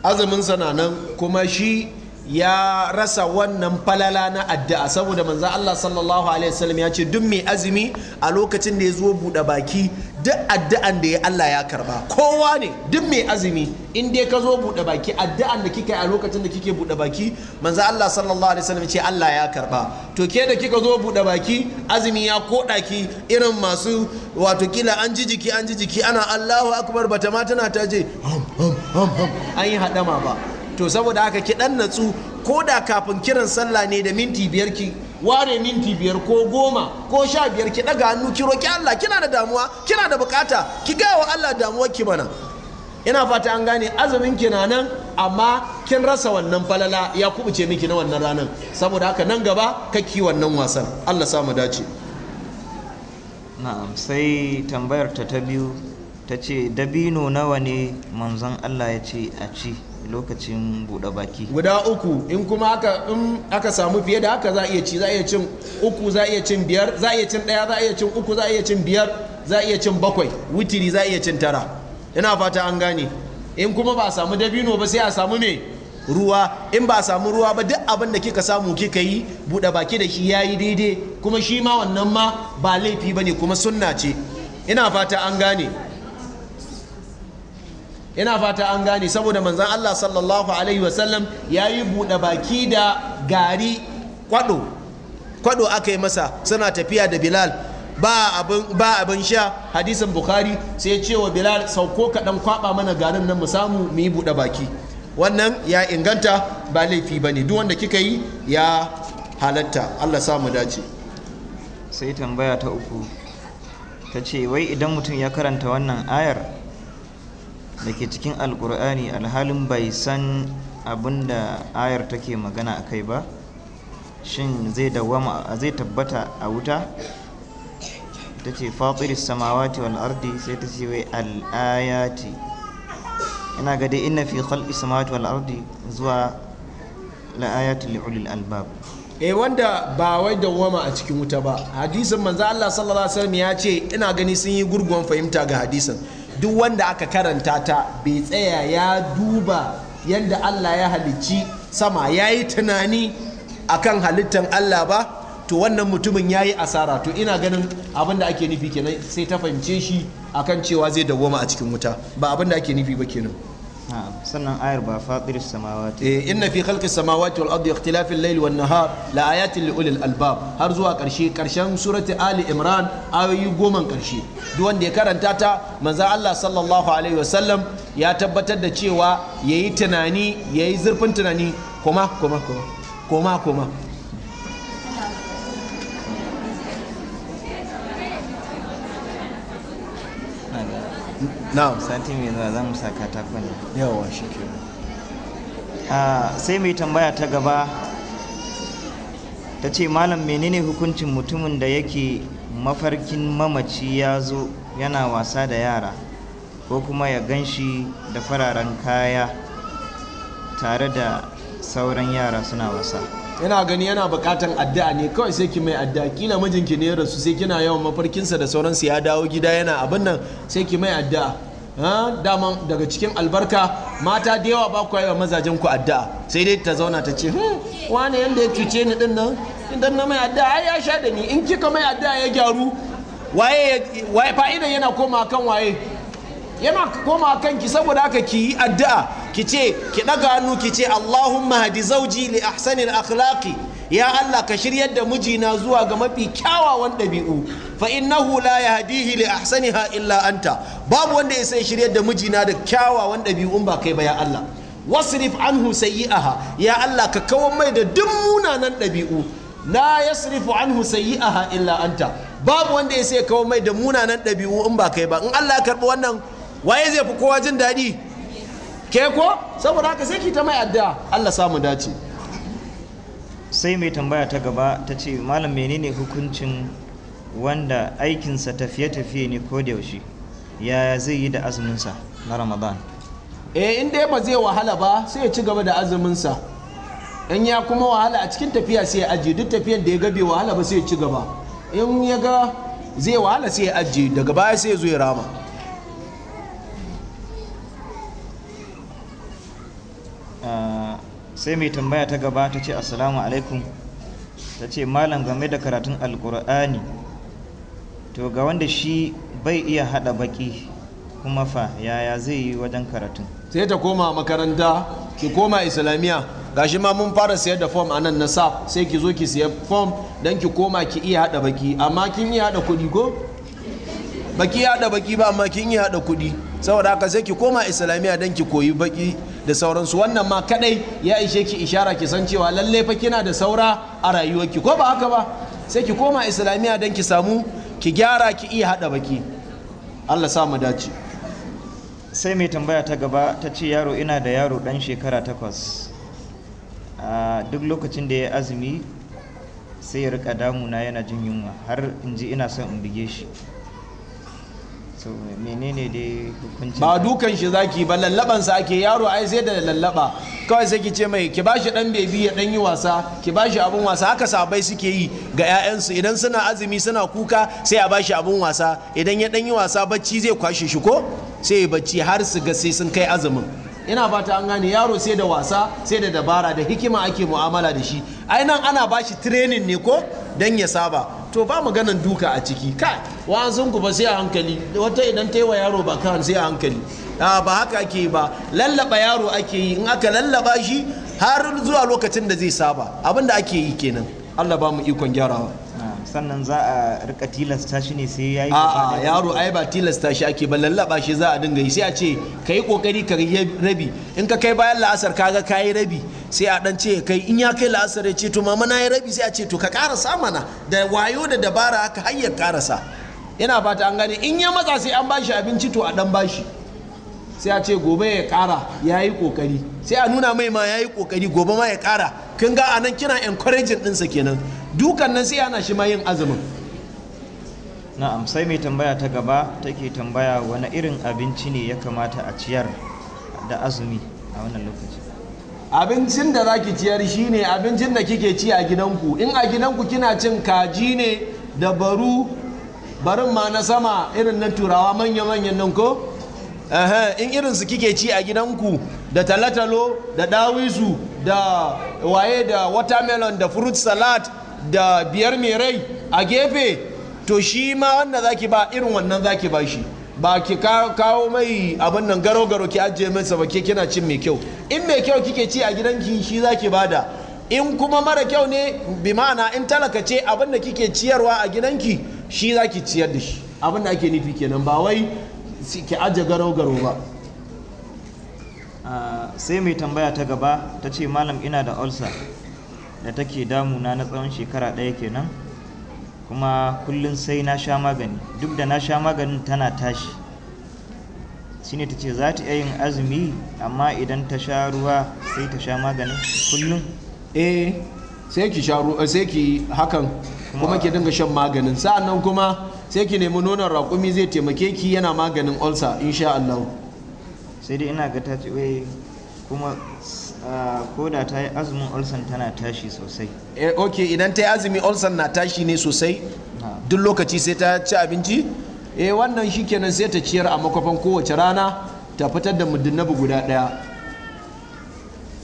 azumin sananan kuma shi ya rasa wannan falala na addu'a saboda manzo Allah sallallahu alaihi wasallam ya ce duk mai azumi a lokacin da ya zo buɗe baki duk addu'an da ya Allah ya karba kowa ne duk mai azumi in dai ka zo buɗe baki addu'an da kika yi a lokacin da kike buɗe baki manzo Allah sallallahu alaihi wasallam ya ce Allah ya karba to ke da kika zo buɗe baki azumi ya koda ki irin masu wato kila an ji jiki an ji jiki ana Allahu akbar bata ma tana ta je an yi hadama ba to saboda haka ki dan natsu ko da kafin kiran sallah ne da minti biyar ki ware minti biyar ko goma ko sha biyar ki daga hannu ki roki Allah kina da damuwa kina da bukata ki ga wa Allah damuwar ki mana ina fata an gane azumin ki na nan amma kin rasa wannan falala ya kubuce miki na wannan ranar saboda haka nan gaba kaki wannan wasan Allah sa mu dace na'am sai tambayar ta ta biyu ta ce dabino nawa ne manzon Allah ya ce a ci lokacin buɗe baki guda uku in kuma aka in aka samu fiye da haka za a iya ci za a iya cin uku za a iya cin biyar za a iya cin ɗaya za a iya cin uku za a iya cin biyar za a iya cin bakwai wutiri za a iya cin tara ina fata an gane in kuma ba a samu dabino ba sai a samu me ruwa in ba a samu ruwa ba duk abin da kika samu kika yi buɗe baki da shi yayi daidai kuma shi ma wannan ma ba laifi bane kuma sunna ce ina fata an gane ina fata an gane saboda manzan Allah sallallahu alaihi wasallam ya yi buɗe baki da gari kwado kwado aka yi masa suna tafiya da bilal ba abin sha hadisin bukhari sai ce bilal sauko kaɗan kwaɓa mana garin nan mu samu mu yi buɗe baki wannan ya inganta ba laifi ba ne duk wanda kika yi ya halatta allah samu dace sai tambaya ta uku ta ce wai idan mutum ya karanta wannan ayar da ke cikin alkur'ani alhalin bai san abin da ayar take magana a kai ba shin zai tabbata a wuta ta ce fatir samawati wal ardi sai ta ce wai al'ayati ina ga dai inna fi khalqi samawati wal ardi zuwa la'ayati li'ulil albab eh wanda ba wai dawama a cikin wuta ba hadisin manzo Allah sallallahu alaihi wasallam ya ce ina gani sun yi gurguwan fahimta ga hadisin duk wanda aka karanta ta bai tsaya ya duba yadda Allah ya halicci sama ya yi tunani akan halittar Allah ba to wannan mutumin ya yi asara to ina ganin abin da ake nufi kenan sai ta fahimce shi akan cewa zai dawoma a cikin wuta ba abin da ake nufi ba kenan sannan ayar ba fatiris samawati eh inna fi khalqis samawati wal ardi ikhtilafil layli wan nahar la ayatin li ulil albab har zuwa karshe karshen surati ali imran ayoyi goman karshe duk wanda ya karanta ta manzo Allah sallallahu alaihi ya tabbatar da cewa yayi tunani yayi zurfin tunani kuma kuma kuma kuma kuma na'am sati mai zuwa za mu sa katakon ne yawa shi ke ah, sai mai tambaya ta gaba ta ce malam menene hukuncin mutumin da yake mafarkin mamaci ya zo yana wasa da yara ko kuma ya gan shi da fararen kaya tare da sauran yara suna wasa yana gani yana bukatan addu'a ne kawai sai ki mai addu'a kila mijinki ne ya rasu sai kina yawan mafarkinsa da sauransu ya dawo gida yana abin nan sai ki mai addu'a dama daga cikin albarka mata da yawa ba ku yi wa mazajen ku addu'a sai dai ta zauna ta ce hmm wani yanda ya cuce ni din nan idan na mai addu'a ai ya sha da ni in kika mai addu'a ya gyaru waye waye fa'idan yana koma kan waye yana koma kan ki saboda haka ki yi addu'a ki ce ki ɗaga hannu ki ce Allahumma hadi zauji li ahsanil akhlaqi ya Allah ka shiryar da mijina zuwa ga mafi kyawawan ɗabi'u fa innahu la yahdihi li ahsaniha illa anta babu wanda ya sai shiryar da mijina da kyawawan ɗabi'un ba kai ba ya Allah wasrif anhu sayyi'aha ya Allah ka kawar mai da duk munanan ɗabi'u la yasrifu anhu sayyi'aha illa anta babu wanda ya sai kawar mai da munanan ɗabi'u in ba kai ba in Allah ya karɓi wannan waye zai fi kowa jin daɗi ke ko saboda haka sai ki ta mai addu'a Allah samu dace sai mai tambaya ta gaba ta ce malam menene hukuncin wanda aikinsa tafiye-tafiye ne ko da yaushe yaya zai yi da azuminsa na ramadan eh in dai ba zai wahala ba sai ya ci gaba da azuminsa in ya kuma wahala a cikin tafiya sai ya aji duk tafiyan da ya gabe wahala ba sai ya ci gaba in ya ga zai wahala sai ya aji, daga baya sai ya zo ya rama sai mai tambaya ta gaba ta ce assalamu alaikum ta ce malam game da karatun alkur'ani to ga wanda shi bai iya hada baki kuma fa yaya zai yi wajen karatun sai ta koma makaranta ki koma islamiyya gashi ma mun fara sayar da fom a nan na sap sai ki zo ki siya fom don ki koma ki iya hada baki amma kin iya hada kuɗi ko baki ya hada baki ba amma kin iya hada kudi saboda haka sai ki koma islamiyya don ki koyi baki da sauransu wannan ma kadai ya ishe ki ishara ki san cewa lalle fa kina da saura a rayuwarki ko ba haka ba sai ki koma islamiyya don ki samu ki gyara ki iya hada baki Allah sa mu dace sai mai tambaya ta gaba ta ce yaro ina da yaro dan shekara takwas duk lokacin da ya azumi sai ya rika damuna yana jin yunwa har in ji ina son in bige shi so menene ba dukan shi zaki ba lallaban sa ake yaro ai sai da lallaba kawai sai ki ce mai ki bashi dan bebi ya dan yi wasa ki bashi abun wasa haka sabai suke yi ga ƴaƴansu idan suna azumi suna kuka sai a bashi abun wasa idan ya dan yi wasa bacci zai kwashe shi ko sai ya bacci har su ga sai sun kai azumin ina fata an gane yaro sai da wasa sai da dabara da hikima ake mu'amala da shi ai nan ana bashi training ne ko dan ya saba to ba maganan duka a ciki kai wa'azin ku ba sai a hankali wata idan ta yi wa yaro ba kan sai a hankali ba haka ake yi ba lallaba yaro ake yi in aka lallaba shi har zuwa lokacin da zai saba abin da ake yi kenan allah ba mu ikon gyarawa sannan za a rika tilasta shi ne sai yayi a yaro ai ba tilasta shi ake ba lallaba shi za a dinga yi sai a ce ka yi kokari ka yi rabi in ka kai bayan la'asar kaga yi rabi sai a dan ce kai in ya kai la'asar ya ce to mama na yi rabi sai a ce to ka karasa mana da wayo da dabara haka hanyar karasa yana fata an gane in ya matsa sai an bashi abinci to a dan bashi sai a ce gobe ya kara ya yi kokari sai a nuna mai ma ya yi kokari gobe ma ya kara kin ga anan kina encouraging ɗinsa kenan dukan nan sai ana shi ma yin azumin na'am sai mai tambaya ta gaba take tambaya wani irin abinci ne ya kamata a ciyar da azumi a wannan lokaci abincin da za ki ciyar shi ne abincin da kike ci a gidanku in a gidanku kina cin kaji ne da baru barin ma na sama irin na turawa manya-manyan nan ko in irin su kike ci a gidanku da talatalo da dawisu da waye da watermelon da fruit salad da biyar mai rai a gefe to shi ma wanda zaki ba irin wannan zaki ba shi ba ki kawo mai abin nan garo garo ki ajiye masa ba ke kina cin mai kyau in mai kyau kike ci a gidanki shi zaki bada in kuma mara kyau ne bi ma'ana in talaka ce abin da kike ciyarwa a gidanki shi zaki ciyar da shi abin da ake nufi kenan ba wai ki ajiye garo garo ba ah, sai mai tambaya ta gaba ta ce malam ina da ulcer da take damuna na tsawon shekara ɗaya kenan kuma kullum sai na sha magani duk da na sha maganin tana tashi shine ta ce za ta iya yin azumi amma idan ta sha ruwa sai ta sha maganin kullum eh sai ki sha ruwa sai ki hakan kuma ki dinga shan maganin sa'annan kuma sai ki nemi nonon raƙumi zai taimake ki yana maganin ulcer insha Allah sai dai ina ga ta ce kuma ko da ta yi azumin olsan tana tashi sosai eh, ok idan ta yi azumi olsan na tashi ne sosai duk lokaci sai ta ci abinci eh wannan shikenan sai ta ciyar a makwafan kowace rana ta fitar da mudunnabu guda daya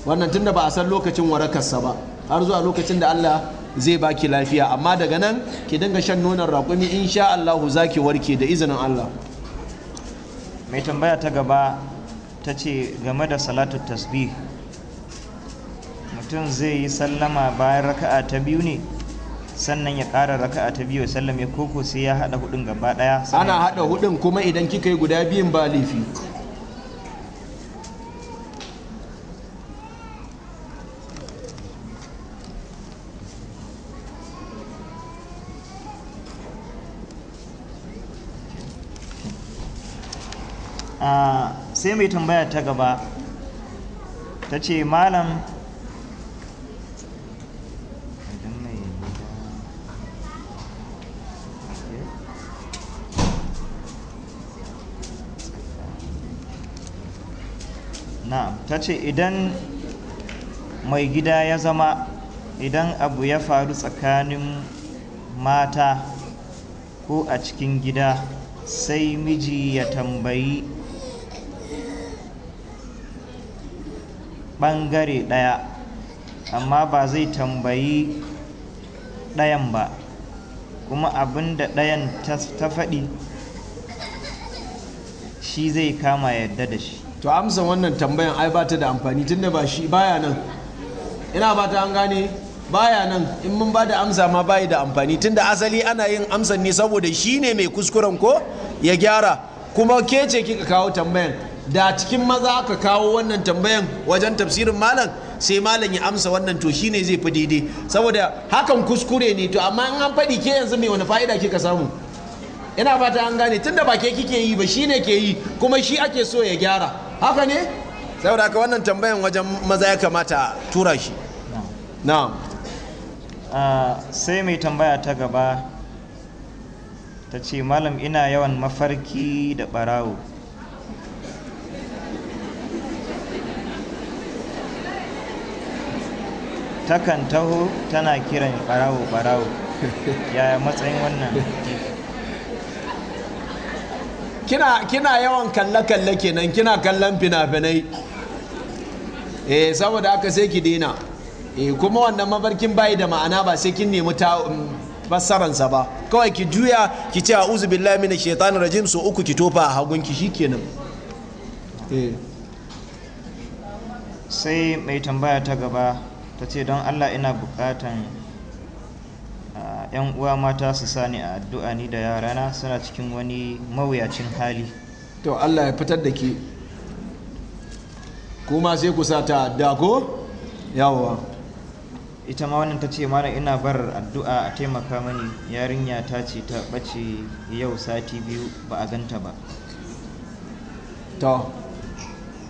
wannan tunda ba a san lokacin warakarsa ba har zuwa lokacin da Allah zai baki lafiya amma daga nan ki dinga shan nonon raƙumi sha Allah za ki warke da izinin Allah mai tambaya ta gaba ta ce game da salatu tasbih mutum zai yi sallama bayan raka'a ta biyu ne sannan ya ƙara raka'a ta biyu ya sallame koko sai ya haɗa hudun gaba ɗaya ana haɗa hudun kuma idan kika yi guda biyun ba laifi ah, sai mai tambaya ta gaba ta ce malam ta ce idan mai gida ya zama idan abu ya faru tsakanin mata ko a cikin gida sai miji ya tambayi ɓangare ɗaya amma ba zai tambayi ɗayan ba kuma abin da ɗayan ta faɗi shi zai kama yadda da shi to amsa wannan tambayan ai ba ta da amfani tunda ba shi baya nan ina ba ta an gane baya nan in mun ba da amsa ma bayi da amfani tunda asali ana yin amsan ne saboda shi ne mai kuskuren ko ya gyara kuma ke ce kika kawo tambayan da cikin maza aka kawo wannan tambayan wajen tafsirin malam sai malam ya amsa wannan to shine zai fi daidai saboda hakan kuskure ne to amma in an faɗi ke yanzu mai wani fa'ida kika samu ina fata an gane tunda ba ke kike yi ba shine ke yi kuma shi ake so ya gyara haka ne saboda haka wannan tambayan wajen maza ya kamata tura shi na'am ah, sai mai tambaya ta gaba ta ce malam ina yawan mafarki da barawo takan taho tana kiran barawo barawo yaya matsayin wannan kina yawan kalle kalle kenan kina kallon fina-finai eh saboda haka sai ki daina eh kuma wannan mafarkin bayi da ma'ana ba sai kin nemi ta mm, fassaransa ba kawai ki juya ki ce a'udhu billahi minash shaitanir rajim so uku ki tofa a hagun ki shikenan eh sai mai tambaya ta gaba ta ce don allah ina bukatan 'yan uwa mata su sani a addu'a ni da yarana suna cikin wani mawuyacin hali to Allah ya fitar da ke kuma sai ku sa ta addu'a ko ita ma wannan ta ce mana ina bar addu'a a taimaka mani yarinya ta ce ta ɓace yau sati biyu ba a ganta ba to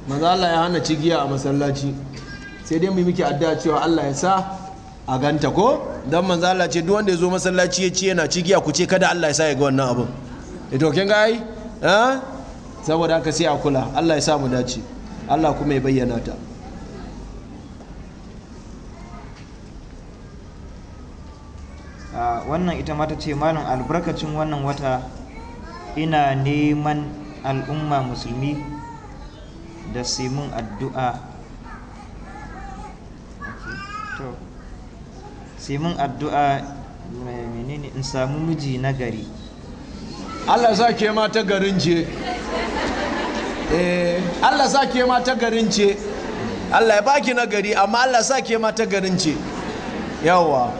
maza Allah ya hana cigiya a masallaci sai dai mu yi miki addu'a cewa Allah ya sa a ganta ko dan manzo Allah ce duk wanda ya zo masallaci ya ci yana cigiya ku ce kada Allah ya sa ya ga wannan abin e to kin ga ai saboda haka sai a kula Allah ya sa mu dace Allah kuma ya bayyana ta wannan ita mata ce malam albarkacin wannan wata ina neman al'umma musulmi da simin addu'a okay. sai mun addu'a menene in samu miji na gari Allah sa ke ma ta garin ce eh Allah sa ke ma ta garin ce Allah ya baki na gari amma Allah sa ke ma ta garin ce yawa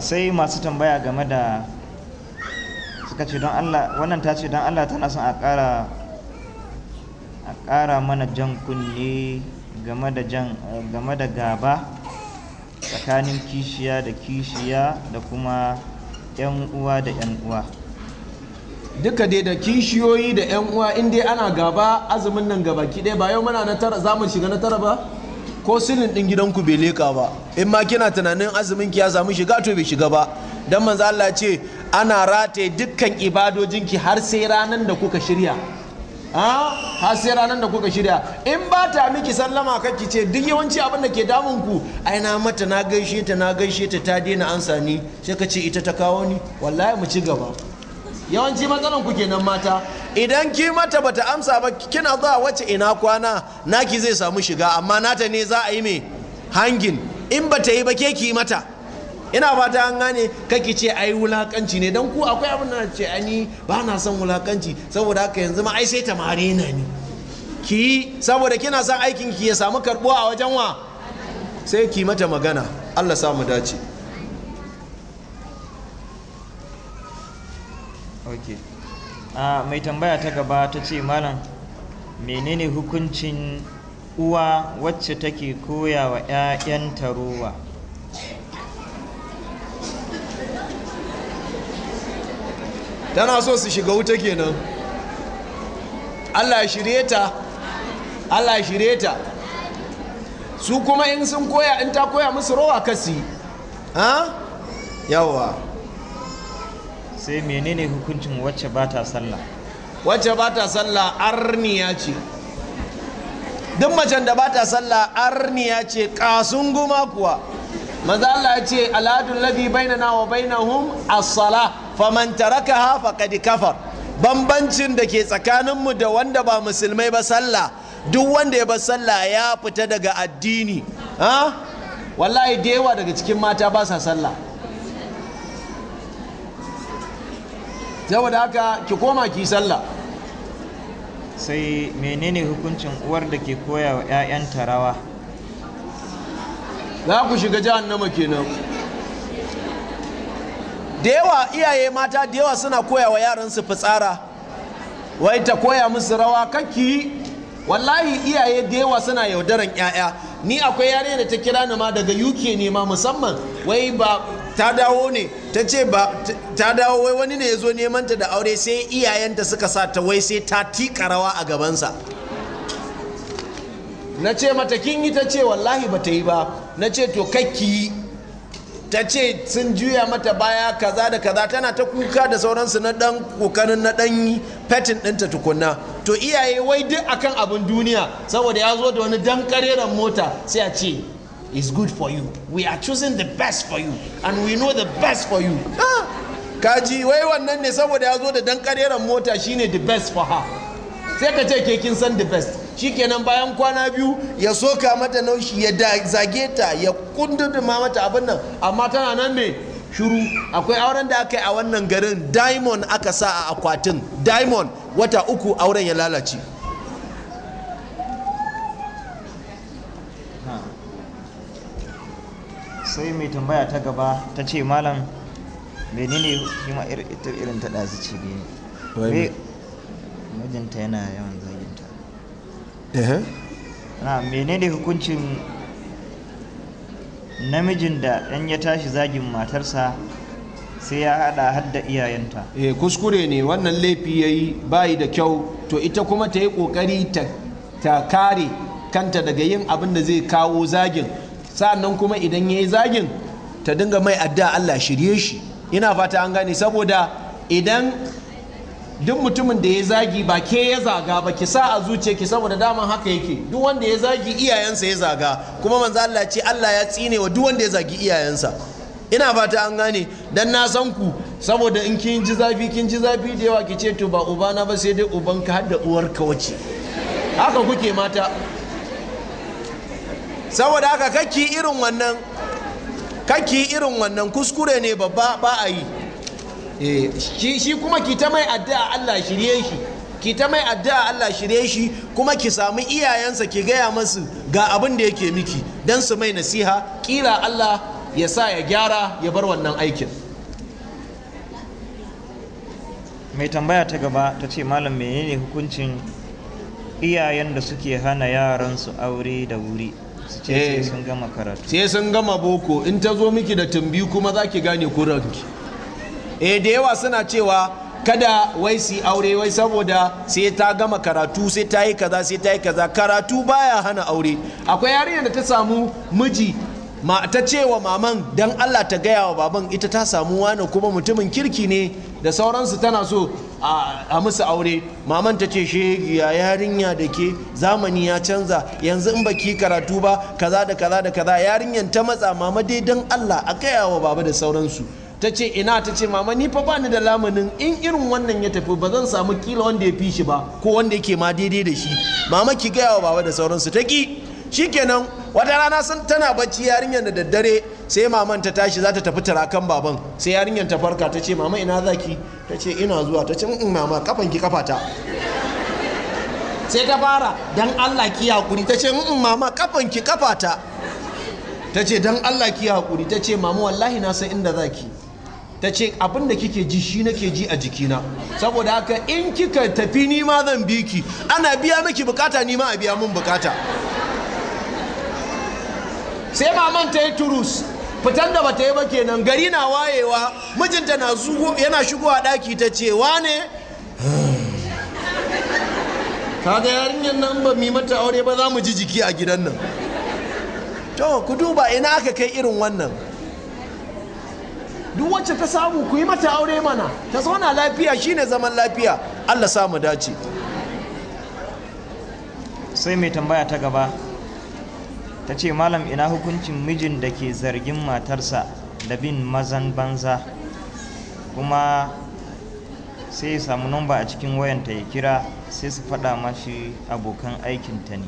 sai masu tambaya game da suka ce don Allah wannan ta ce don Allah tana son a ƙara a ƙara mana jan kunne game da gaba tsakanin kishiya da kishiya da kuma 'yan uwa da 'yan uwa duka dai da kishiyoyi da 'yan uwa inda ana gaba azumin nan gaba ki ba yau muna na tara zamun shiga na tara ba ko silin ɗin gidanku bai leka ba in ma kina tunanin azumin ki ya samu shiga to bai shiga ba Don manzo Allah ce ana rataye dukkan ibadojinki har sai ranan da kuka shirya har sai ranar da kuka shirya in ba ta miki sallama kake ce duk yawanci abin da ke damun ku ai na mata na gaishe ta na gaishe ta ta daina ansa ni sai ka ce ita ta kawo ni wallahi mu ci gaba yawanci matsalan ku kenan mata idan ki mata bata amsa ba kina zuwa wace ina kwana naki zai samu shiga amma nata ne za a yi me hangin in bata yi ba ke ki mata ina fata an gane kake ce ai wulakanci ne don ku akwai abin da ce ani ba na son wulakanci saboda haka yanzu ma ai sai ta mare na ni ki saboda kina son aikin ki ya samu karbuwa a wajen wa sai ki mata magana Allah sa mu dace okay uh, mai tambaya ta gaba ta ce malam menene hukuncin uwa wacce take koya wa 'ya'yanta ruwa tana so su shiga wuta kenan allah shirye ta allah shirye ta su kuma in sun koya in ta koya musu rawa kasi ha yawa sai menene hukuncin wacce ba ta sallah wacce ba ta sallah arniya ce duk macen da ba ta sallah arniya ce kasun guma kuwa maza Allah ya ce aladun ladhi bainana wa bainahum as-salah faman tarakaha faqad kafar bambancin da ke tsakaninmu da wanda ba musulmai ba sallah duk wanda ya ba sallah ya fita daga addini ha wallahi da yawa daga cikin mata ba sa sallah saboda haka ki koma ki sallah sai menene hukuncin uwar da ke koya wa 'ya'yanta rawa za ku shiga jahannama kenan da yawa iyaye mata da yawa suna koya wa yaransu fitsara wai ta koya musu rawa kaki wallahi iyaye da yawa suna yaudaran 'ya'ya ni akwai yare da ta kira ni ma daga uk ne ma musamman wai ba ta dawo ne ta ce ba ta dawo wai wani ne ya zo neman da aure sai iyayenta suka sa ta wai sai ta tika rawa a gabansa na ce mata kin yi ta ce wallahi ba ta yi ba na ce to kakki ta ce sun juya mata baya kaza da kaza tana ta kuka da sauransu na dan kokarin na dan fetin ɗinta tukunna to iyaye wai duk akan abin duniya saboda ya zo da wani dan kareren mota sai a ce is good for you we are choosing the best for you and we know the best for you ah, kaji wai wannan ne saboda ya zo da dan kareren mota shine the best for her sai ka ce ke kin san the best shikenan bayan kwana biyu ya soka mata naushi ya zage ta ya kunduduma mata abin nan amma tana nan ne shuru akwai auren da aka yi a wannan garin diamond aka sa a akwatin diamond wata uku auren ya lalace sai mai tambaya ta gaba ta ce malam menene shi ma irin ta ɗazi ce ne mijinta yana yawan na ah, menene hukuncin namijin da 'yan ya tashi zagin matarsa sai ya hada hadda iyayenta eh kuskure ne wannan laifi yayi bayi da kyau to ita kuma ta yi kokari ta ta kare kanta daga yin abin da zai kawo zagin sa'annan kuma idan yayi zagin ta dinga mai adda Allah shirye shi ina fata an gane saboda idan duk mutumin da ya zagi ba ke ya zaga ba ki sa a zuciya ki saboda daman haka yake duk wanda ya zagi iyayensa ya zaga kuma manzo Allah ce Allah ya tsine wa duk wanda ya zagi iyayensa ina fata an gane dan na san ku saboda in kin ji zafi kin ji zafi da yawa ki ce to ba ubana ba sai dai ubanka har da uwarka wace haka kuke mata saboda haka kakki irin wannan kakki irin wannan kuskure ne babba ba a yi Eh, shi kuma ki ta mai addu'a Allah shirye shi ki ta mai addu'a Allah shirye shi kuma ki samu iyayensa ki gaya masu ga abin da yake miki dan su mai nasiha kila Allah ya sa ya gyara ya bar wannan aikin mai tambaya ta gaba ta ce malam menene hukuncin iyayen da suke hana yaransu aure da wuri su ce eh. sun gama karatu sai sun gama boko in ta zo miki da tumbi kuma za ki gane kuranki eh da yawa suna cewa kada wai suyi aure wai saboda sai ta gama karatu sai ta yi kaza sai ta yi kaza karatu baya hana aure akwai yarinyar da ta samu miji ma ta ce wa maman dan Allah ta gaya wa baban ita ta samu wani kuma mutumin kirki ne da sauransu tana so a musu aure maman ta ce shegiya yarinya da ke zamani ya canza yanzu in baki karatu ba kaza da kaza da kaza yarinyar ta matsa mama dai dan Allah a gaya wa baba da sauransu ta ce ina ta ce mama ni fa bani da lamunin in irin wannan ya tafi ba zan samu kila wanda ya fi shi ba ko wanda yake ma daidai da shi mama ki gaya wa baba da sauransu ta ki shikenan wata rana sun tana bacci yarinyar da daddare sai maman ta tashi za ta tafi turakan baban sai yarinyar ta farka ta ce mama ina za ki ta ce ina zuwa ta ce in mm, mm, mama kafan ki kafata sai ta fara dan Allah ki hakuri ta ce in mm, mama kafan ki kafata ta ce dan Allah ki hakuri ta ce mama wallahi na san inda za ki. ta ce abin kike ji shi nake ji a jikina saboda haka in kika tafi nima zan bi ki ana biya miki bukata ni a biya mun bukata sai maman ta yi turus fitan da bata yi ba kenan gari na wayewa mijinta na yana shigowa daki ta ce wane <sighs> kaga yarinyar nan ba mi mata aure ba za mu ji jiki a gidan nan to ku duba ina aka kai irin wannan duk wacce ta samu ku yi mata aure mana ta zauna lafiya shine zaman lafiya Allah samu dace sai mai tambaya ta gaba ta ce malam ina hukuncin mijin da ke zargin matarsa da bin mazan banza kuma sai ya samu numba a cikin wayanta ya kira sai su faɗa mashi abokan aikinta ne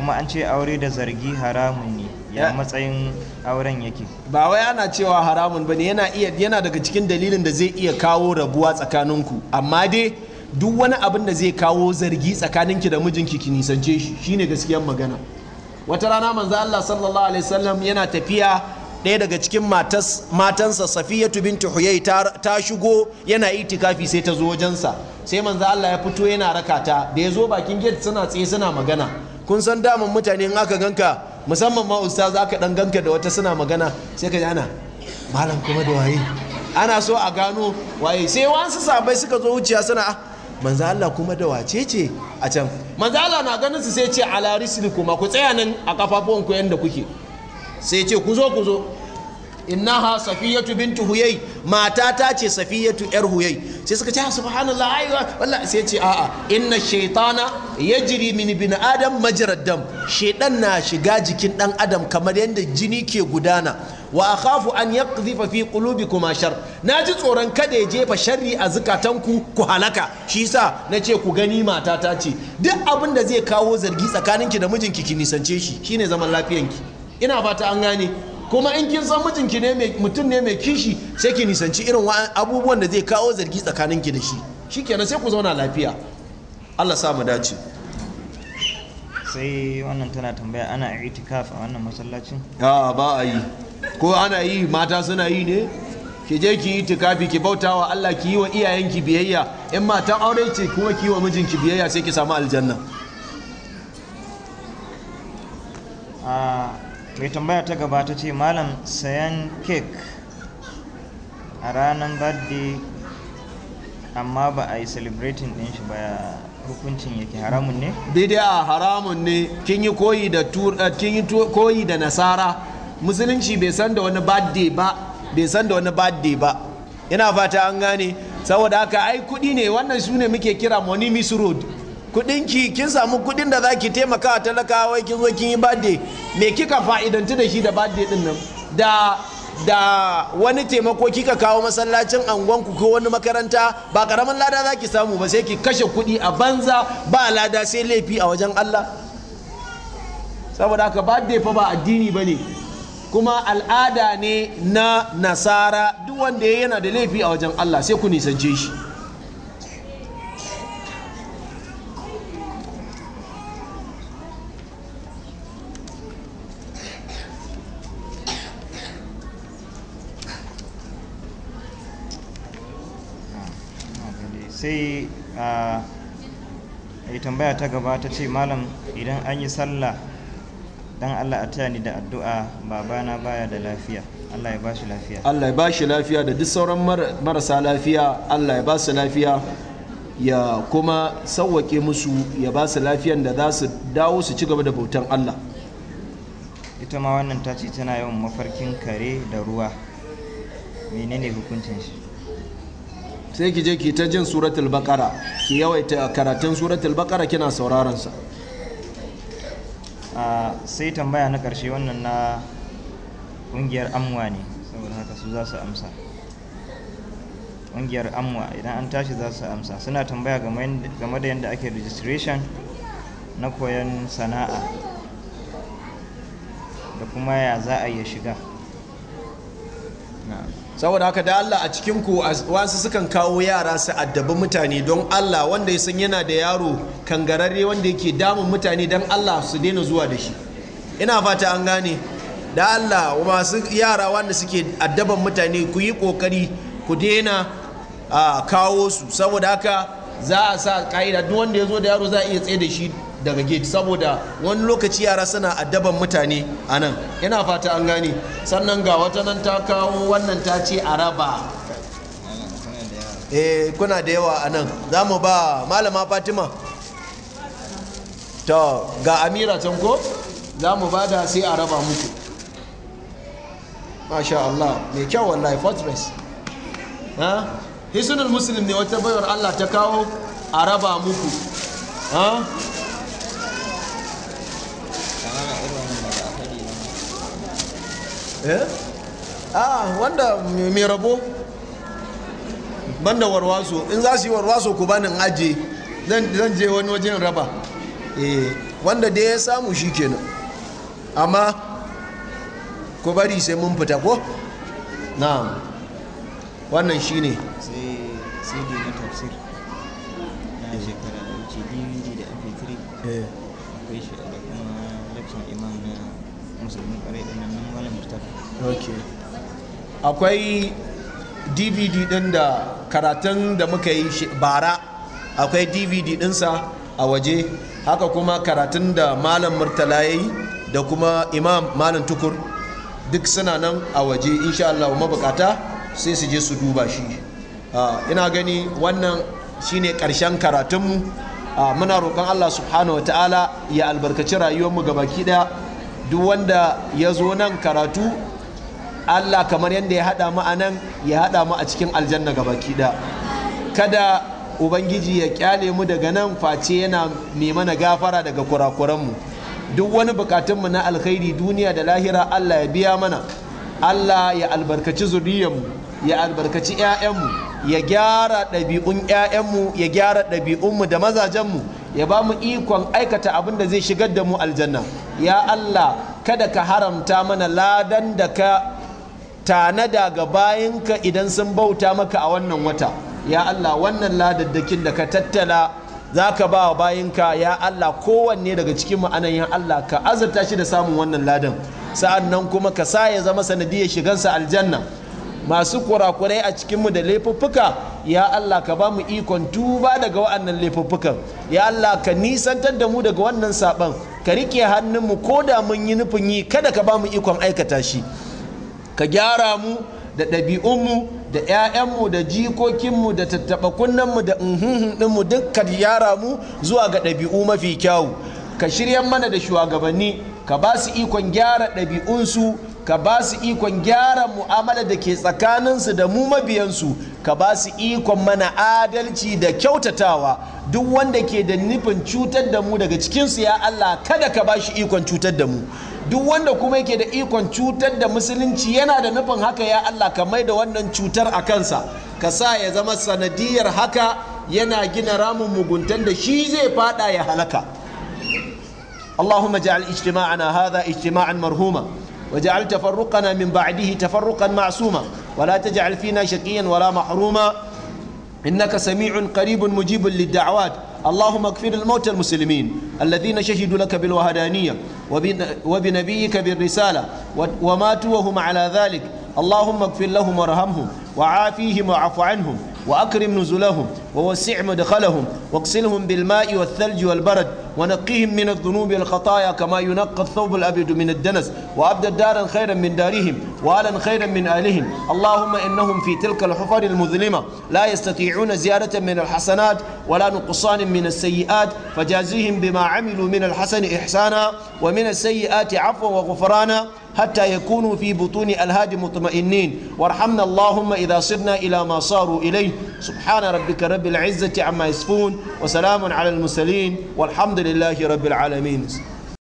kuma an ce aure da zargi haramun ne ya matsayin auren yake ba wai ana cewa haramun bane yana yana daga cikin dalilin da zai iya kawo rabuwa tsakaninku amma dai duk wani abin da zai kawo zargi tsakaninki da mijinki ki nisance shi shine gaskiyar magana wata rana manzo Allah sallallahu alaihi wasallam yana tafiya ɗaya daga cikin matansa safiyatu bintu huyai ta shigo yana itikafi sai ta zo wajensa sai manzo Allah ya fito yana rakata da ya zo bakin gate suna tsaye suna magana kun san daman mutane in aka ganka musamman ma za ka dan ganka da wata suna magana sai ka ji malam kuma da waye ana so a gano waye sai wasu sabai suka zo wuciya suna ah manzo Allah kuma da wace ce a can manzo Allah na ganin su sai ce ala risli kuma ku tsaya nan a kafafuwan ku yanda kuke sai ce ku zo ku zo innaha safiyatu bintu huyai mata ta ce safiyatu yar huyai sai suka ce ah, subhanallah ai sai ce a'a inna shaytana yajri min bin adam majrad dam na shiga jikin dan adam kamar yadda jini ke gudana wa akhafu an yaqdhifa fi qulubikum shar naji tsoron kada ya jefa sharri a zukatanku ku halaka shi yasa nace ku gani mata ta ce duk abin da zai kawo zargi tsakaninki da mijinki ki nisance shi Shi ne zaman lafiyanki ina fata an gane kuma in kin san mijinki ne mutum ne mai kishi sai ki nisanci irin abubuwan da zai kawo zargi tsakaninki da shi shi kenan sai ku zauna lafiya Allah sa mu dace sai wannan tana tambaya ana itikaf a wannan masallacin a ba a yi ko ana yi mata suna yi ne ki je ki yi tikafi ki bauta wa Allah ki yi wa iyayenki biyayya in matan aure ce kuma ki yi wa mijinki biyayya sai ki samu aljanna ah, mai tambaya ta gaba ta ce malam sayan kek a ranar birthday amma ba a yi celebrating din shi ba hukuncin yake haramun ne? a haramun ne kin yi koyi da eh, koyi da nasara musulunci bai san da wani birthday ba bai san da wani birthday ba ina fata an gane saboda haka ai kudi ne wannan su ne muke kira money misroad kudin ki kin samu kudin da zaki taimaka talakawa wai kin zo kin yi birthday me kika fa'idanci da shi da birthday din nan da da wani taimako kika kawo masallacin angonku ko wani makaranta ba karamin lada zaki samu ba sai ki kashe kudi a banza ba lada sai laifi a wajen Allah saboda haka birthday fa ba addini bane kuma al'ada ne na nasara duk wanda yana da laifi a wajen Allah sai ku nisance shi sai a tambaya ta gaba ta ce malam idan an yi sallah dan Allah a taya ni da addu'a babana baya da lafiya Allah ya ba shi lafiya Allah ya ba shi lafiya da duk sauran marasa lafiya Allah ya ba su lafiya ya kuma sauwake musu ya ba su lafiyan da za su dawo su ci gaba da bautan Allah ita ma wannan ta ce tana yawan mafarkin kare da ruwa menene hukuncin shi sai ki je ki ta jin suratul baqara ki yawaita karatun suratul baqara kina sauraron sa ah, sai tambaya na karshe wannan na kungiyar amwa ne saboda haka su za su amsa kungiyar amwa idan an tashi za su amsa suna tambaya game da yadda ake registration na koyon sana'a da kuma ya za a iya shiga na'am saboda haka da Allah a cikin ku wasu sukan kawo yara su addabi mutane don Allah wanda ya san yana da yaro kan kangararre wanda yake damun mutane don Allah su daina zuwa da shi ina fata an gane da Allah masu yara wanda suke addaban mutane ku yi kokari ku daina kawo su saboda haka za a sa ka'ida duk wanda ya zo da yaro za a iya tsaye da shi daga gate saboda wani lokaci yara suna addaban mutane a nan yana fata an gani sannan ga wata nan ta kawo wannan ta ce araba eh kuna da yawa a nan za mu ba malama fatima to ga amira can ko za mu ba da sai a raba muku masha Allah mai kyau wallahi fortress ha hisunan muslim ne wata bayar Allah ta kawo a raba muku ha Eh? ah wanda mai rabo banda warwaso in za su yi warwaso ku bani aji zan je wani wajen raba eh, wanda dai ya samu shi kenan amma ku bari sai mun fita ko na wannan shi ne akwai dvd din da karatun da muka yi bara akwai dvd dinsa a waje haka kuma karatun da malam murtala ya yi da kuma imam malam tukur duk suna nan a waje insha Allah mabukata sai su je su duba shi ah, ina gani wannan shine karshen karatunmu ah, muna roƙon Allah subhanahu wa ta'ala ya albarkaci rayuwarmu gabaki daya duk wanda ya zo nan karatu Allah kamar yadda ya haɗa mu a nan ya haɗa mu a cikin aljanna gaba ɗaya kada ubangiji ya kyale mu daga nan face yana mai mana gafara daga kurakuranmu duk wani bukatunmu na alkhairi duniya da lahira Allah ya biya mana Allah ya albarkaci zuriyarmu ya albarkaci 'ya'yanmu ya gyara ɗabi'un 'ya'yanmu ya gyara ɗabi'unmu da mazajenmu ya ba mu ikon aikata abin da zai shigar da mu aljanna ya Allah kada ka haramta mana ladan da ka tanada ga bayanka idan sun bauta maka a wannan wata ya Allah wannan ladaddakin da ka tattala za ka ba wa bayanka ya Allah kowanne daga cikin ma'anan ya Allah ka azurta shi da samun wannan ladan sa'an nan kuma ka sa ya zama sanadiyar shigansa aljanna masu kurakurai a cikinmu da laifuffuka ya Allah ka ba mu ikon tuba daga wa'annan laifuffukan ya Allah ka nisantar da mu daga wannan saban ka rike hannunmu ko da mun yi nufin yi kada ka ba mu ikon aikata shi ka gyara mu da ɗabi'unmu da 'ya'yanmu da jikokinmu da tattaɓa da ɗinmu duk ka gyara mu zuwa ga ɗabi'u mafi kyawu ka shirya mana da shugabanni ka ba su ikon gyara ɗabi'unsu ka ba su ikon gyara mu'amala da ke tsakaninsu da mu mabiyansu ka ba su ikon mana adalci da kyautatawa duk wanda ke da nufin cutar da mu daga cikinsu ya Allah kada ka ba shi ikon cutar da mu duk wanda kuma yake da ikon cutar da musulunci yana da nufin haka ya Allah ka mai da wannan cutar a kansa ka sa ya zama sanadiyar haka yana gina ramin muguntan da shi zai fada ya halaka اللهم اجعل اجتماعنا هذا اجتماعا مرهوما واجعل تفرقنا من بعده تفرقا معصوما ولا تجعل فينا شقيا ولا محروما انك سميع قريب مجيب للدعوات اللهم اغفر الموتى المسلمين الذين شهدوا لك بالوهدانية وبنبيك بالرسالة وماتوا وهم على ذلك اللهم اغفر لهم وارحمهم وعافيهم واعف عنهم وأكرم نزلهم ووسع مدخلهم واغسلهم بالماء والثلج والبرد ونقهم من الذنوب والخطايا كما ينقى الثوب الأبيض من الدنس وأبدل دارا خيرا من دارهم وآلا خيرا من آلهم اللهم إنهم في تلك الحفر المظلمة لا يستطيعون زيادة من الحسنات ولا نقصان من السيئات فجازيهم بما عملوا من الحسن إحسانا ومن السيئات عفوا وغفرانا hatta yakunu fi butuni alhadi mutma'innin warhamna allahumma idha sirna ila ma saru ilay subhana rabbika rabbil izzati amma yasifun wa salamun ala al mursalin walhamdulillahi rabbil alamin